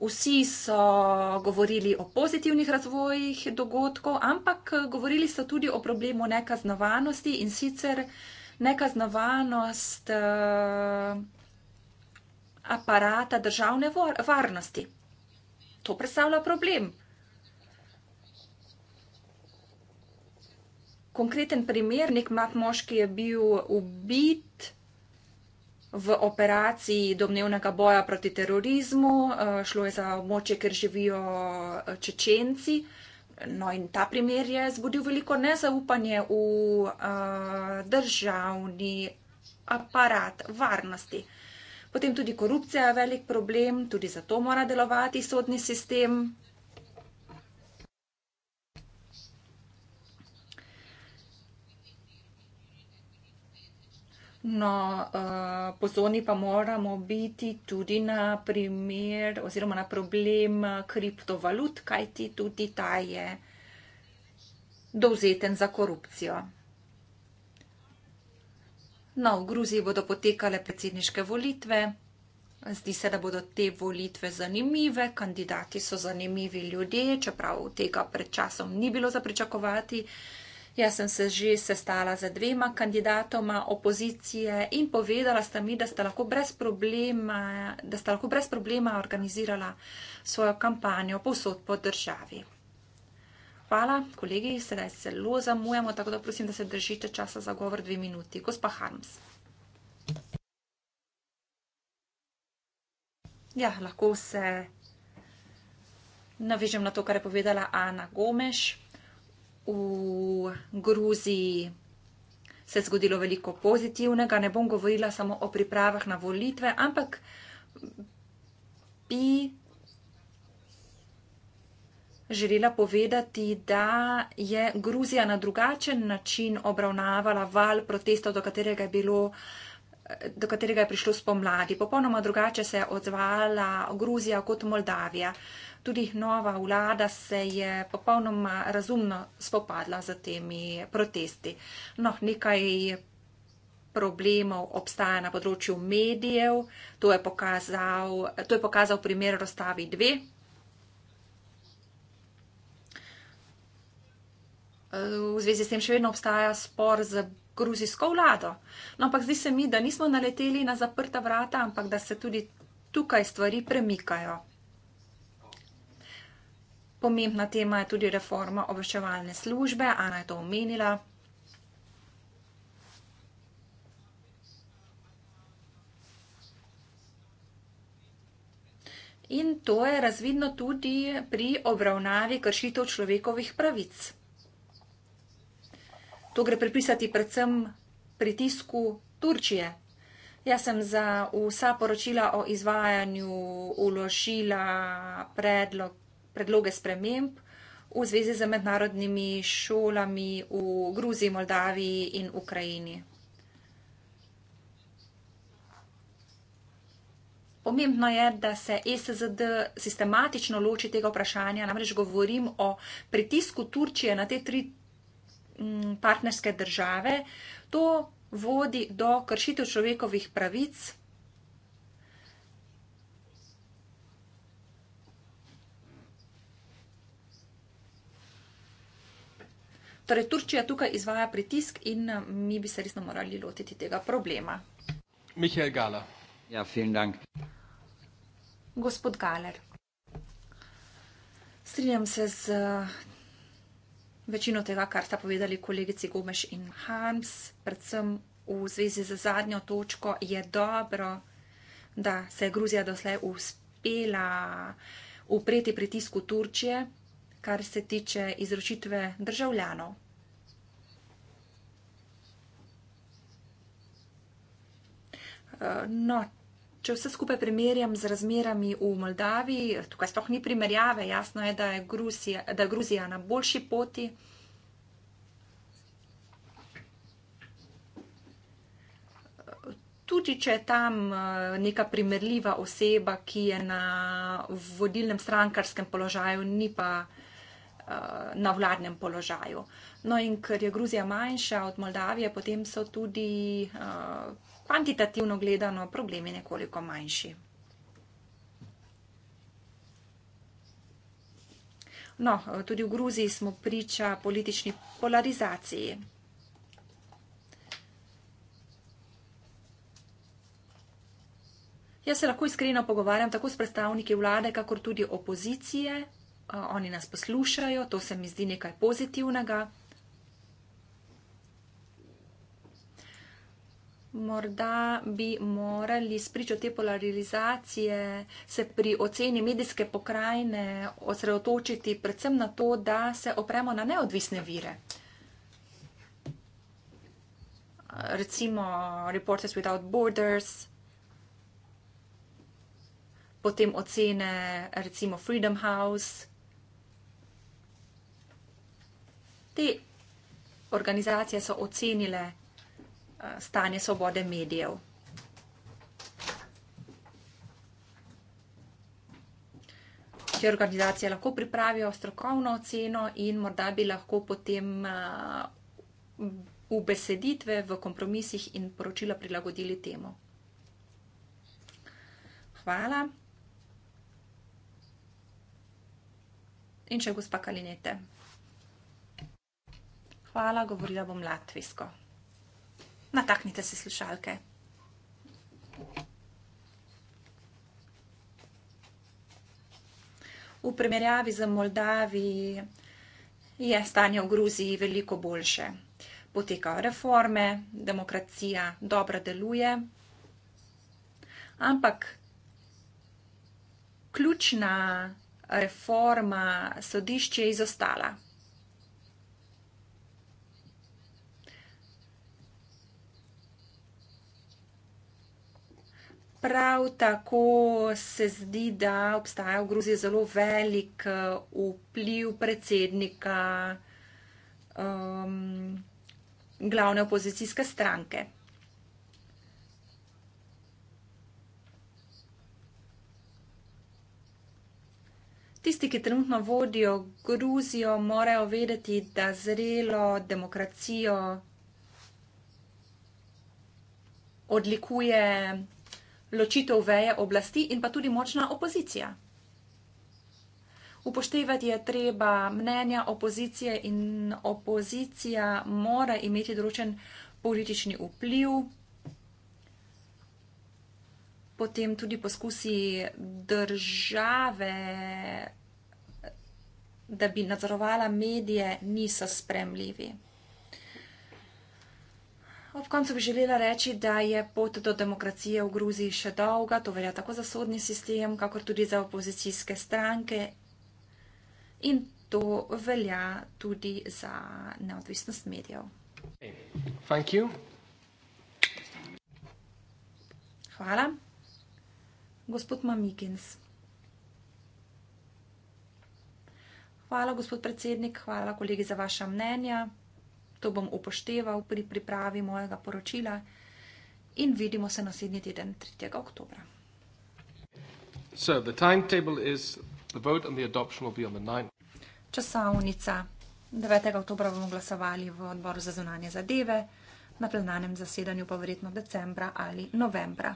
Speaker 1: Vsi so govorili o pozitivnih razvojih dogodkov, ampak eh, govorili so tudi o problemu nekaznovanosti in sicer nekaznovanost eh, aparata državne varnosti. To predstavlja problem. Konkreten primer, nek mlad moški je bil ubit v operaciji domnevnega boja proti terorizmu, eh, šlo je za območje, kjer živijo eh, Čečenci. No in ta primer je zbudil veliko nezaupanje v eh, državni aparat varnosti. Potem tudi korupcija je velik problem, tudi zato mora delovati sodni sistem. No, eh, pozorni pa moramo biti tudi na primer oziroma na problem kriptovalut, kajti tudi ta je dovzeten za korupcijo. No, v Gruziji bodo potekale predsedniške volitve. Zdi se, da bodo te volitve zanimive, kandidati so zanimivi ljudje, čeprav tega pred časom ni bilo za pričakovati. Uh, Jaz sem se že sestala z dvema kandidatoma opozicije in povedala sta mi, da sta lahko brez problema, da sta lahko brez problema organizirala svojo kampanjo povsod po državi. Hvala, kolegi, sedaj zelo zamujamo, tako da prosim, da se držite časa za govor dve minuti. Gospa Harms. Ja, lahko se navežem na to, kar je povedala Ana Gomeš v Gruziji se je zgodilo veliko pozitivnega. Ne bom govorila samo o pripravah na volitve, ampak bi želela povedati, da je Gruzija na drugačen način obravnavala val protestov, do katerega je bilo do katerega je prišlo spomladi. Popolnoma drugače se je odzvala Gruzija kot Moldavija tudi nova vlada se je popolnoma razumno spopadla z temi protesti. No, nekaj problemov obstaja na področju medijev, to je pokazal, to je pokazal primer razstavi 2. V zvezi s tem še vedno obstaja spor z gruzijsko vlado. No, ampak zdi se mi, da nismo naleteli na zaprta vrata, ampak da se tudi tukaj stvari premikajo. Pomembna tema je tudi reforma obveščevalne službe. Ana je to omenila. In to je razvidno tudi pri obravnavi kršitev človekovih pravic. To gre pripisati predvsem pritisku Turčije. Jaz sem za vsa poročila o izvajanju uložila predlog predloge sprememb v zvezi z mednarodnimi šolami v Gruziji, Moldaviji in Ukrajini. Pomembno je, da se e SZD sistematično loči tega vprašanja, namreč govorim o pritisku Turčije na te tri mm, partnerske države. To vodi do kršitev človekovih pravic, Torej, Turčija tukaj izvaja pritisk in eh, mi bi se resno morali lotiti tega problema.
Speaker 2: Mihael Gala. Ja, vielen Dank.
Speaker 1: Gospod Galer. Strinjam se z eh, večino tega, kar sta povedali kolegici Gomeš in Hans, predvsem v zvezi z zadnjo točko je dobro, da se je Gruzija doslej uspela upreti pritisku Turčije, kar se tiče izročitve državljanov. Eh, no, če vse skupaj primerjam z razmerami v Moldaviji, tukaj sploh ni primerjave, jasno je, da je Gruzija, da je Gruzija na boljši poti. Tudi, če je tam eh, neka primerljiva oseba, ki je na vodilnem strankarskem položaju, ni pa. Eh, na vladnem položaju. No in ker je Gruzija manjša od Moldavije, potem so tudi eh, kvantitativno gledano problemi nekoliko manjši. No, eh, tudi v Gruziji smo priča politični polarizaciji. Jaz se lahko iskreno pogovarjam tako s predstavniki vlade, kakor tudi opozicije. Eh, oni nas poslušajo, to se mi zdi nekaj pozitivnega. Morda bi morali spričo te polarizacije se pri oceni medijske pokrajine osredotočiti predvsem na to, da se opremo na neodvisne vire. Recimo Reporters Without Borders, potem ocene recimo Freedom House. Te organizacije so ocenile eh, stanje svobode medijev. Te organizacije lahko pripravijo strokovno oceno in morda bi lahko potem v eh, beseditve, v kompromisih in poročila prilagodili temu. Hvala. In še gospa Kalinete hvala, govorila bom latvijsko. Nataknite se slušalke. V primerjavi z Moldaviji je stanje v Gruziji veliko boljše. Potekajo reforme, demokracija dobro deluje, ampak ključna reforma sodišče je izostala. Prav tako se zdi, da obstaja v Gruziji zelo velik eh, vpliv predsednika um, glavne opozicijske stranke. Tisti, ki trenutno vodijo Gruzijo, morajo vedeti, da zrelo demokracijo odlikuje ločitev veje oblasti in pa tudi močna opozicija. Upoštevati je treba mnenja opozicije in opozicija mora imeti določen politični vpliv, potem tudi poskusi države, da bi nadzorovala medije, niso spremljivi. Ob koncu bi želela reči, da je pot do demokracije v Gruziji še dolga, to velja tako za sodni sistem, kakor tudi za opozicijske stranke in to velja tudi za neodvisnost medijev. Hvala. Gospod Mamikins. Hvala, gospod predsednik, hvala kolegi za vaša mnenja. To bom upošteval pri pripravi mojega poročila in vidimo se naslednji teden, 3. oktobra.
Speaker 2: So the timetable is the vote and the adoption will be on the 9th.
Speaker 1: Časovnica. 9. oktobra bomo glasovali v odboru za zunanje zadeve, na plenarnem zasedanju pa verjetno decembra ali novembra.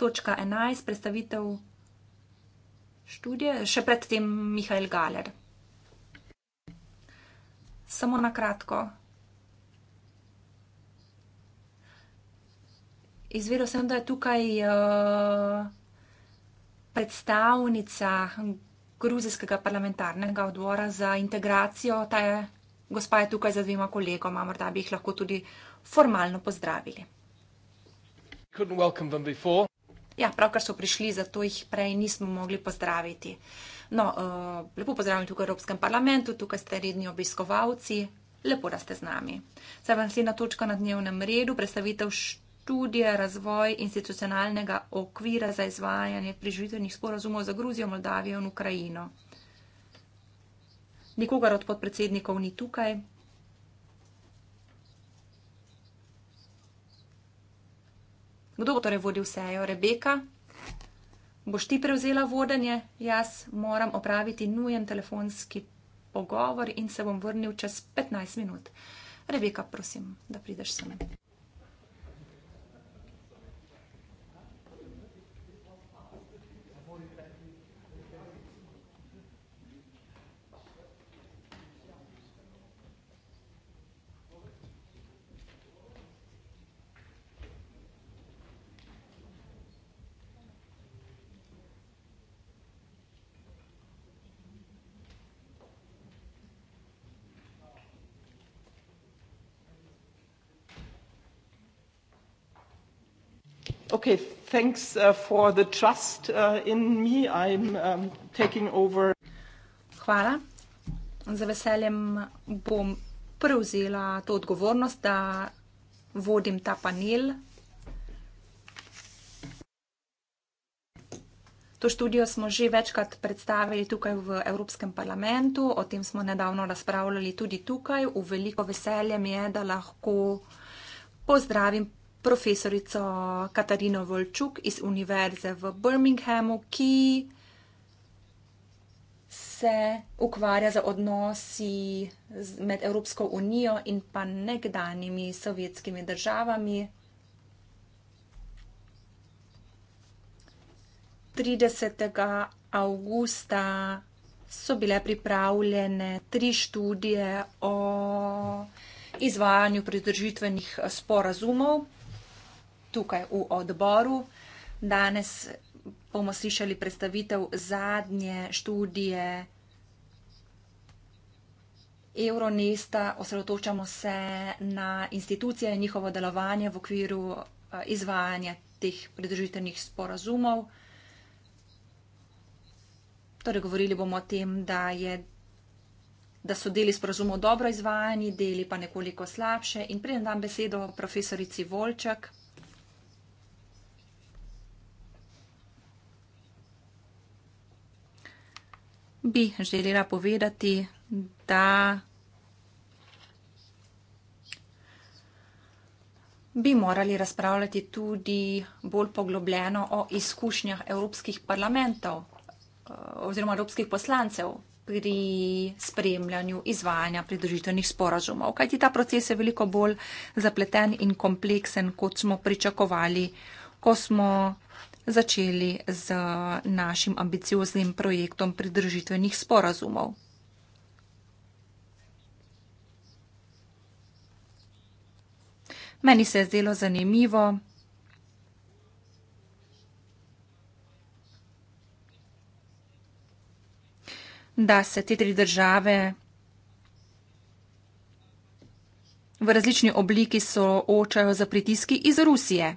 Speaker 1: Točka 11, predstavitev študije, še predtem Mihajl Galer samo na kratko. Izvedel sem, da je tukaj uh, predstavnica gruzijskega parlamentarnega odbora za integracijo. Ta je, gospa je tukaj za dvima kolegoma, morda bi jih lahko tudi formalno pozdravili. Ja, pravkar so prišli, zato jih prej nismo mogli pozdraviti. Uh, No, uh, lepo pozdravljam tukaj v Evropskem parlamentu, tukaj ste redni obiskovalci, lepo, da ste z nami. Zdaj vam sledna točka na dnevnem redu, predstavitev študije razvoj institucionalnega okvira za izvajanje priživitvenih sporazumov za Gruzijo, Moldavijo in Ukrajino. Nikogar od podpredsednikov ni tukaj. Kdo bo torej vodil sejo? Rebeka? boš ti prevzela vodenje, jaz moram opraviti nujen telefonski pogovor in se bom vrnil čez 15 minut. Rebeka, prosim, da prideš sem.
Speaker 3: Okay, thanks uh, for the trust uh, in me. I'm um, taking
Speaker 1: over. Hvala. Za veseljem bom prevzela to odgovornost, da vodim ta panel. To študijo smo že večkrat predstavili tukaj v Evropskem parlamentu, o tem smo nedavno razpravljali tudi tukaj. V veliko veselje mi je, da lahko pozdravim profesorico Katarino Volčuk iz Univerze v Birminghamu, ki se ukvarja z odnosi med Evropsko unijo in pa nekdanjimi sovjetskimi državami. 30. avgusta so bile pripravljene tri študije o izvajanju pridržitvenih sporazumov tukaj v odboru. Danes bomo slišali predstavitev zadnje študije Euronesta. Osredotočamo se na institucije in njihovo delovanje v okviru eh, izvajanja teh predržitevnih sporazumov. Torej, govorili bomo o tem, da, je, da so deli sporozumov dobro izvajani, deli pa nekoliko slabše. In predem dam besedo profesorici Volčak. bi želela povedati, da bi morali razpravljati tudi bolj poglobljeno o izkušnjah evropskih parlamentov eh, oziroma evropskih poslancev pri spremljanju izvajanja pridružitvenih sporazumov. Kajti ta proces je veliko bolj zapleten in kompleksen, kot smo pričakovali, ko smo začeli z našim ambicioznim projektom pridržitvenih sporazumov. Meni se je zdelo zanimivo, da se te tri države v različni obliki soočajo za pritiski iz Rusije.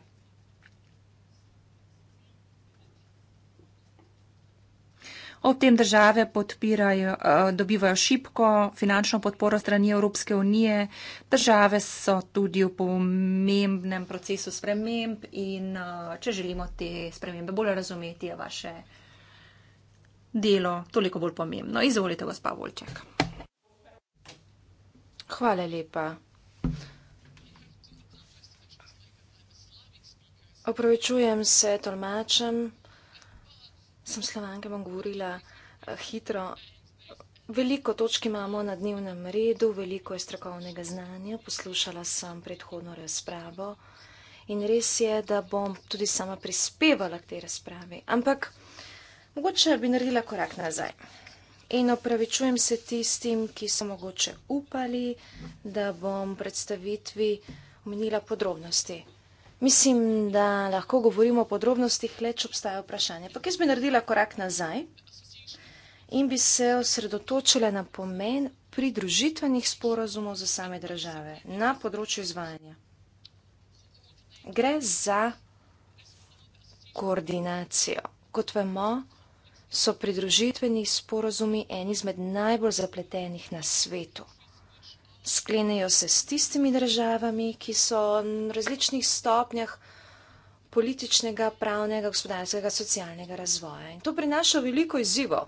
Speaker 1: Ob tem države podpirajo, eh, dobivajo šipko finančno podporo strani Evropske unije. Države so tudi v pomembnem procesu sprememb in eh, če želimo te spremembe bolj razumeti, je vaše delo toliko bolj pomembno. Izvolite, gospa Volček. Hvala lepa. Opravičujem
Speaker 5: se tolmačem sem slovenke, bom govorila eh, hitro. Veliko točk imamo na dnevnem redu, veliko je strokovnega znanja, poslušala sem predhodno razpravo in res je, da bom tudi sama prispevala k tej razpravi. Ampak mogoče bi naredila korak nazaj. In opravičujem se tistim, ki so mogoče upali, da bom predstavitvi omenila podrobnosti Mislim, da lahko govorimo o podrobnostih, leč obstaja vprašanje. Pa jaz bi naredila korak nazaj in bi se osredotočila na pomen pridružitvenih sporazumov za same države na področju izvajanja. Gre za koordinacijo. Kot vemo, so pridružitveni sporazumi en izmed najbolj zapletenih na svetu sklenejo se s tistimi državami, ki so na različnih stopnjah političnega, pravnega, gospodarskega, socialnega razvoja. In to prinaša veliko izzivo.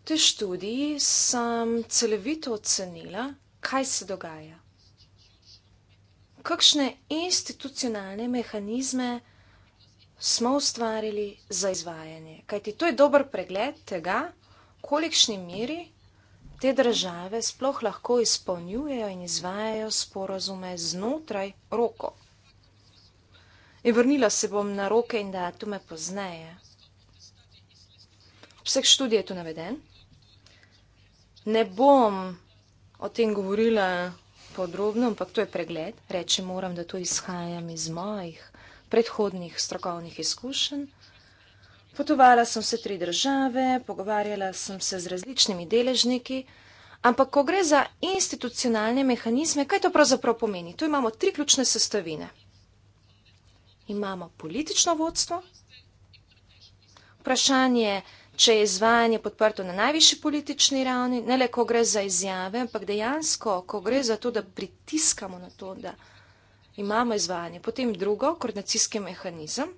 Speaker 5: V tej študiji sem celovito ocenila, kaj se dogaja. Kakšne institucionalne mehanizme smo ustvarili za izvajanje? Kajti to je dober pregled tega, v kolikšni meri te države sploh lahko izpolnjujejo in izvajajo sporozume znotraj roko. In vrnila se bom na roke in datume pozneje. Vseh študij je tu naveden. Ne bom o tem govorila podrobno, ampak to je pregled. Reči moram, da to izhajam iz mojih predhodnih strokovnih izkušenj. Potovala sem se tri države, pogovarjala sem se z različnimi deležniki, ampak ko gre za institucionalne mehanizme, kaj to pravzaprav pomeni? Tu imamo tri ključne sestavine. Imamo politično vodstvo, vprašanje, če je izvajanje podprto na najvišji politični ravni, ne le ko gre za izjave, ampak dejansko, ko gre za to, da pritiskamo na to, da imamo izvajanje. Potem drugo, koordinacijski mehanizem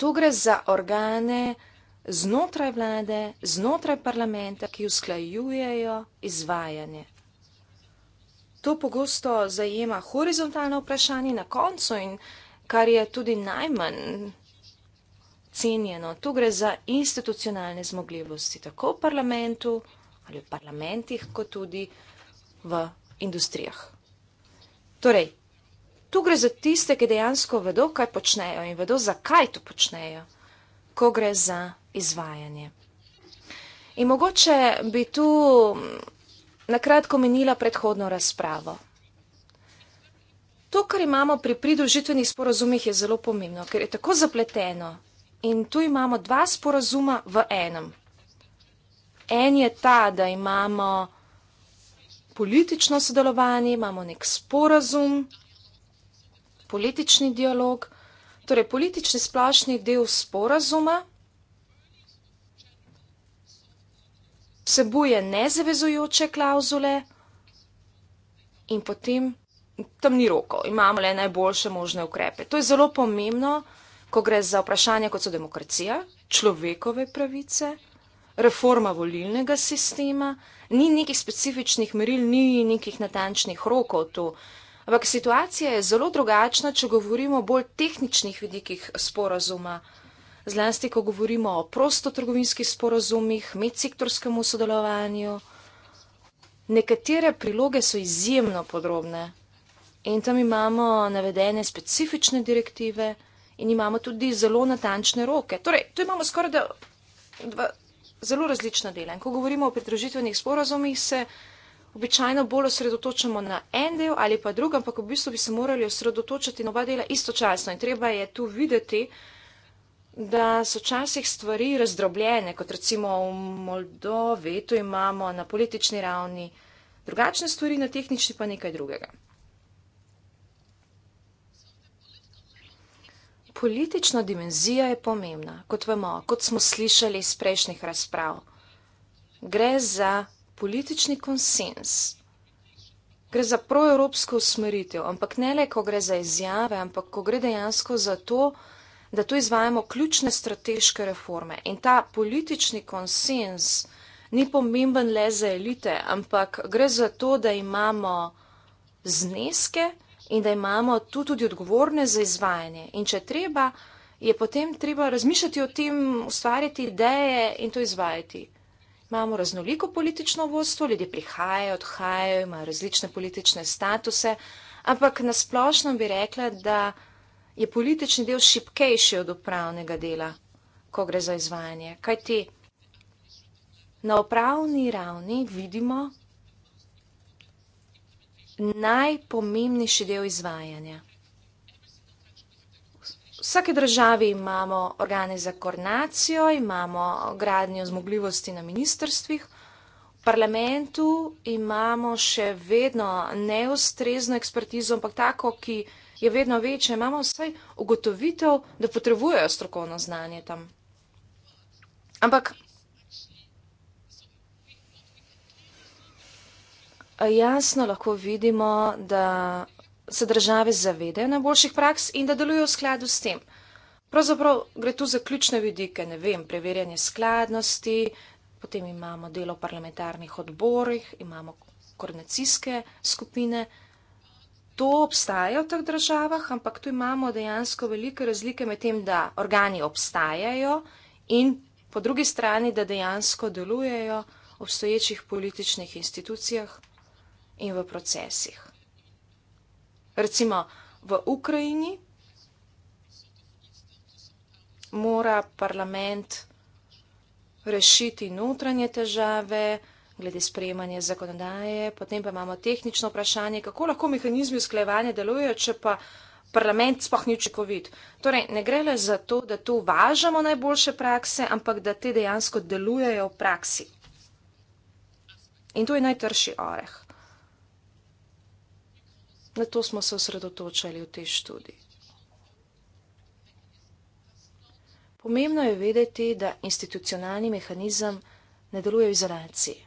Speaker 5: tu gre za organe znotraj vlade, znotraj parlamenta, ki usklajujejo izvajanje. To pogosto zajema horizontalno vprašanje na koncu in kar je tudi najmanj cenjeno. Tu gre za institucionalne zmogljivosti, tako v parlamentu ali v parlamentih, kot tudi v industrijah. Torej, tu gre za tiste, ki dejansko vedo, kaj počnejo in vedo, zakaj to počnejo, ko gre za izvajanje. In mogoče bi tu mm, na kratko menila predhodno razpravo. To, kar imamo pri pridružitvenih sporozumih, je zelo pomembno, ker je tako zapleteno. In tu imamo dva sporozuma v enem. En je ta, da imamo politično sodelovanje, imamo nek sporozum, politični dialog, torej politični splašni del sporazuma vsebuje nezavezujoče klauzule in potem tam ni rokov, imamo le najboljše možne ukrepe. To je zelo pomembno, ko gre za vprašanje, kot so demokracija, človekove pravice, reforma volilnega sistema, ni nekih specifičnih meril, ni nekih natančnih rokov tu. Ampak situacija je zelo drugačna, če govorimo o bolj tehničnih vidikih sporazuma. Zlasti, ko govorimo o prostotrgovinskih sporazumih, medsektorskem sodelovanju. Nekatere priloge so izjemno podrobne in tam imamo navedene specifične direktive in imamo tudi zelo natančne roke. Torej, tu imamo skoraj dva zelo različna dela. In ko govorimo o pridružitvenih sporazumih, se običajno bolj osredotočamo na en del ali pa drug, ampak v bistvu bi se morali osredotočiti na oba dela istočasno. In treba je tu videti, da so včasih stvari razdrobljene, kot recimo v Moldovi, tu imamo na politični ravni drugačne stvari, na tehnični pa nekaj drugega. Politična dimenzija je pomembna, kot vemo, kot smo slišali iz prejšnjih razprav. Gre za politični konsens. Gre za proevropsko usmeritev, ampak ne le, ko gre za izjave, ampak ko gre dejansko za to, da tu izvajamo ključne strateške reforme. In ta politični konsens ni pomemben le za elite, ampak gre za to, da imamo zneske in da imamo tu tudi odgovorne za izvajanje. In če treba, je potem treba razmišljati o tem, ustvarjati ideje in to izvajati imamo raznoliko politično vodstvo, ljudje prihajajo, odhajajo, imajo različne politične statuse, ampak nasplošno bi rekla, da je politični del šipkejši od upravnega dela, ko gre za izvajanje. Kaj ti? Na upravni ravni vidimo najpomembnejši del izvajanja vsake države imamo organe za koordinacijo, imamo gradnjo zmogljivosti na ministrstvih. V parlamentu imamo še vedno neustrezno ekspertizo, ampak tako, ki je vedno večja, imamo vsaj ugotovitev, da potrebujejo strokovno znanje tam. Ampak. Jasno lahko vidimo, da se države zavedajo najboljših praks in da delujejo v skladu s tem. Pravzaprav gre tu za ključne vidike, ne vem, preverjanje skladnosti, potem imamo delo v parlamentarnih odborih, imamo koordinacijske skupine. To obstaja v teh državah, ampak tu imamo dejansko velike razlike med tem, da organi obstajajo in po drugi strani, da dejansko delujejo v obstoječih političnih institucijah in v procesih. Recimo v Ukrajini mora parlament rešiti notranje težave glede sprejemanja zakonodaje, potem pa imamo tehnično vprašanje, kako lahko mehanizmi usklejevanja delujejo, če pa parlament sploh ni učinkovit. Torej, ne gre le za to, da tu važamo najboljše prakse, ampak da te dejansko delujejo v praksi. In to je najtrši oreh. Na to smo se osredotočali v tej študiji. Pomembno je vedeti, da institucionalni mehanizem ne deluje v izolaciji.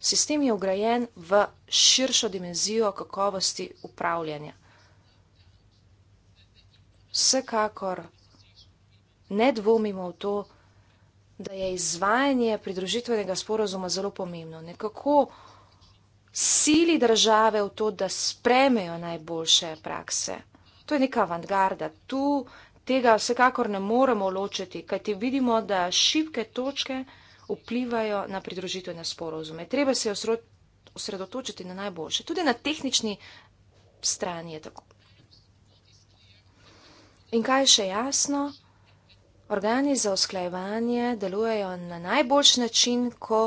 Speaker 5: Sistem je ugrajen v širšo dimenzijo kakovosti upravljanja. Vsekakor ne dvomimo v to, da je izvajanje pridružitvenega sporozuma zelo pomembno. Nekako sili države v to, da spremejo najboljše prakse. To je neka avantgarda. Tu tega vsekakor ne moremo ločiti, kajti vidimo, da šibke točke vplivajo na pridružitvene sporozume. Treba se osredotočiti na najboljše. Tudi na tehnični strani je tako. In kaj še jasno? Organi za usklajevanje delujejo na najboljši način, ko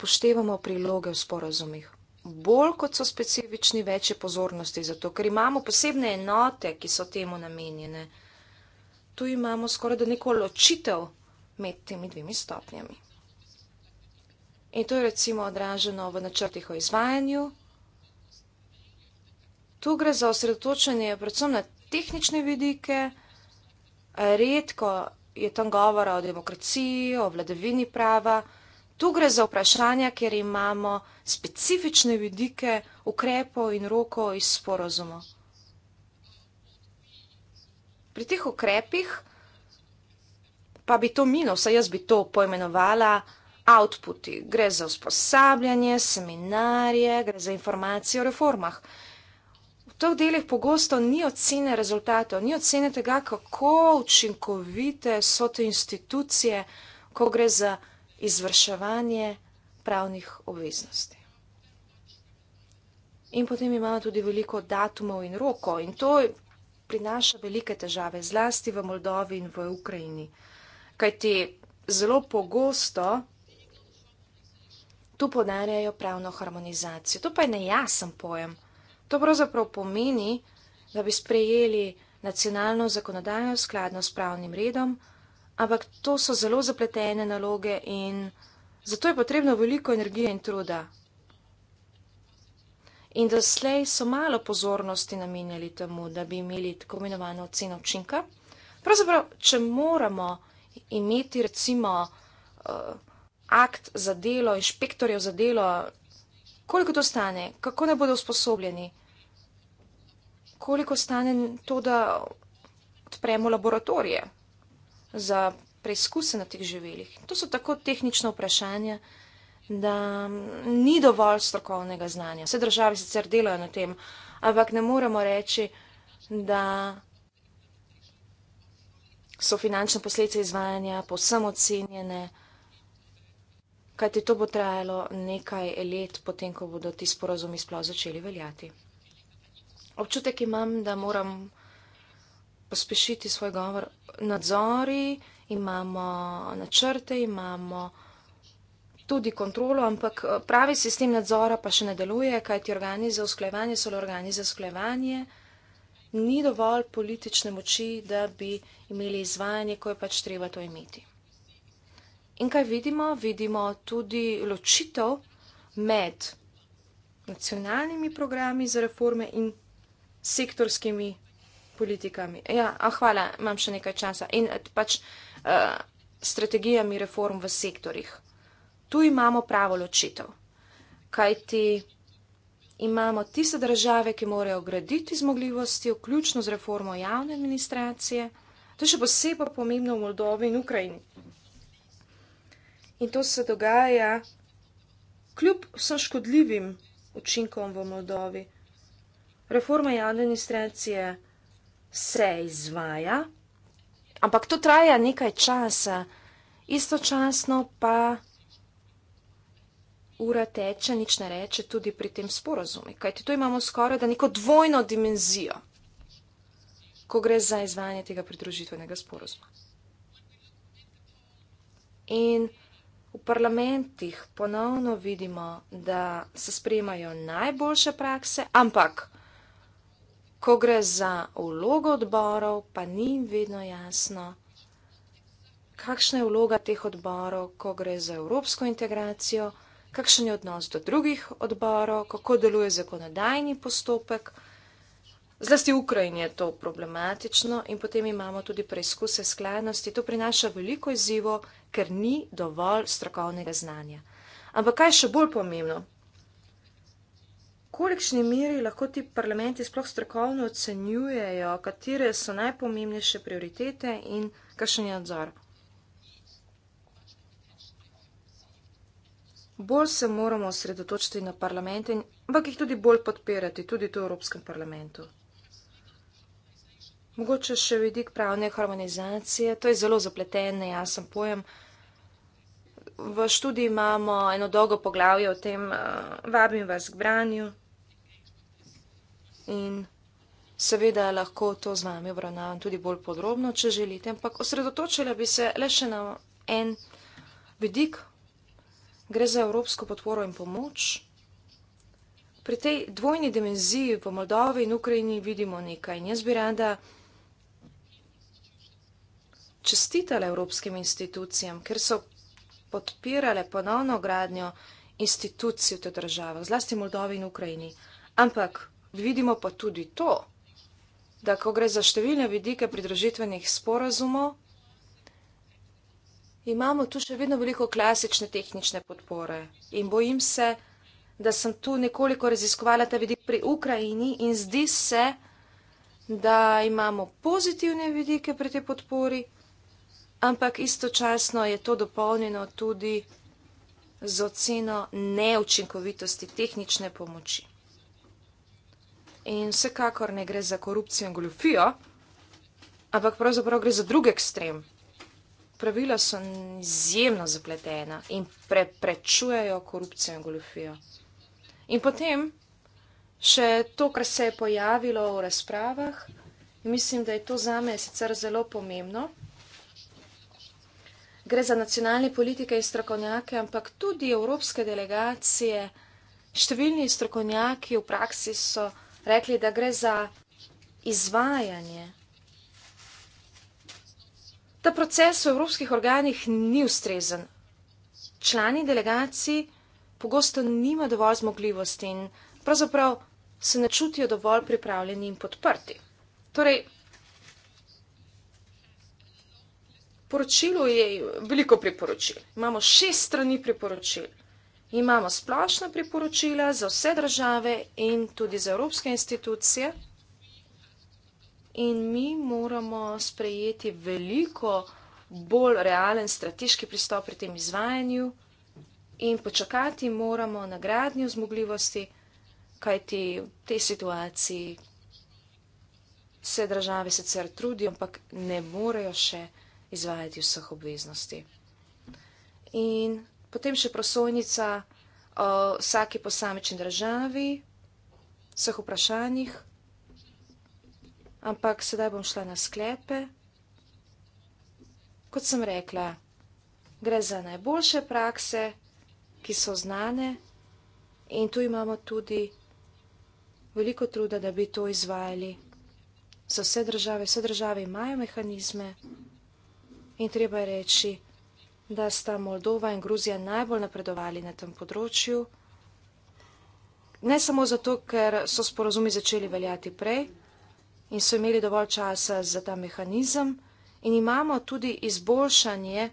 Speaker 5: upoštevamo priloge v sporazumih. Bolj kot so specifični, več je pozornosti za to, ker imamo posebne enote, ki so temu namenjene. Tu imamo skoraj da neko ločitev med temi dvemi stopnjami. In to je recimo odraženo v načrtih o izvajanju. Tu gre za osredotočenje predvsem na tehnične vidike, redko je tam govora o demokraciji, o vladavini prava. Tu gre za vprašanja, kjer imamo specifične vidike ukrepov in rokov iz sporozuma. Pri teh ukrepih pa bi to minilo, vsaj jaz bi to poimenovala outputi. Gre za usposabljanje, seminarije, gre za informacije o reformah. V teh delih pogosto ni ocene rezultatov, ni ocene tega, kako učinkovite so te institucije, ko gre za izvrševanje pravnih obveznosti. In potem imamo tudi veliko datumov in roko in to prinaša velike težave, zlasti v Moldovi in v Ukrajini. Kaj ti zelo pogosto tu podarjajo pravno harmonizacijo. To pa je nejasen pojem. To pravzaprav pomeni, da bi sprejeli nacionalno zakonodajo skladno s pravnim redom, Ampak to so zelo zapletene naloge in zato je potrebno veliko energije in truda. In da slej so malo pozornosti namenjali temu, da bi imeli tako imenovano oceno učinka. Pravzaprav, če moramo imeti recimo uh, akt za delo, inšpektorjev za delo, koliko to stane, kako ne bodo usposobljeni, koliko stane to, da odpremo laboratorije za preizkuse na teh živeljih. To so tako tehnične vprašanja, da ni dovolj strokovnega znanja. Vse države sicer delajo na tem, ampak ne moremo reči, da so finančne posledice izvajanja posem ocenjene, kajti to bo trajalo nekaj let, potem ko bodo ti sporozumi sploh začeli veljati. Občutek imam, da moram pospešiti svoj govor. Nadzori, imamo načrte, imamo tudi kontrolo, ampak eh, pravi sistem nadzora pa še ne deluje, kajti organi za usklejevanje so le organi za usklejevanje. Ni dovolj politične moči, da bi imeli izvajanje, ko je pač treba to imeti. In kaj vidimo? Vidimo tudi ločitev med nacionalnimi programi za reforme in sektorskimi politikami. Ja, ah, hvala, imam še nekaj časa. In eh, pač uh, strategijami reform v sektorjih. Tu imamo pravo ločitev, kajti imamo tiste države, ki morajo graditi zmogljivosti, vključno z reformo javne administracije. To je še posebej pomembno v Moldovi in Ukrajini. In to se dogaja kljub vsem škodljivim učinkom v Moldovi. Reforma javne administracije se izvaja, ampak to traja nekaj časa, istočasno pa ura teče, nič ne reče tudi pri tem sporozumi, kajti tu imamo skoraj da neko dvojno dimenzijo, ko gre za izvajanje tega pridružitvenega sporozuma. In v parlamentih ponovno vidimo, da se sprejemajo najboljše prakse, ampak ko gre za vlogo odborov, pa ni vedno jasno, kakšna je vloga teh odborov, ko gre za evropsko integracijo, kakšen je odnos do drugih odborov, kako deluje zakonodajni postopek. Zlasti v Ukrajini je to problematično in potem imamo tudi preizkuse skladnosti. To prinaša veliko izzivo, ker ni dovolj strokovnega znanja. Ampak kaj še bolj pomembno, kolikšni miri lahko ti parlamenti sploh strokovno ocenjujejo, katere so najpomembnejše prioritete in kakšen je nadzor? Bolj se moramo osredotočiti na parlamente, ampak jih tudi bolj podpirati, tudi to v Evropskem parlamentu. Mogoče še vidik pravne harmonizacije, to je zelo zapleten, nejasen pojem. V študiji imamo eno dolgo poglavje o tem, eh, vabim vas k branju in seveda lahko to z vami obravnavam tudi bolj podrobno, če želite, ampak osredotočila bi se le še na en vidik. Gre za evropsko podporo in pomoč. Pri tej dvojni dimenziji v Moldovi in Ukrajini vidimo nekaj. In jaz bi rada čestitala evropskim institucijam, ker so podpirale ponovno gradnjo institucij v te države, zlasti Moldovi in Ukrajini. Ampak Vidimo pa tudi to, da ko gre za številne vidike pridružitvenih sporazumov, imamo tu še vedno veliko klasične tehnične podpore. In bojim se, da sem tu nekoliko raziskovala ta vidik pri Ukrajini in zdi se, da imamo pozitivne vidike pri tej podpori, ampak istočasno je to dopolnjeno tudi z oceno neučinkovitosti tehnične pomoči. In vsekakor ne gre za korupcijo in goljofijo, ampak pravzaprav gre za drug ekstrem. Pravila so izjemno zapletena in preprečujejo korupcijo in goljofijo. In potem še to, kar se je pojavilo v razpravah, mislim, da je to zame sicer zelo pomembno. Gre za nacionalne politike in strokovnjake, ampak tudi evropske delegacije, številni strokovnjaki v praksi so rekli, da gre za izvajanje. Ta proces v evropskih organih ni ustrezen. Člani delegacij pogosto nima dovolj zmogljivosti in pravzaprav se ne čutijo dovolj pripravljeni in podprti. Torej, poročilo je veliko priporočil. Imamo šest strani priporočil imamo splošna priporočila za vse države in tudi za evropske institucije in mi moramo sprejeti veliko bolj realen strateški pristop pri tem izvajanju in počakati moramo na gradnjo zmogljivosti, kajti v tej situaciji vse države sicer trudijo, ampak ne morejo še izvajati vseh obveznosti. In potem še prosojnica o vsaki posamični državi, vseh vprašanjih, ampak sedaj bom šla na sklepe. Kot sem rekla, gre za najboljše prakse, ki so znane in tu imamo tudi veliko truda, da bi to izvajali za vse države. Vse države imajo mehanizme in treba je reči, da sta Moldova in Gruzija najbolj napredovali na tem področju. Ne samo zato, ker so sporozumi začeli veljati prej in so imeli dovolj časa za ta mehanizem in imamo tudi izboljšanje,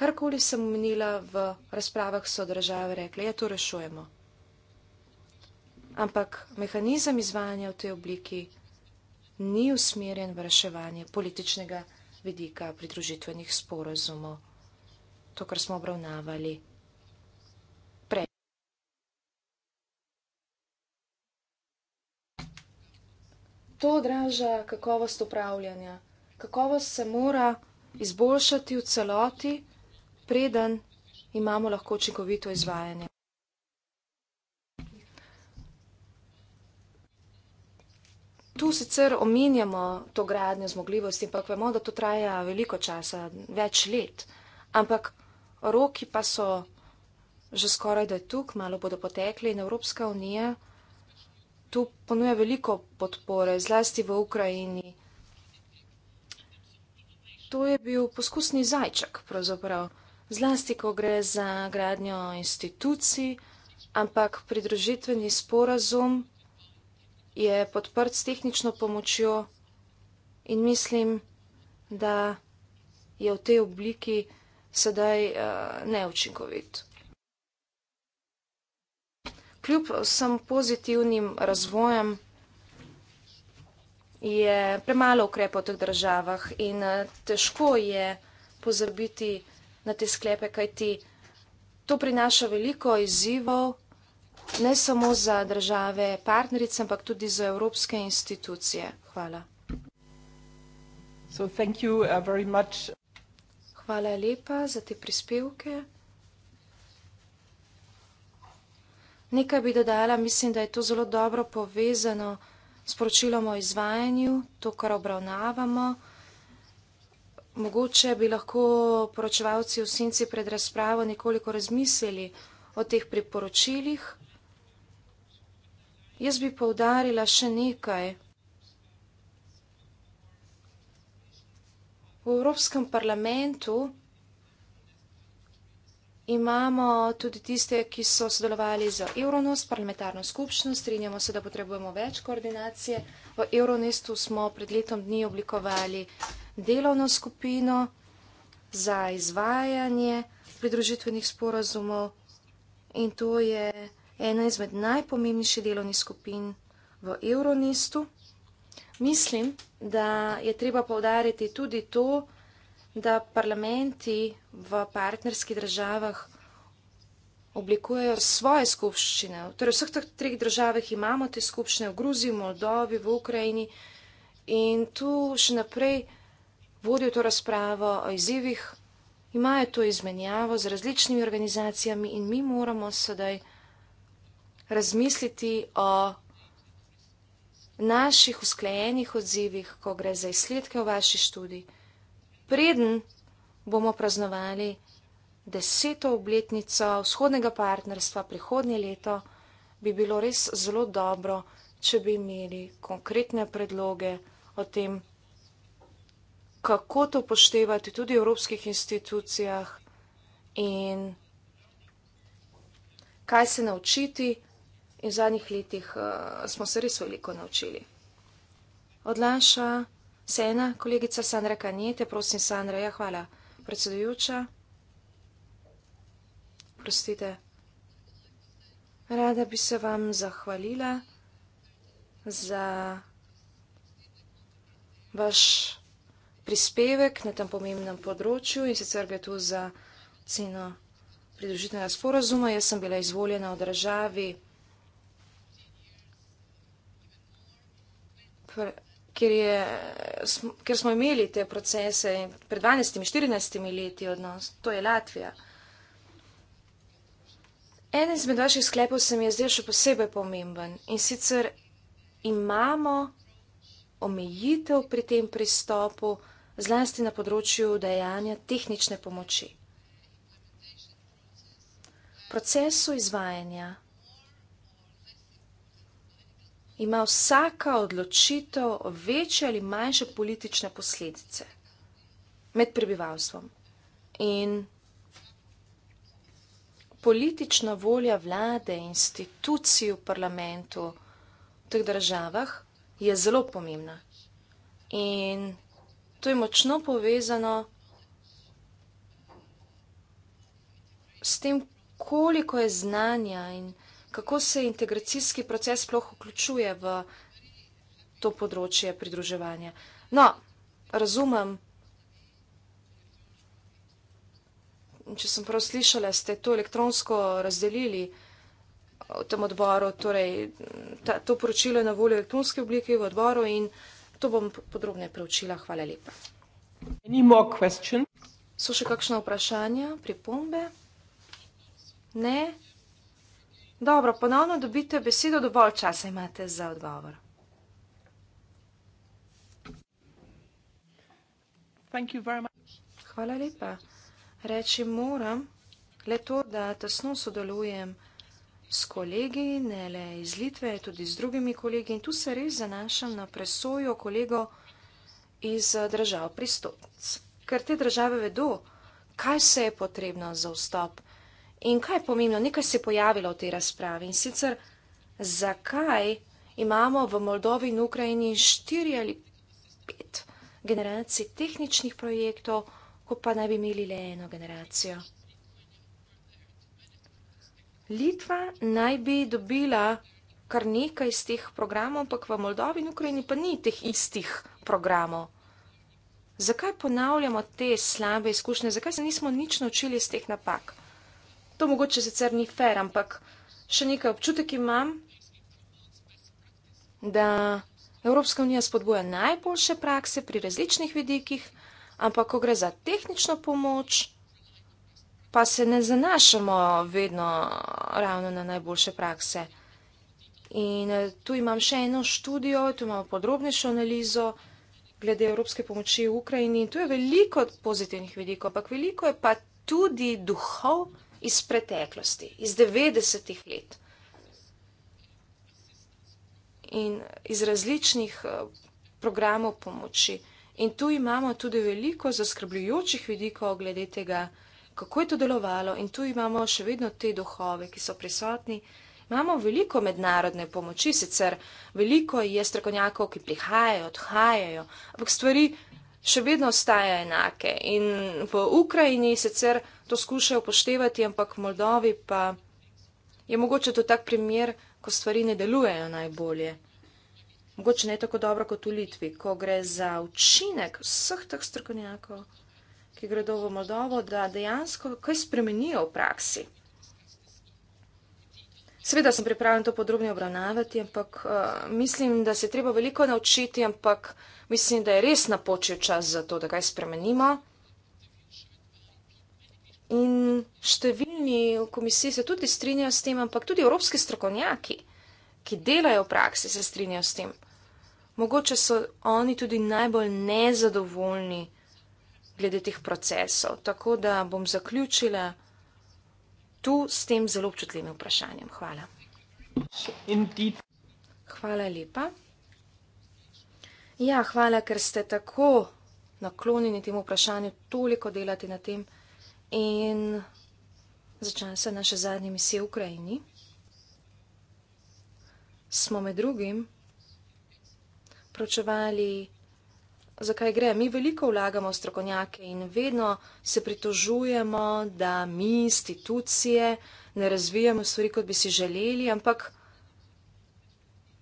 Speaker 5: karkoli sem omenila v razpravah so države rekli, ja, to rešujemo. Ampak mehanizem izvajanja v tej obliki ni usmerjen v reševanje političnega vidika pridružitvenih sporozumov to, kar smo obravnavali. To odraža kakovost upravljanja. Kakovost se mora izboljšati v celoti, preden imamo lahko učinkovito izvajanje. Tu sicer omenjamo to gradnjo zmogljivosti, ampak vemo, da to traja veliko časa, več let. Ampak roki pa so že skoraj da tukaj, malo bodo potekli in Evropska unija tu ponuja veliko podpore, zlasti v Ukrajini. To je bil poskusni zajček, pravzaprav, zlasti, ko gre za gradnjo institucij, ampak pridružitveni sporazum je podprt s tehnično pomočjo in mislim, da je v tej obliki vsega, sedaj eh, neučinkovit. Kljub vsem pozitivnim razvojem je premalo ukrepov v teh državah in eh, težko je pozabiti na te sklepe, kajti to prinaša veliko izzivov ne samo za države partnerice, ampak tudi za evropske institucije. Hvala. So thank
Speaker 4: you eh, very much.
Speaker 5: Hvala lepa za te prispevke. Nekaj bi dodala, mislim, da je to zelo dobro povezano s poročilom o izvajanju, to, kar obravnavamo. Mogoče bi lahko poročevalci v Sinci pred razpravo nekoliko razmislili o teh priporočilih. Jaz bi poudarila še nekaj. Evropskem parlamentu imamo tudi tiste, ki so sodelovali za Euronost, parlamentarno skupščino, strinjamo se, da potrebujemo več koordinacije. V Euronestu smo pred letom dni oblikovali delovno skupino za izvajanje pridružitvenih sporazumov in to je ena izmed najpomembnejših delovnih skupin v Euronistu. Mislim, da je treba povdariti tudi to, da parlamenti v partnerskih državah oblikujejo svoje skupščine. Torej, v vseh teh treh državah imamo te skupščine v Gruziji, v Moldovi, v Ukrajini in tu še naprej vodijo to razpravo o izzivih, imajo to izmenjavo z različnimi organizacijami in mi moramo sedaj razmisliti o naših usklajenih odzivih, ko gre za izsledke v vaši študiji, preden bomo praznovali deseto obletnico vzhodnega partnerstva prihodnje leto, bi bilo res zelo dobro, če bi imeli konkretne predloge o tem, kako to poštevati tudi v evropskih institucijah in kaj se naučiti in v zadnjih letih uh, smo se res veliko naučili. Odlaša se ena kolegica Sandra Kanjete, prosim Sandra, ja hvala, predsedujoča. Prostite, rada bi se vam zahvalila za vaš prispevek na tem pomembnem področju in sicer gre tu za ceno pridružitnega sporazuma. Jaz sem bila izvoljena v državi pr, ker, je, sm, ker smo imeli te procese pred 12-14 leti odnos, to je Latvija. Eden izmed vaših sklepov se mi je zdel še posebej pomemben in sicer imamo omejitev pri tem pristopu, zlasti na področju dajanja tehnične pomoči. Procesu izvajanja ima vsaka odločitev večje ali manjše politične posledice med prebivalstvom. In politična volja vlade, institucij v parlamentu v teh državah je zelo pomembna. In to je močno povezano s tem, koliko je znanja in znanja kako se integracijski proces sploh vključuje v to področje pridruževanja. No, razumem. Če sem prav slišala, ste to elektronsko razdelili v tem odboru, torej ta, to poročilo je na voljo elektronske oblike v odboru in to bom podrobne preučila. Hvala lepa. So še kakšne vprašanja, pripombe? Ne. Dobro, ponovno dobite besedo, dovolj časa imate za odgovor. Hvala lepa. Reči moram le to, da tesno sodelujem s kolegi, ne le iz Litve, tudi z drugimi kolegi in tu se res zanašam na presojo kolegov iz eh, držav pristopnic. Ker te države vedo, kaj se je potrebno za vstop. In kaj je pomembno, nekaj se je pojavilo v tej razpravi in sicer zakaj imamo v Moldovi in Ukrajini štiri ali pet generacij tehničnih projektov, ko pa naj bi imeli le eno generacijo. Litva naj bi dobila kar nekaj iz teh programov, ampak v Moldovi in Ukrajini pa ni teh istih programov. Zakaj ponavljamo te slabe izkušnje, zakaj se nismo nič naučili iz teh napak? to mogoče sicer ni fair, ampak še nekaj občutek imam, da Evropska unija spodbuja najboljše prakse pri različnih vidikih, ampak ko gre za tehnično pomoč, pa se ne zanašamo vedno ravno na najboljše prakse. In eh, tu imam še eno študijo, tu imamo podrobnejšo analizo glede evropske pomoči v Ukrajini. Tu je veliko pozitivnih vidikov, ampak veliko je pa tudi duhov iz preteklosti, iz 90-ih let. In iz različnih eh, programov pomoči. In tu imamo tudi veliko zaskrbljujočih vidikov glede tega, kako je to delovalo. In tu imamo še vedno te duhove, ki so prisotni. Imamo veliko mednarodne pomoči, sicer veliko je strokovnjakov, ki prihajajo, odhajajo, ampak stvari še vedno ostaja enake. In v Ukrajini sicer to skušajo upoštevati, ampak v Moldovi pa je mogoče to tak primer, ko stvari ne delujejo najbolje. Mogoče ne tako dobro kot v Litvi, ko gre za učinek vseh teh strokovnjakov, ki gredo v Moldovo, da dejansko kaj spremenijo v praksi. Sveda sem pripravljen to podrobno obravnavati, ampak uh, mislim, da se je treba veliko naučiti, ampak mislim, da je res napočil čas za to, da kaj spremenimo. In številni v komisiji se tudi strinjajo s tem, ampak tudi evropski strokovnjaki, ki delajo v praksi, se strinjajo s tem. Mogoče so oni tudi najbolj nezadovoljni glede teh procesov. Tako da bom zaključila tu s tem zelo občutljivim vprašanjem. Hvala. Hvala lepa. Ja, hvala, ker ste tako naklonjeni temu vprašanju, toliko delati na tem in začne se naše zadnje misije v Ukrajini. Smo med drugim pročevali zakaj gre. Mi veliko vlagamo v strokovnjake in vedno se pritožujemo, da mi institucije ne razvijamo stvari, kot bi si želeli, ampak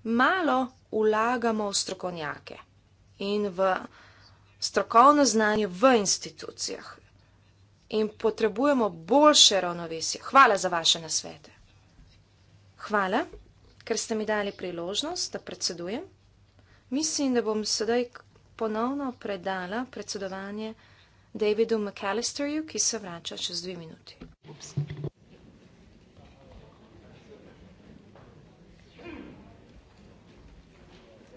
Speaker 5: malo vlagamo v strokovnjake in v strokovno znanje v institucijah. In potrebujemo boljše ravnovesje. Hvala za vaše nasvete. Hvala, ker ste mi dali priložnost, da predsedujem. Mislim, da bom sedaj ponovno predala predsedovanje Davidu McAllisterju, ki se vrača čez dve minuti. Ups.